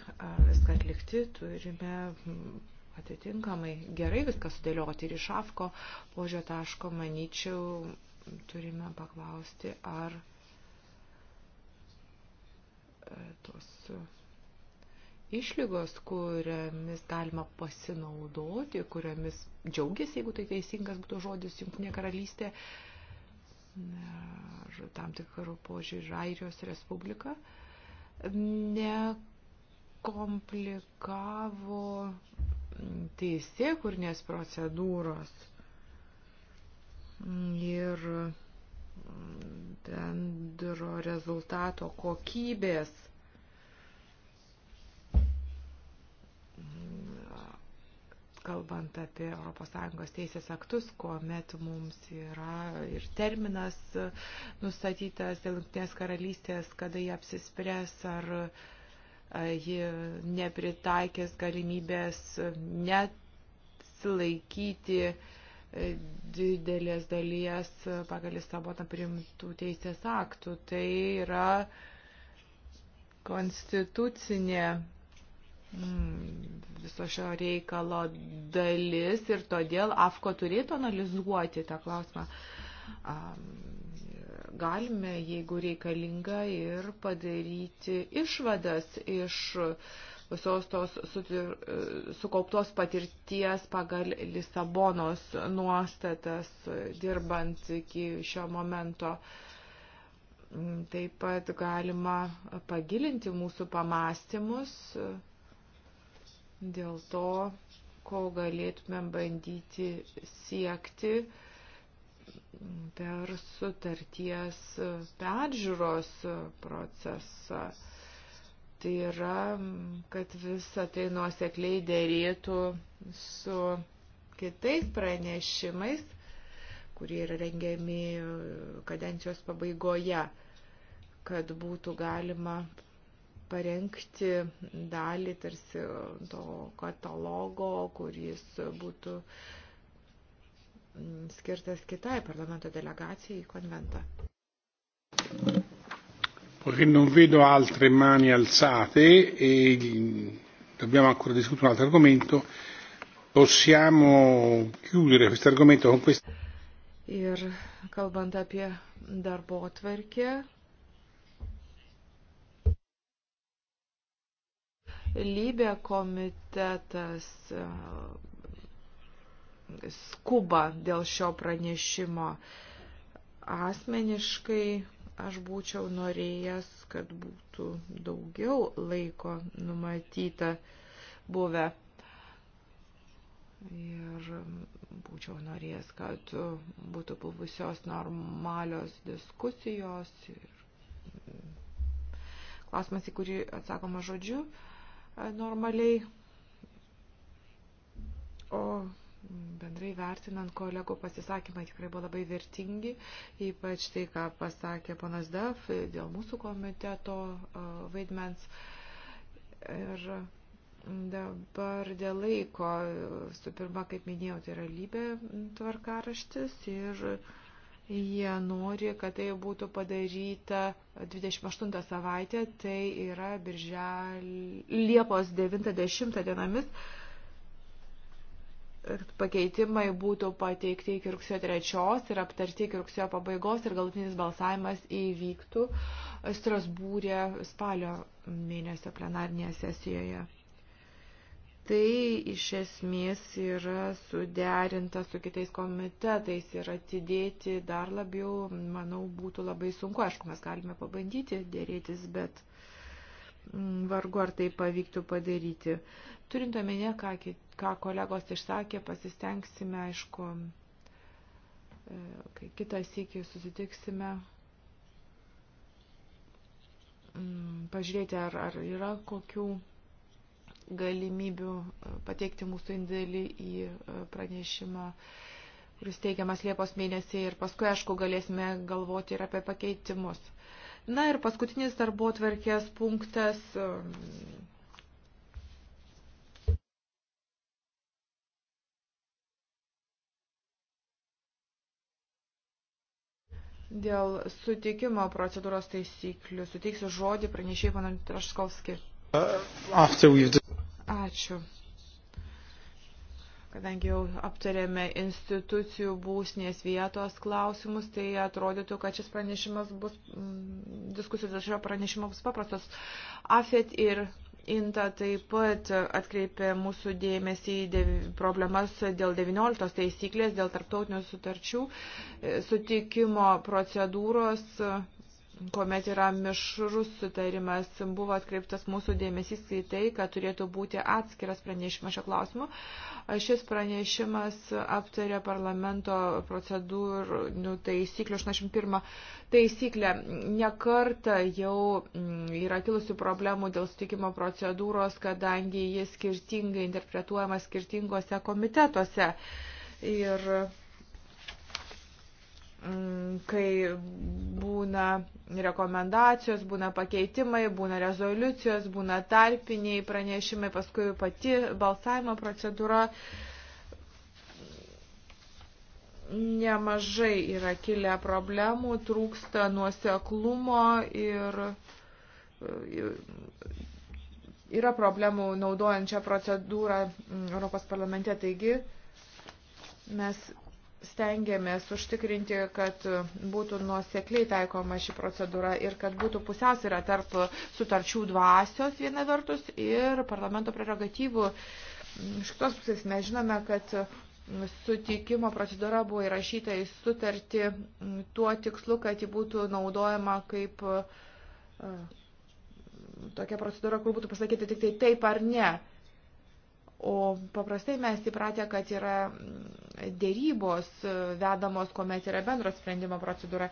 viską atlikti, turime atitinkamai gerai viską sudėlioti ir iš AFKO požio taško, manyčiau, turime paklausti, ar tos išlygos, kuriamis galima pasinaudoti, kuriamis džiaugiasi, jeigu tai teisingas būtų žodis, Junktinė karalystė, uh, ir tam tikrų požiūrį ir Airijos Respubliką, nekomplikavo teisėkurnės procedūros ir bendro rezultato kokybės kalbant apie ES teisės aktus, kuomet mums yra ir terminas nustatytas dėl Junktinės karalystės, kada jie apsispręs, ar ji nepritaikės galimybės nesilaikyti e, didelės dalies pagal Lisaboną primtų teisės aktų. Tai yra konstitucinė Mm, viso šio reikalo dalis ir todėl AFKO turėtų analizuoti tą klausimą. Galime, jeigu reikalinga, ir padaryti išvadas iš visos tos sukauptos patirties pagal Lisabonos nuostatas dirbant iki šio momento taip pat galima pagilinti mūsų pamastymus dėl to, ko galėtumėm bandyti siekti per sutarties peržiūros procesą. Tai yra, kad visa tai nuosekliai dėrėtų su kitais pranešimais, kurie yra rengiami kadencijos pabaigoje, kad būtų galima parengti dalį tarsi to katalogo, kuris būtų mm, skirtas kitai parlamento delegacijai į konventą. Poiché non vedo altre mani alzate e dobbiamo ancora discutere un altro argomento, possiamo chiudere questo argomento con questo. Ir kalbant apie darbo atverkę, Lybė komitetas e, skuba dėl šio pranešimo. Asmeniškai aš būčiau norėjęs, kad būtų daugiau laiko numatyta buvę. Ir būčiau norėjęs, kad būtų buvusios normalios diskusijos. Ir mm, klausimas, į kurį atsakoma žodžiu. Uh, normaliai. O bendrai vertinant kolegų pasisakymai tikrai buvo labai vertingi, ypač tai, ką pasakė ponas Daf dėl mūsų komiteto vaidmens. Ir dabar dėl laiko, su pirma, kaip minėjau, tai yra lybė tvarkaraštis ir Jie nori, kad tai būtų padaryta 28 savaitė, tai yra biržel... Liepos 90 dienomis pakeitimai būtų pateikti iki rugsėjo 3 ir aptarti iki rugsėjo pabaigos ir galutinis balsavimas įvyktų Strasbūrė spalio mėnesio plenarnėje sesijoje tai iš esmės yra suderinta su kitais komitetais ir atidėti dar labiau, manau, būtų labai sunku. Aišku, mes galime pabandyti dėrėtis, bet mm, vargu ar tai pavyktų padaryti. Turint omenyje, ką, ką kolegos išsakė, pasistengsime, aišku, e, kai kitą sėkį susitiksime mm, pažiūrėti, ar, ar yra kokių galimybių e, pateikti mūsų indėlį į e, pranešimą kuris teikiamas Liepos mėnesį ir paskui, aišku, galėsime galvoti ir apie pakeitimus. Na ir paskutinis darbo tvarkės punktas. E, dėl sutikimo procedūros taisyklių suteiksiu žodį pranešėjai panan Traškovski. Uh, Ačiū. Kadangi jau aptarėme institucijų būsnės vietos klausimus, tai atrodytų, kad šis pranešimas bus, mm, diskusijos dėl šio pranešimo bus paprastas. AFET ir Inta taip pat atkreipė mūsų dėmesį į problemas dėl 19 taisyklės, dėl tarptautinių sutarčių, e, sutikimo procedūros kuomet yra mišrus sutarimas, buvo atkreiptas mūsų dėmesys į tai, kad turėtų būti atskiras pranešimas šio klausimu. Šis pranešimas aptarė parlamento procedūrų taisyklių 81 taisyklę. Nekarta jau mm, yra kilusių problemų dėl sutikimo procedūros, kadangi jis skirtingai interpretuojamas skirtingose komitetuose. Ir Mm, kai būna rekomendacijos, būna pakeitimai, būna rezoliucijos, būna tarpiniai pranešimai, paskui pati balsavimo procedūra. Nemažai yra kilę problemų, trūksta nuoseklumo ir e, yra problemų naudojant šią procedūrą mm, Europos parlamente. Taigi mes stengiamės užtikrinti, kad būtų nuosekliai taikoma ši procedūra ir kad būtų pusiausvyrą tarp sutarčių dvasios viena vertus ir parlamento prerogatyvų. Iš kitos pusės mes žinome, kad sutikimo procedūra buvo įrašyta į sutartį tuo tikslu, kad ji būtų naudojama kaip e, tokia procedūra, kur būtų pasakyti tik tai taip ar ne. O paprastai mes įpratę, kad yra dėrybos vedamos, kuomet yra bendro sprendimo procedūra.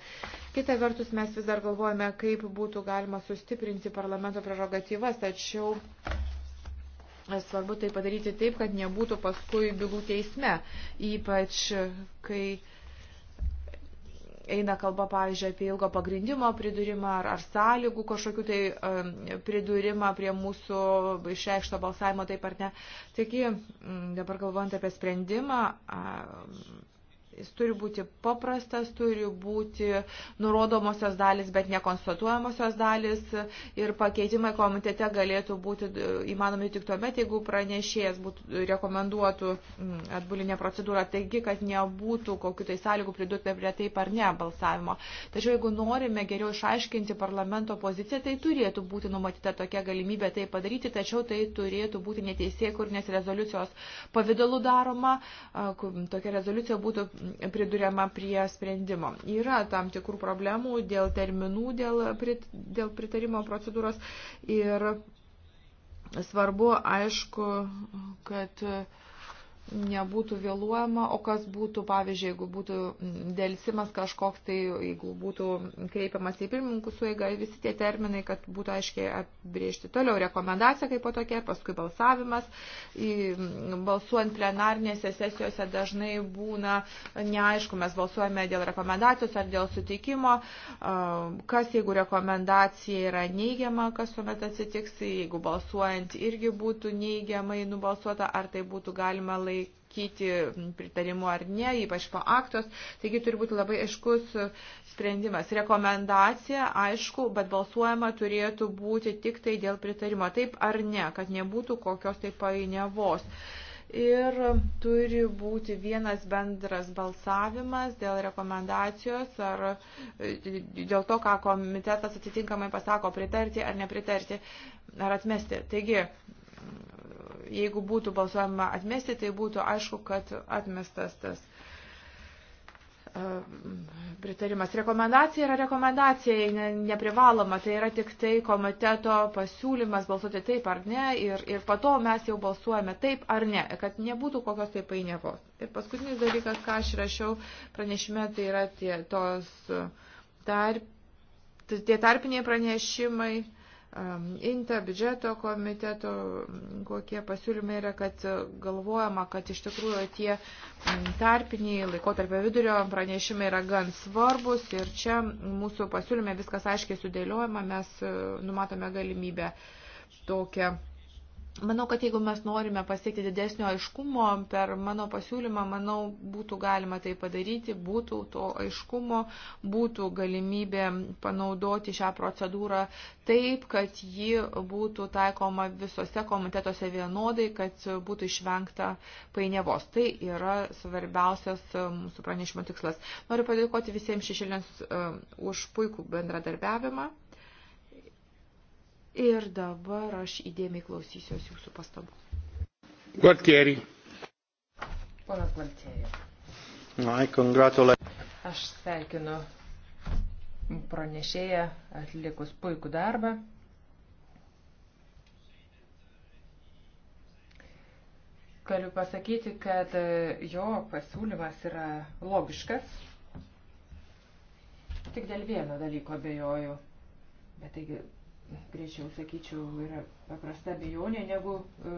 Kita vertus, mes vis dar galvojame, kaip būtų galima sustiprinti parlamento prerogatyvas, tačiau svarbu tai padaryti taip, kad nebūtų paskui bylų teisme, ypač kai eina kalba, pavyzdžiui, apie ilgo pagrindimo pridūrimą ar, ar sąlygų kažkokiu tai um, pridūrimą prie mūsų išreikšto balsavimo, taip ar ne. Taigi, dabar galvojant apie sprendimą, Jis turi būti paprastas, turi būti nurodomosios dalis, bet nekonstatuojamosios dalis ir pakeitimai komitete galėtų būti įmanomi tik tuomet, jeigu pranešėjas būtų rekomenduotų mm, atbulinę procedūrą, taigi, kad nebūtų kokiu tai sąlygų pridurti prie taip ar ne balsavimo. Tačiau jeigu norime geriau išaiškinti parlamento poziciją, tai turėtų būti numatyta tokia galimybė tai padaryti, tačiau tai turėtų būti neteisėkurnės rezoliucijos pavydalu daroma. Tokia rezoliucija būtų pridurėma prie sprendimo. Yra tam tikrų problemų dėl terminų, dėl, prit, dėl pritarimo procedūros ir svarbu, aišku, kad uh, nebūtų vėluojama, o kas būtų, pavyzdžiui, jeigu būtų dėlsimas kažkoks, tai jeigu būtų kreipiamas į pirmininkų suėgą, visi tie terminai, kad būtų aiškiai apibriežti toliau rekomendacija kaip po tokia, paskui balsavimas, balsuojant plenarnėse sesijose dažnai būna neaišku, mes balsuojame dėl rekomendacijos ar dėl sutikimo, kas jeigu rekomendacija yra neigiama, kas tuomet atsitiks, jeigu balsuojant irgi būtų neigiamai nubalsuota, ar tai būtų galima laikyti atsisakyti pritarimu ar ne, ypač po aktos. Taigi turi būti labai aiškus sprendimas. Rekomendacija, aišku, bet balsuojama turėtų būti tik tai dėl pritarimo, taip ar ne, kad nebūtų kokios tai painiavos ir turi būti vienas bendras balsavimas dėl rekomendacijos ar e, dėl to, ką komitetas atitinkamai pasako pritarti ar nepritarti ar atmesti. Taigi, jeigu būtų balsuojama atmesti, tai būtų aišku, kad atmestas tas e, pritarimas. Rekomendacija yra rekomendacija, ne, neprivaloma, tai yra tik tai komiteto pasiūlymas balsuoti taip ar ne ir, ir po to mes jau balsuojame taip ar ne, kad nebūtų kokios tai painiavos. Ir paskutinis dalykas, ką aš rašiau pranešime, tai yra tie, tos tarp, tie tarpiniai pranešimai Inta biudžeto komiteto, kokie pasiūlymai yra, kad galvojama, kad iš tikrųjų tie tarpiniai laikotarpio vidurio pranešimai yra gan svarbus ir čia mūsų pasiūlyme viskas aiškiai sudėliojama, mes e, numatome galimybę tokią Manau, kad jeigu mes norime pasiekti didesnio aiškumo per mano pasiūlymą, manau, būtų galima tai padaryti, būtų to aiškumo, būtų galimybė panaudoti šią procedūrą taip, kad ji būtų taikoma visose komitetuose vienodai, kad būtų išvengta painiavos. Tai yra svarbiausias e, mūsų pranešimo tikslas. Noriu padėkoti visiems šešėlėms e, už puikų bendradarbiavimą. Ir dabar aš įdėmiai klausysiuos jūsų pastabų. Gualtieri. Ponas Gualtieri. Ai, congratulai. Aš sveikinu pranešėją atlikus puikų darbą. Galiu pasakyti, kad e, jo pasiūlymas yra logiškas. Tik dėl vieno dalyko bejoju. Bet taigi greičiau sakyčiau, yra paprasta bejonė negu e,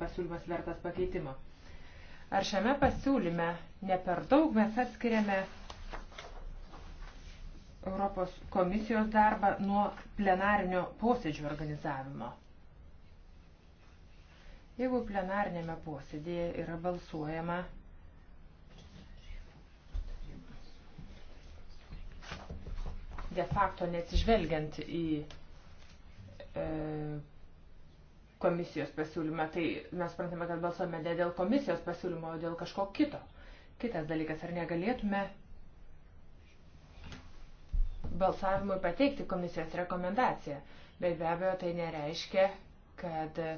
pasiūlymas vertas pakeitimo. Ar šiame pasiūlyme ne per daug mes atskiriame Europos komisijos darbą nuo plenarinio posėdžio organizavimo? Jeigu plenarinėme posėdėje yra balsuojama de facto neatsižvelgiant į e, komisijos pasiūlymą. Tai mes suprantame, kad balsuojame ne dėl komisijos pasiūlymo, o dėl kažko kito. Kitas dalykas, ar negalėtume balsavimui pateikti komisijos rekomendaciją. Bet be abejo, tai nereiškia, kad e,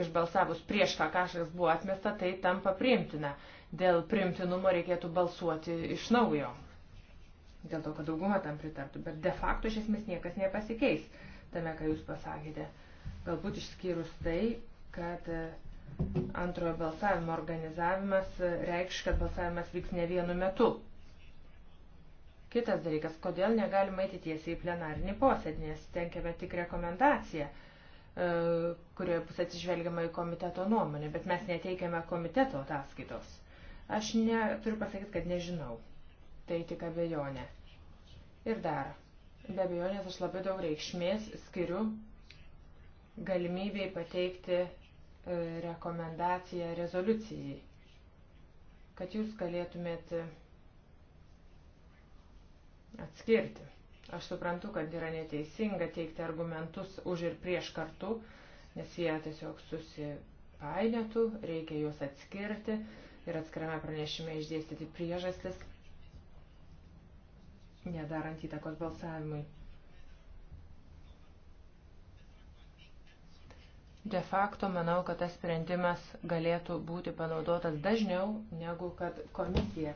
išbalsavus prieš ką kažkas buvo atmesta, tai tampa priimtina. Dėl priimtinumo reikėtų balsuoti iš naujo dėl to, kad dauguma tam pritartų, bet de facto iš esmės niekas nepasikeis tame, ką jūs pasakėte. Galbūt išskyrus tai, kad e, antrojo balsavimo organizavimas e, reikš, kad balsavimas vyks ne vienu metu. Kitas dalykas, kodėl negalima eiti tiesiai į plenarinį posėdį, nes tenkėme tik rekomendaciją, e, kurioje bus atsižvelgiama į komiteto nuomonę, bet mes neteikiame komiteto ataskaitos. Aš neturiu pasakyti, kad nežinau tai tik abejonė. Ir dar, be abejonės aš labai daug reikšmės skiriu galimybėj pateikti e, rekomendaciją rezoliucijai, kad jūs galėtumėt e, atskirti. Aš suprantu, kad yra neteisinga teikti argumentus už ir prieš kartu, nes jie tiesiog susipainėtų, reikia juos atskirti ir atskirame pranešime išdėstyti priežastis nedarant įtakos balsavimui. De facto manau, kad tas sprendimas galėtų būti panaudotas dažniau, negu kad komisija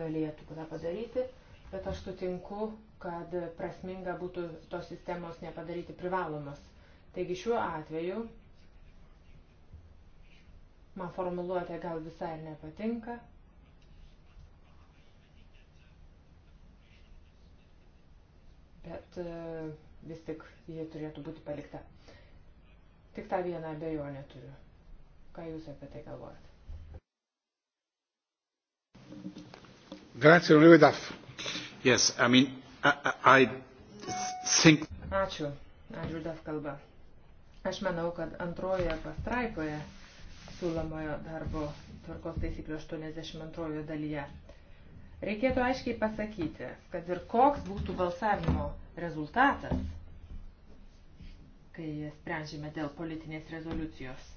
galėtų tą padaryti, bet aš sutinku, kad prasminga būtų tos sistemos nepadaryti privalomas. Taigi šiuo atveju man formuluotė gal visai ir nepatinka, bet e, vis tik ji turėtų būti palikta. Tik tą vieną abejonę turiu. Ką Jūs apie tai galvojate? Grazie, onorevole Duff. Yes, I mean, I, I think... Ačiū. Ačiū Duff kalba. Aš manau, kad antrojoje pastraipoje siūlomojo darbo tvarkos taisyklių 82 dalyje Reikėtų aiškiai pasakyti, kad ir koks būtų balsavimo rezultatas, kai sprendžiame dėl politinės rezoliucijos,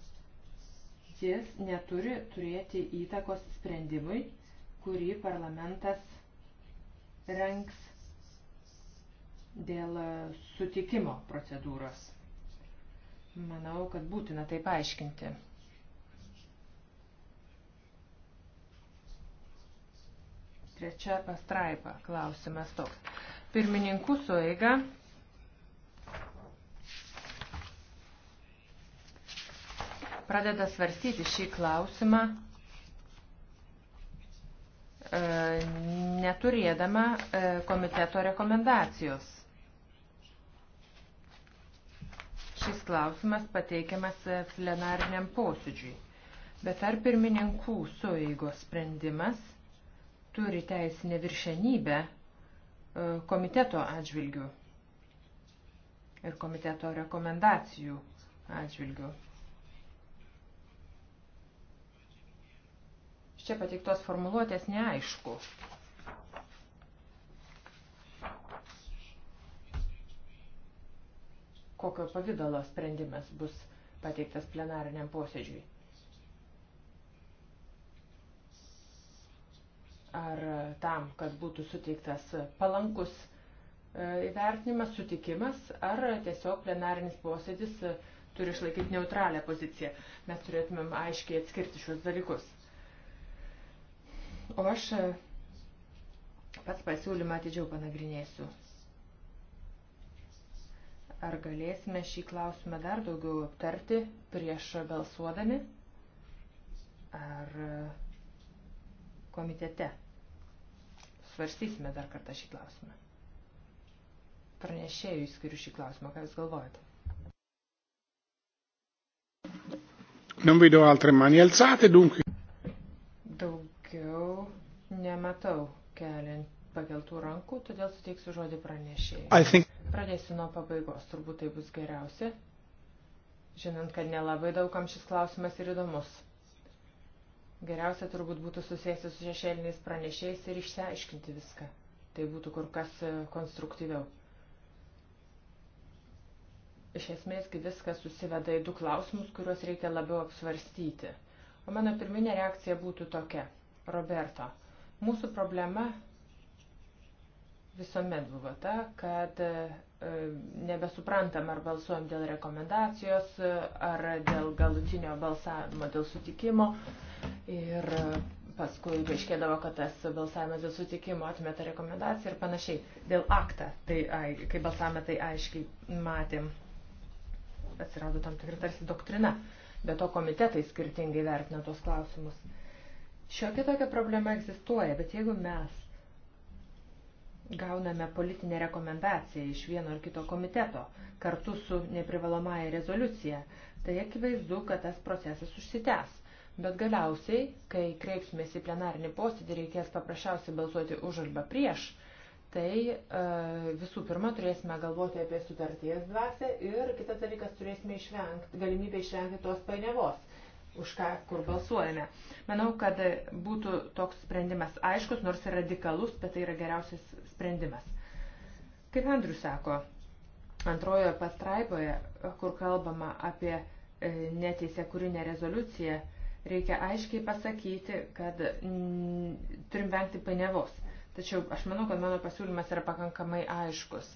jis neturi turėti įtakos sprendimui, kurį parlamentas renks dėl sutikimo procedūros. Manau, kad būtina tai paaiškinti. Trečia pastraipa. Klausimas toks. Pirmininkų sueiga pradeda svarstyti šį klausimą e, neturėdama e, komiteto rekomendacijos. Šis klausimas pateikiamas e, plenariniam posėdžiui. Bet ar pirmininkų sueigos sprendimas turi teisinę viršenybę e, komiteto atžvilgių ir komiteto rekomendacijų atžvilgių. Čia pateiktos formuluotės neaišku. Kokio pavydalo sprendimas bus pateiktas plenariniam posėdžiui. ar tam, kad būtų suteiktas palankus e, įvertinimas, sutikimas, ar tiesiog plenarinis posėdis e, turi išlaikyti neutralią poziciją. Mes turėtumėm aiškiai atskirti šios dalykus. O aš e, pats pasiūlymą atidžiau panagrinėsiu. Ar galėsime šį klausimą dar daugiau aptarti prieš balsuodami? Ar komitete? svarstysime dar kartą šį klausimą. Pranešėjų skiriu šį klausimą, ką Jūs galvojate? Non vedo altre mani alzate, dunque. Daugiau nematau keliant pakeltų rankų, todėl suteiksiu žodį pranešėjai. Think... Pradėsiu nuo pabaigos, turbūt tai bus geriausia, žinant, kad nelabai daugam šis klausimas ir įdomus. Geriausia turbūt būtų susėsti su šešėliniais pranešėjais ir išsiaiškinti viską. Tai būtų kur kas e, konstruktyviau. Iš esmės, kai viskas susiveda į du klausimus, kuriuos reikia labiau apsvarstyti. O mano pirminė reakcija būtų tokia. Roberto, mūsų problema visuomet buvo ta, kad e, nebesuprantam, ar balsuojam dėl rekomendacijos, e, ar dėl galutinio balsavimo, dėl sutikimo. Ir e, paskui paaiškėdavo, kad tas balsavimas dėl sutikimo atmeta rekomendaciją ir panašiai. Dėl aktą, tai ai, kai balsavome, tai aiškiai matėm, atsirado tam tikra tarsi doktrina, bet to komitetai skirtingai vertina tos klausimus. Šiokia tokia problema egzistuoja, bet jeigu mes gauname politinę rekomendaciją iš vieno ar kito komiteto kartu su neprivalomąja rezoliucija, tai akivaizdu, kad tas procesas užsitęs. Bet galiausiai, kai kreipsimės į plenarinį posėdį, reikės paprasčiausiai balsuoti už arba prieš, tai e, visų pirma turėsime galvoti apie sutarties dvasę ir kitas dalykas turėsime išvengti, galimybę išvengti tos painiavos už ką, kur balsuojame. Manau, kad būtų toks sprendimas aiškus, nors ir radikalus, bet tai yra geriausias sprendimas. Kaip Andrius sako, antrojoje pastraipoje, kur kalbama apie e, neteisę kūrinę rezoliuciją, Reikia aiškiai pasakyti, kad mm, turim vengti painiavos. Tačiau aš manau, kad mano pasiūlymas yra pakankamai aiškus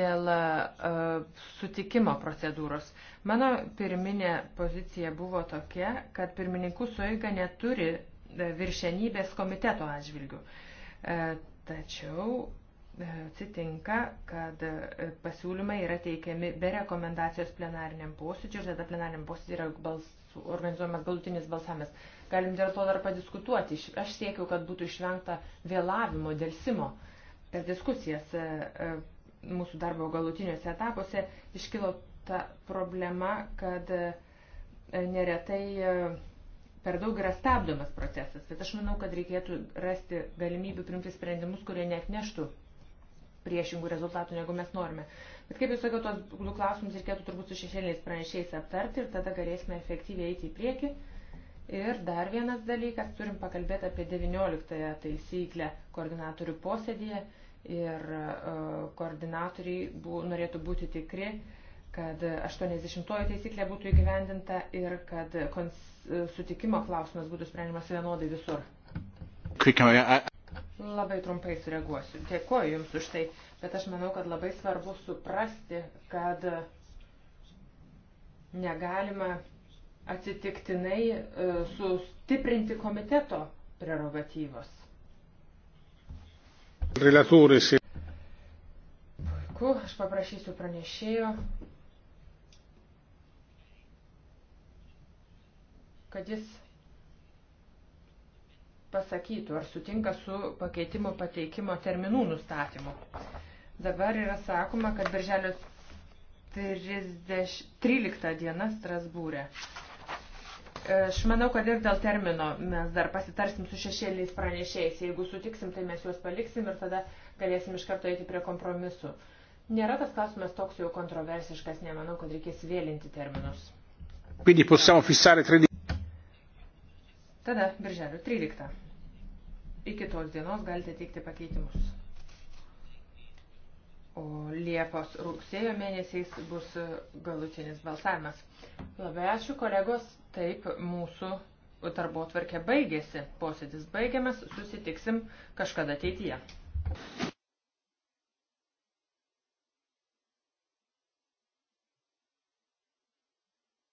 dėl uh, sutikimo procedūros. Mano pirminė pozicija buvo tokia, kad pirmininkų sueiga neturi e, viršenybės komiteto atžvilgių. Uh, tačiau atsitinka, kad pasiūlymai yra teikiami be rekomendacijos plenariniam posėdžiui ir tada plenariniam posėdžiui yra bals, organizuojamas galutinis balsavimas. Galim dėl to dar padiskutuoti. Aš siekiu, kad būtų išvengta vėlavimo, dėlsimo. Per diskusijas e, e, mūsų darbo galutiniuose etapuose iškilo ta problema, kad e, neretai per daug yra stabdomas procesas. Bet aš manau, kad reikėtų rasti galimybių priimti sprendimus, kurie net neštų priešingų rezultatų, negu mes norime. Bet kaip jūs sakiau, tos du klausimus reikėtų turbūt su šešėliais pranešiais aptarti ir tada galėsime efektyviai eiti į priekį. Ir dar vienas dalykas, turim pakalbėti apie 19 taisyklę koordinatorių posėdėje ir e, koordinatoriai bu, norėtų būti tikri, kad 80 taisyklė būtų įgyvendinta ir kad kons, sutikimo klausimas būtų sprendimas vienodai visur. Labai trumpai sureaguosiu. Dėkuoju Jums už tai bet aš manau, kad labai svarbu suprasti, kad negalima atsitiktinai e, sustiprinti komiteto prerogatyvos. Puiku, aš paprašysiu pranešėjo, kad jis pasakytų, ar sutinka su pakeitimo pateikimo terminų nustatymu. Dabar yra sakoma, kad birželio 30, 13 diena Strasbūrė. E, aš manau, kad ir dėl termino mes dar pasitarsim su šešėliais pranešėjais. Jeigu sutiksim, tai mes juos paliksim ir tada galėsim iš karto eiti prie kompromisu. Nėra tas klausimas toks jau kontroversiškas, nemanau, kad reikės vėlinti terminus. Quindi possiamo fissare 13. Tada, birželio 13. Iki tos dienos galite teikti pakeitimus o Liepos rugsėjo mėnesiais bus galutinis balsavimas. Labai ačiū kolegos, taip mūsų darbo tvarkė baigėsi, posėdis baigiamas, susitiksim kažkada ateityje.